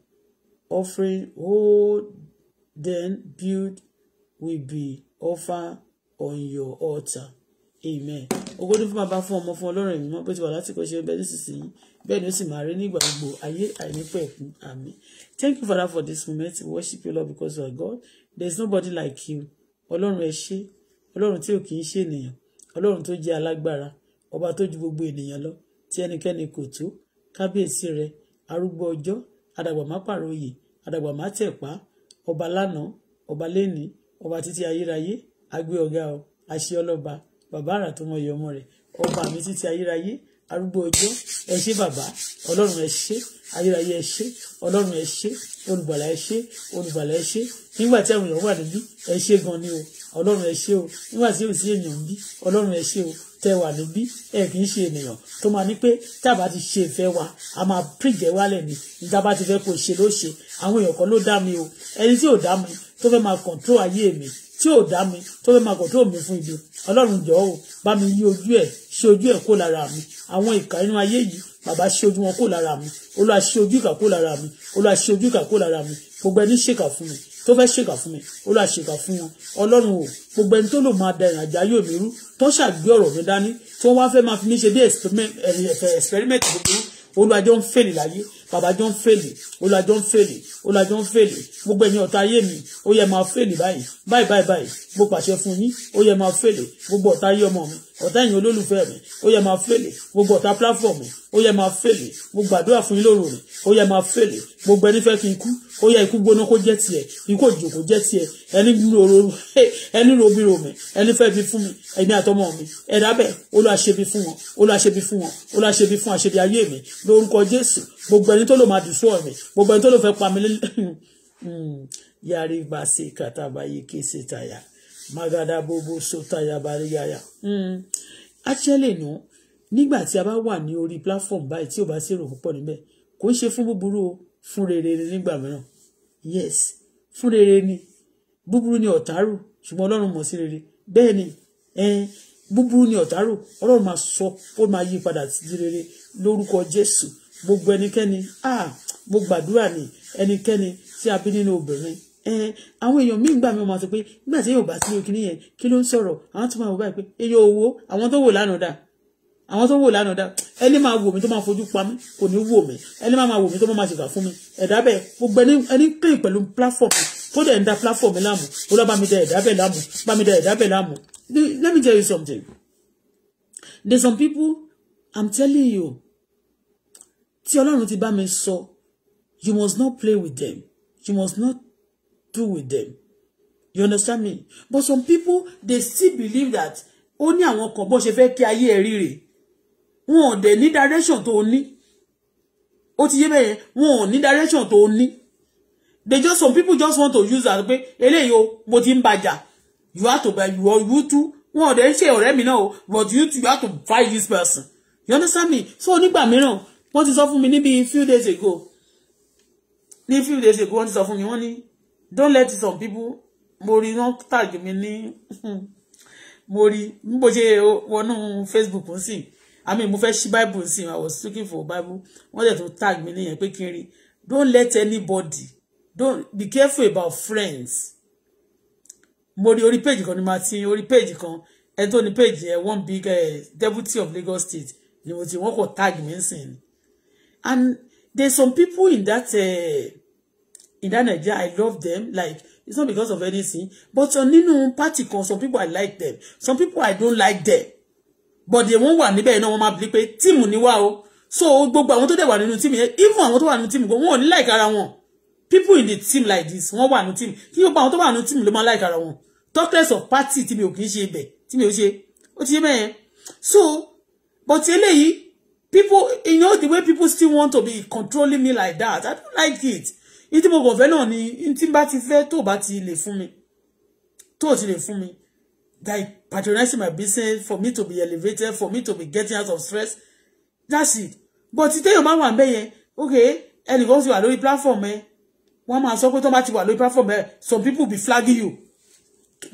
Offering, oh, then build will be offered on your altar. Amen. Ògo ni fún bàbá fún ọmọ fún Ọlọ́run ẹ̀mí mọ́ bó ti wà láti kọ́ṣẹ́ bẹ́ẹ̀ nísinsìnyí bẹ́ẹ̀ ni ó sì máa rí nígbà gbogbo ayé àìnípẹ̀kun àmín. Thank you Father for this moment we worship you Lord because of God there is nobody like you Ọlọ́run ẹ ṣé Ọlọ́run tí ò kì í ṣe ènìyàn ọlọ́run tó jẹ́ alágbára ọba tó ju gbogbo ènìyàn lọ tí ẹnikẹ́ni kò tó kábíyèsí rẹ arúgbó ọjọ́ adàgbà má pàròyè adàgbà má tẹ̀pá ọba lánàá ọba lẹ́ni ọba títí ayérayé agbé ọ̀gá ọ àṣẹ ọlọ́ba bàbá àrà tó mọ ìyọmọ rẹ ọba mi títí ayérayé arúgbó ọjọ́ ẹ bàbá ọlọ́run ẹ ayérayé ẹ ọlọ́run ẹ olùgbàlà ẹ olùgbàlà ẹ nígbà tí àwọn èèyàn wà níbí ẹ gan ni o ọlọ́run ẹ ṣé o nígbà tí ò sí ènìyàn bí ọlọ́run ẹ ṣé o tẹ wà níbí ẹ kì í ṣe ènìyàn tó máa ní pé tá a bá ti ṣe ìfẹ́ wa a máa píríjẹ wálẹ̀ ni níta bá ti fẹ́ kó ṣe ló ṣe àwọn èèyàn kan ló dá mi o ẹni tí ò dá mi tó fẹ́ máa kọ̀ǹtró ayé mi tí ò dá mi tó fẹ́ máa kọ̀ǹtró mi fún ibi ọlọ́run jọ̀ọ́ o bá mi yí ojú ẹ̀ ṣe ojú ẹ̀ kó lára mi àwọn ìkà inú ayé yìí bàbá ṣe ojú wọn kó lára mi olúwa ṣe ojú ìkà kó lára mi olúwa ṣe ojú ìkà kó lára mi gbogbo ẹni ṣèkà fún mi tó fẹ́ ṣèkà fún mi ó lọ àṣèkà fún wọn ọlọ́run o gbogbo ẹni tó lò máa da ìrìn àjò ayé òmí rú tó ṣàgbé ọ̀rọ̀ mi dání tí wọ́n wá fẹ́ máa fi mí ṣe bí experiment búburú olùwàjọ ń fèlè láyé babajọ ń fèlè olùwàjọ ń fèlè olùwàjọ ń fèlè gbogbo ẹ̀yin ọ̀tá ayé mi ó yẹ máa fèlè báyìí báyìí báyìí báyìí mo pàṣẹ fún yín ó yẹ máa fèlè gbogbo ọ̀tá ayé ọmọ mi ọ̀tá ẹ̀yin olólùfẹ́ mi ó yẹ máa fèlè gbogbo ọ̀tá platform mi ó yẹ máa fèlè mo gbàdúrà fún yín lóru rẹ̀ ó yẹ máa fèlè gbogbo ẹni fẹ́ kí n kú ó yẹ ikú gbóná kó jẹ́ tiẹ̀ ikú òjò kó jẹ́ tiẹ̀ ẹni roro ẹni robi romi ẹni fẹ́ bí fún mi ẹni àtọmọ mi ẹ̀dá bẹ́ẹ̀ Olúwa ṣe bí fún wọn Olúwa ṣe bí fún wọn Olúwa ṣe bí fún àṣebi ayé mi lórúkọ Jésù gbogbo ẹni tó lò máa dùn fún ọ̀rẹ́ gbogbo ẹni tó lò fẹ́ pa mí lélẹ́ hmm, yàrá ìgbà sí kàtàbà yìí kí sí tàyà magada bobo sotaya bari yaya. Hmm, actually no nígbà tí a bá wà ní orí platform báyìí tí ò bá sí èrò púpọ̀ níbẹ̀ kò ń ṣe fún búburú o fún rere ni nígbà mìíràn yes fún rere ni búburú ni ọ̀tárù ṣùgbọ́n ọlọ́run mọ̀ sí rere bẹ́ẹ̀ ni búburú ni ọ̀tárù ọlọ́run máa sọ ó máa yí padà sí rere lórúkọ jésù gbogbo ẹnikẹ́ni ah mo gbàdúrà ní ẹnikẹ́ni tí a bí nínú obìnrin àwọn èèyàn míì gbà mí wọn máa sọ pé nígbà tí èèyàn bá sí ní okinní yẹn kí ló ń sọ̀rọ̀ àwọn tó máa wò báyìí pé èèyàn owó àwọn tó wò lánàá dáa àwọn tó wò lánàá dá ẹni máa wò mí tó máa fojú pa mí kò ní wò mí ẹni máa wò mí tó máa ṣèkà fún mi ẹ̀dá bẹ́ẹ̀ gbogbo ẹni ẹni clean pẹ̀lú platform tó dẹ̀ ń da platform láàmú ó lọ́ bá mi da ẹ̀dá bẹ́ẹ̀ láàmú bá mi da ẹ̀dá bẹ́ẹ̀ láàmú let me tell you something there's some people i'm telling you tí ọlọ́run ti bá mi sọ you must not play with them you must not do with them you understand me but some people they still believe that ó ní àwọn kan bó ṣe fẹ́ kí ayé ẹ rí wọn ò dẹ̀ ní direction tó ní ó ti yé bẹ́ẹ̀ wọn ò ní direction tó ní they just some people just want to use that pé eléyìí o mo ti ń bàjà you have to buy you or you too wọn ò dẹ̀ ń ṣe ọ̀rẹ́ mi náà o but you too you have to fight this person you understand me so nígbà mìíràn wọ́n ti sọ fún mi níbi few days ago ní few days ago wọ́n ti sọ fún mi wọ́n ní don't let some people mo rí wọn tag mi ní (laughs) mo rí bó ṣe wọnú Facebook ń sìn i mean mo fẹ́ ṣí bible sí i was looking for bible wọ́n dẹ̀ tún tag mi nìyẹn pé kí n don't let anybody don't be careful about friends mo rí orí page kan ni màá ti orí page kan ẹni tó ní page yẹn one big uh, deputy of Lagos State ni mo ti wọ́n kò tag mi sìn and there's some people in that uh, in that Nigeria i love them like it's not because of anything but nínú party kan some people i like them some people i don't like them but èwọ̀n wà níbẹ̀ iná wọn máa bí pé tíìmù ni wá o so gbogbo àwọn tó dẹ̀ wà nínú tíìmù yẹn even àwọn tó wà nínú tíìmù wọn ò ní like ara wọn people in the team like this wọ́n wà nínú tíìmù kí gbogbo àwọn tó wà nínú tíìmù ló máa like ara wọn talk less of party tí mi ò kì í ṣe ibẹ̀ tí mi ò ṣe ó ti ṣe bẹ́ẹ̀ yẹn so but eléyìí people you know the way people still want to be controlling me like that I don't like it ní tí mo kàn fẹ́ náà ni ní tí n bá ti fẹ́ tó bá ti lè fún mi tó ti lè fún mi like patronizing my business for me to be elevated for me to be getting out of stress that's it but you tell your mama and me, yẹn okay ẹnìkan ti wà lórí platform ẹ wọ́n man sọ pé tó bá ti wà lórí platform man. some people be flagging you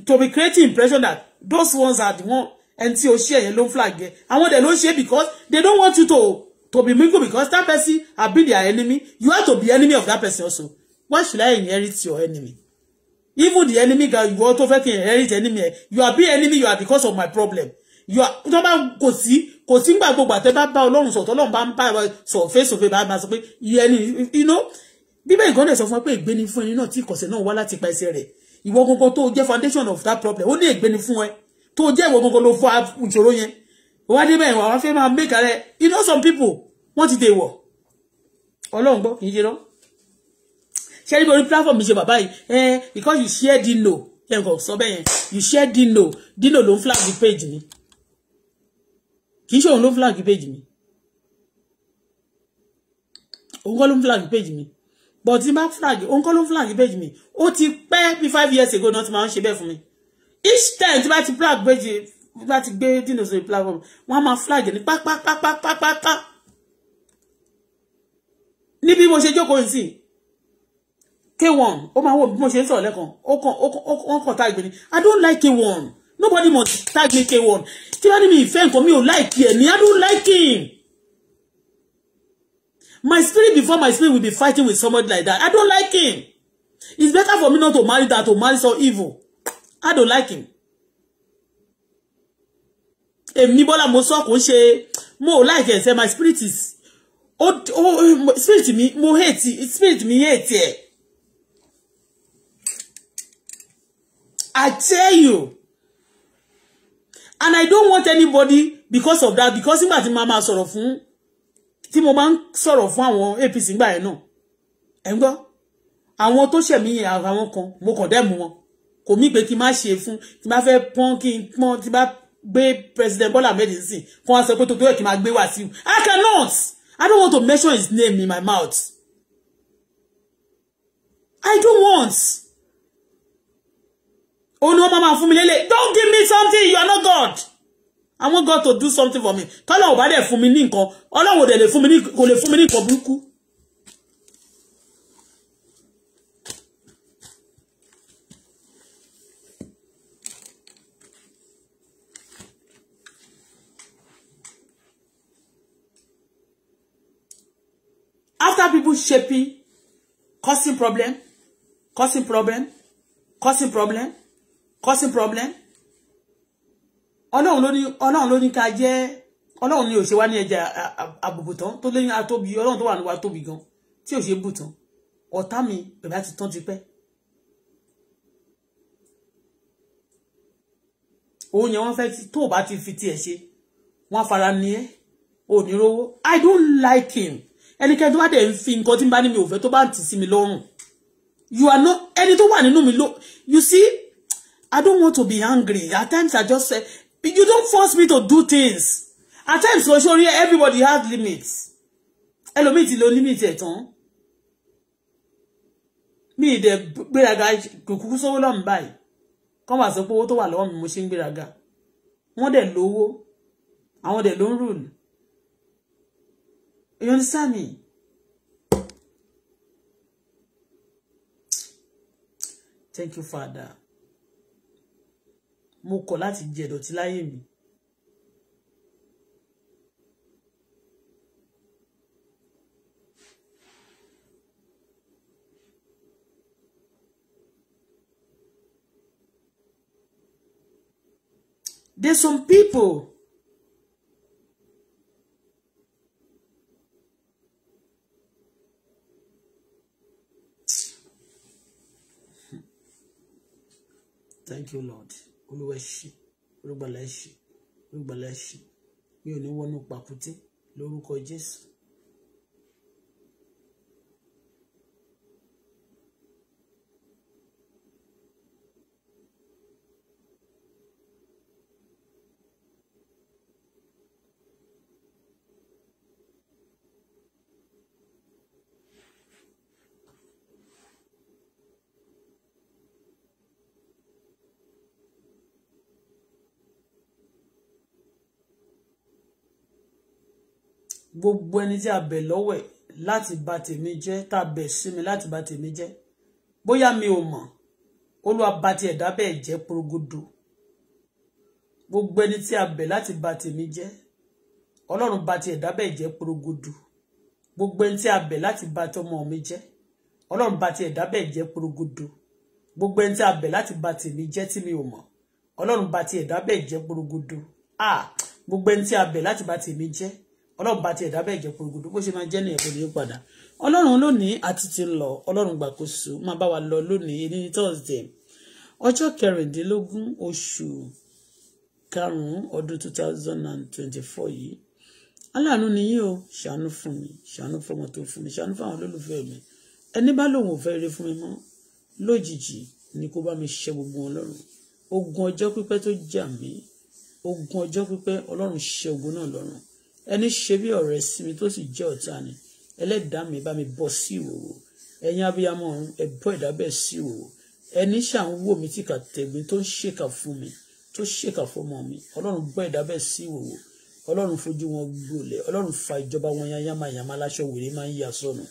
to be creating impression that those ones are the one and see o ṣe yẹn ló flag yẹn àwọn dẹ̀ ló ṣe because they don't want you to to be mingle because that person have been their enemy you have to be enemy of that person also why should I inherit your enemy even the enemy gan you tó fẹ́ kí inherit enemy you are being enemy you are because of my problem you are tó bá kò sí kò sí gbà gbogbo àtẹ bá bá ọlọ́run sọ̀tọ̀ ọlọ́run bá ń bá sọ fẹ́sọ̀fẹ́ You máa sọ pé ẹni iná bíbẹ́ ìgọ́nà sọ fún wa pé ìgbéni fún ẹni náà tí ìkọ̀sẹ̀ náà wá láti pa ẹsẹ̀ rẹ̀ ìwọ gbogbo tó jẹ́ foundation of that problem ó ní ìgbéni fún ẹ to jẹ́ ìwọ gbogbo ló fọ́ ìṣòro yẹn wá débẹ̀ ìwà wá fẹ́ máa make rẹ̀ you know some people want to dè war. ọlọ́run gbọ́ kì í ṣe náà ṣé níbi orí platform mi ṣe bàbá yìí ẹ because you share dino ẹnìkan sọ bẹ́ẹ̀ yẹn you share dino dino ló ń flag the page mi kì í ṣe òun ló ń flag page mi òun kọ́ ló ń flag page mi but tí n bá flag òun kọ́ ló ń flag page mi ó ti pẹ́ bí five years ago náà ti máa ń ṣe bẹ́ẹ̀ fún mi each time tí bá ti flag page bá ti gbé dino sórí platform wọ́n á máa flag ní pápápápápápá níbi mo ṣe jókòó yìí sí K1 ó máa wò bí mo ṣe ń sọ̀rọ̀ lẹ́kan ó kàn ó kàn tag me. ni I don't like K1 nobody must tag me K1 tí wọ́n ní mi ìfẹ́ nǹkan mi ò like ẹ̀ ní I don't like him my spirit before my spirit will be fighting with somebody like that I don't like him it's better for me not to marry that to marry so evil I don't like him èmi bọ́lá mo sọ kò ń mo ò like ẹ̀ Say my spirit is ó spirit mi mo hate spirit mi hate ẹ̀. I tell you. And I don't want anybody because of that because nígbà tí mama sort of fun, tí mo máa ń sọ̀rọ̀ fún àwọn APC nígbà yẹn náà ẹ̀ ń gbọ́ àwọn tó ṣẹ̀mí àwọn kan mo kàn dẹ́mu wọn kò mí pé kí n má ṣe fún tí bá fẹ́ president Bola medicine. Tinubu kó wá sọ pé tòótọ́ yẹ kí n máa gbé I cannot I don't want to mention his name in my mouth I don't want òun ni máa fún mi lélẹ̀ don't give me something you are not God I want God to do something for me tọ́lọ́wọ́ bá dẹ̀ fún mi ní nǹkan ọlọ́wọ́ dẹ̀ lè fún mi ní kò lè fún mi ní nǹkan burúkú. After people shaping, causing problem, causing problem, causing problem, causing problem ọlọ́run ló ní ọlọ́run ló ní ká jẹ́ ọlọ́run ni ò ṣe wá ní ẹja àbùbù tán tó lẹ́yìn atóbi ọlọ́run tó wà ní wa tóbi gan tí ò ṣe bù tán ọ̀tá mi bẹ̀rẹ̀ àti tán ti pẹ́ òun yẹn wọ́n fẹ́ tó o bá ti fi tiẹ̀ ṣe wọ́n fara ní ẹ́ onírówó i don't like him ẹnikẹ́ni tó bá dẹ̀ ń fi nǹkan tí n bá ní mi ò fẹ́ tó bá ń tì sí mi lọ́rùn you are not ẹni tó wà nínú mi ló you see I don't want to be angry. At times I just say, you don't force me to do things. At times, for oh, sure, everybody has limits. Ẹlòmíì ti lo limit ẹ̀ tán. me, the biraga, kùkú sówó lọ́mù báyìí. Kọ́ bá sọ pé owó tó wà lọ́wọ́ mi mo ṣe ń gbéraga. Wọ́n dẹ̀ lówó. Àwọn dẹ̀ ló You understand me? Thank you, Father mo kọ̀ láti jẹ ìdọ̀tí láyé mi There's some people. Thank you, Lord olúwa ṣí olùgbàlà ṣí olùgbàlà ṣí mi ò ní wọnú pàkúté lórúkọ jésù gbogbo ẹni tí a bẹ̀ lọ́wẹ̀ láti bà tèmi jẹ́ tá a bẹ̀ sí mi láti bà tèmi jẹ́ bóyá mi ò mọ̀ olúwa bà ti ẹ̀dá bẹ́ẹ̀ jẹ́ porogodo gbogbo ẹni tí a bẹ̀ láti bà tèmi jẹ́ ọlọ́run bà ti ẹ̀dá bẹ́ẹ̀ jẹ́ porogodo gbogbo ẹni tí a bẹ̀ láti bà tọmọ mi jẹ́ ọlọ́run bà ti ẹ̀dá bẹ́ẹ̀ jẹ́ porogodo gbogbo ẹni tí a bẹ̀ láti bà tèmi jẹ́ tí mi ò mọ̀ ọlọ́run bà ti ẹ̀dá bẹ́ẹ̀ jẹ́ porogodo ah gbogbo ẹni tí a bẹ̀ láti bà tèmi jẹ́ ọlọ́run bá ti ẹ̀dá bẹ́ẹ̀ jẹ́ porogodo bó ṣe máa jẹ́ nìyẹn kò ní í padà ọlọ́run lónìí àti ti ń lọ ọlọ́run gbàkóso máa bá wa lọ lónìí ní thursday ọjọ́ kẹrìndínlógún oṣù karùn-ún ọdún two thousand and twenty-four yìí aláàánú ni yín o ṣàánú fún mi ṣàánú fún ọmọ tó fún mi ṣàánú fún àwọn olólùfẹ́ mi ẹni bá lòun ò fẹ́ rí fún mi mọ́ lójijì ni kó bá mi ṣe gbogbo ọlọ́run ogun ọjọ́ pípẹ́ tó jà mí ogun ọjọ́ pípẹ́ ọlọ́run ṣe ogun náà lọ́rùn ẹni ṣe bí ọ̀rẹ́ sí mi tó sì jẹ́ ọ̀tá ni ẹlẹ́dàá mi bá mi bọ́ sí ìwòwò ẹ̀yin abiyamọ ọ̀run ẹ bọ́ ìdábẹ́ sí ìwòwò ẹni ṣàwọn wò mí tí kà tẹ̀gbìn tó ń ṣèkà fún mi tó ṣèkà fọmọ mi ọlọ́run bọ́ ìdábẹ́ sí ìwòwò ọlọ́run fojú wọn gbolẹ̀ ọlọ́run fa ìjọba wọn ya yamayama aláṣọ wèrè máa ń yà sọnù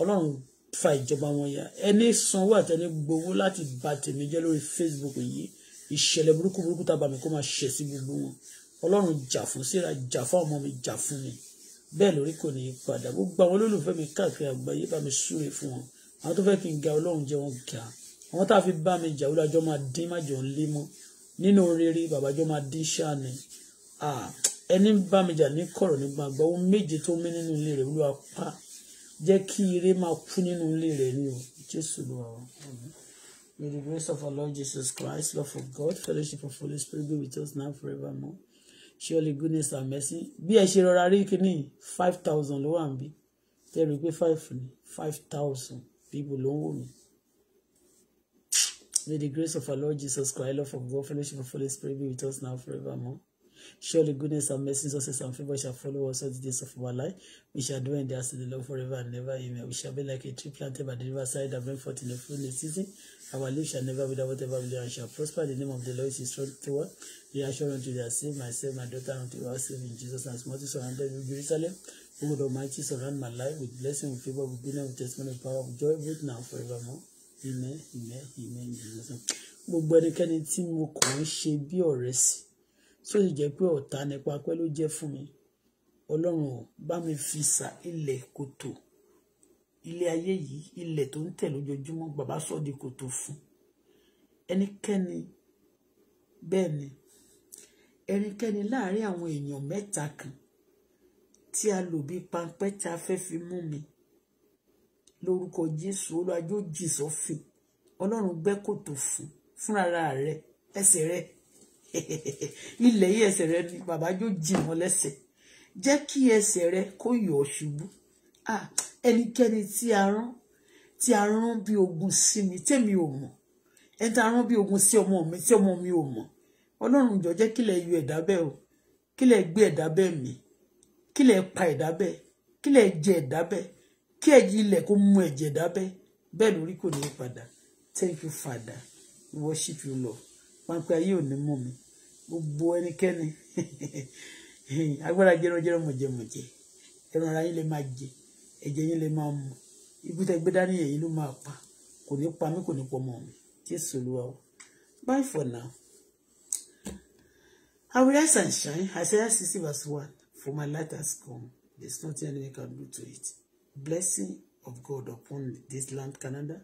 ọlọ́run fa ìjọba wọn ya ẹni sanwó àtẹni gbowó láti bà tèmi jẹ́ lórí Facebook yìí ìṣẹ̀lẹ̀ burúkú burúkú tábàmì kó máa ṣẹ̀ sí gbogbo wọn ọlọ́run jà fún síra jà fún ọmọ mi jà fún mi bẹ́ẹ̀ lórí kò ní í padà gbogbo àwọn olólùfẹ́ mi káàkiri àgbáyé bá mi súre fún wọn àwọn tó fẹ́ kí n ga ọlọ́run jẹ́ wọn ga àwọn tá a fi bá mi jà olùdájọ́ máa dín májọ ń lé mọ́ nínú rere bàbájọ́ máa dín ṣáà ẹni bá mi jà ní kọ̀rọ̀ ní gbangba ohun méje tó mí nínú ilé rẹ̀ olúwa pa jẹ́ kí ire máa kú nínú ilé rẹ̀ ni o jésù ló wà May the grace of our Lord Jesus Christ, love of God, fellowship of Holy Spirit be with us now forevermore surely goodness and mercy bí ẹ ṣe rọra rí kíní five thousand ló wà ń bí tẹ́rù pé five ni five thousand people ló ń wò mí. May the grace of our Lord Jesus Christ, love of God, fellowship of Holy Spirit be with us now forevermore. Surely goodness and mercy, success and favor shall follow us all the days of our life. We shall do in the house of the Lord forever and ever. Amen. We shall be like a tree planted by the riverside that bring forth in the fullness season. Our leaf shall never wither, whatever we do, and shall prosper. The name of the Lord is strong strength to us. The assurance unto their save, myself, my daughter, unto our save in Jesus and small surrounded with Jerusalem. O God Almighty, surround my life with blessing, with favor, with goodness, with testimony, with power, with joy, both now forevermore. Amen. Amen. Amen. Gbogbo ẹnikẹ́ni tí mo kàn ń ṣe bí ọ̀rẹ́ sí tó sì jẹ́ pé ọ̀tá nípa pẹ́ ló jẹ́ fún mi ọlọ́run ò bá mi fi sa ilẹ̀ kòtò ilé ayé yìí ilẹ̀ tó ń tẹ̀ lójoojúmọ́ bàbá sọ di kòtò fún ẹnikẹ́ni bẹ́ẹ̀ ni ẹnikẹ́ni láàárín àwọn èèyàn mẹ́ta kan tí a lò bí pańpẹ́ tá a fẹ́ fi mú mi lórúkọ jésù olùwàjò jìsọ́fìn ọlọ́run gbẹ́ kòtò fún fúnra rẹ̀ ẹsẹ̀ rẹ̀ (laughs) ilẹ̀ yìí ẹsẹ̀ rẹ bàbá yóò jì wọ́n lẹ́sẹ̀ jẹ́ kí ẹsẹ̀ rẹ kó yọ̀ ọ́ ṣubú ẹnikẹ́ni tí a rán tí a rán bí ogun sí mi tèmi ò mọ̀ ẹni tí a rán bí ogun sí ọmọ mi tí ọmọ mi ò mọ̀ ọlọ́run jọ jẹ́ kílẹ̀ yọ ẹ̀dá bẹ́ẹ̀ o kílẹ̀ gbé ẹ̀dá bẹ́ẹ̀ mi kílẹ̀ pa ẹ̀dá bẹ́ẹ̀ kílẹ̀ jẹ ẹ̀dá bẹ́ẹ̀ kí ẹ̀jì ilẹ̀ kó mú ẹ̀jẹ̀ ẹ̀dá bẹ́ẹ̀ bẹ́ẹ̀ lórí kò ní í padà thank you father worship you lord pápẹ́ ayé ò ní mú mi gbogbo ẹnikẹ́ni (laughs) agbára jẹranjẹrẹ mọ̀jẹmọ̀jẹ ẹran ara yín lè máa jẹ ẹ̀jẹ̀ yín lè máa mu ikú tẹ gbé dání èyí ló máa pa kò ní pa mí kò ní pọmọ mi jésù olúwa o bye for now i will rise and shine isaiah sixty verse one for my light has come there is nothing anyone can do to it blessing of god upon this land canada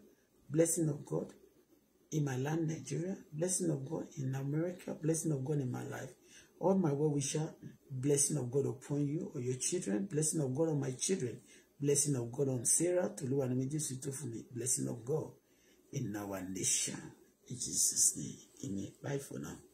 blessing of god in my land, Nigeria. Blessing of God in America. Blessing of God in my life. All my well wisher, blessing of God upon you or your children. Blessing of God on my children. Blessing of God on Sarah. To for me. Blessing of God in our nation. In Jesus' name. Amen. Bye for now.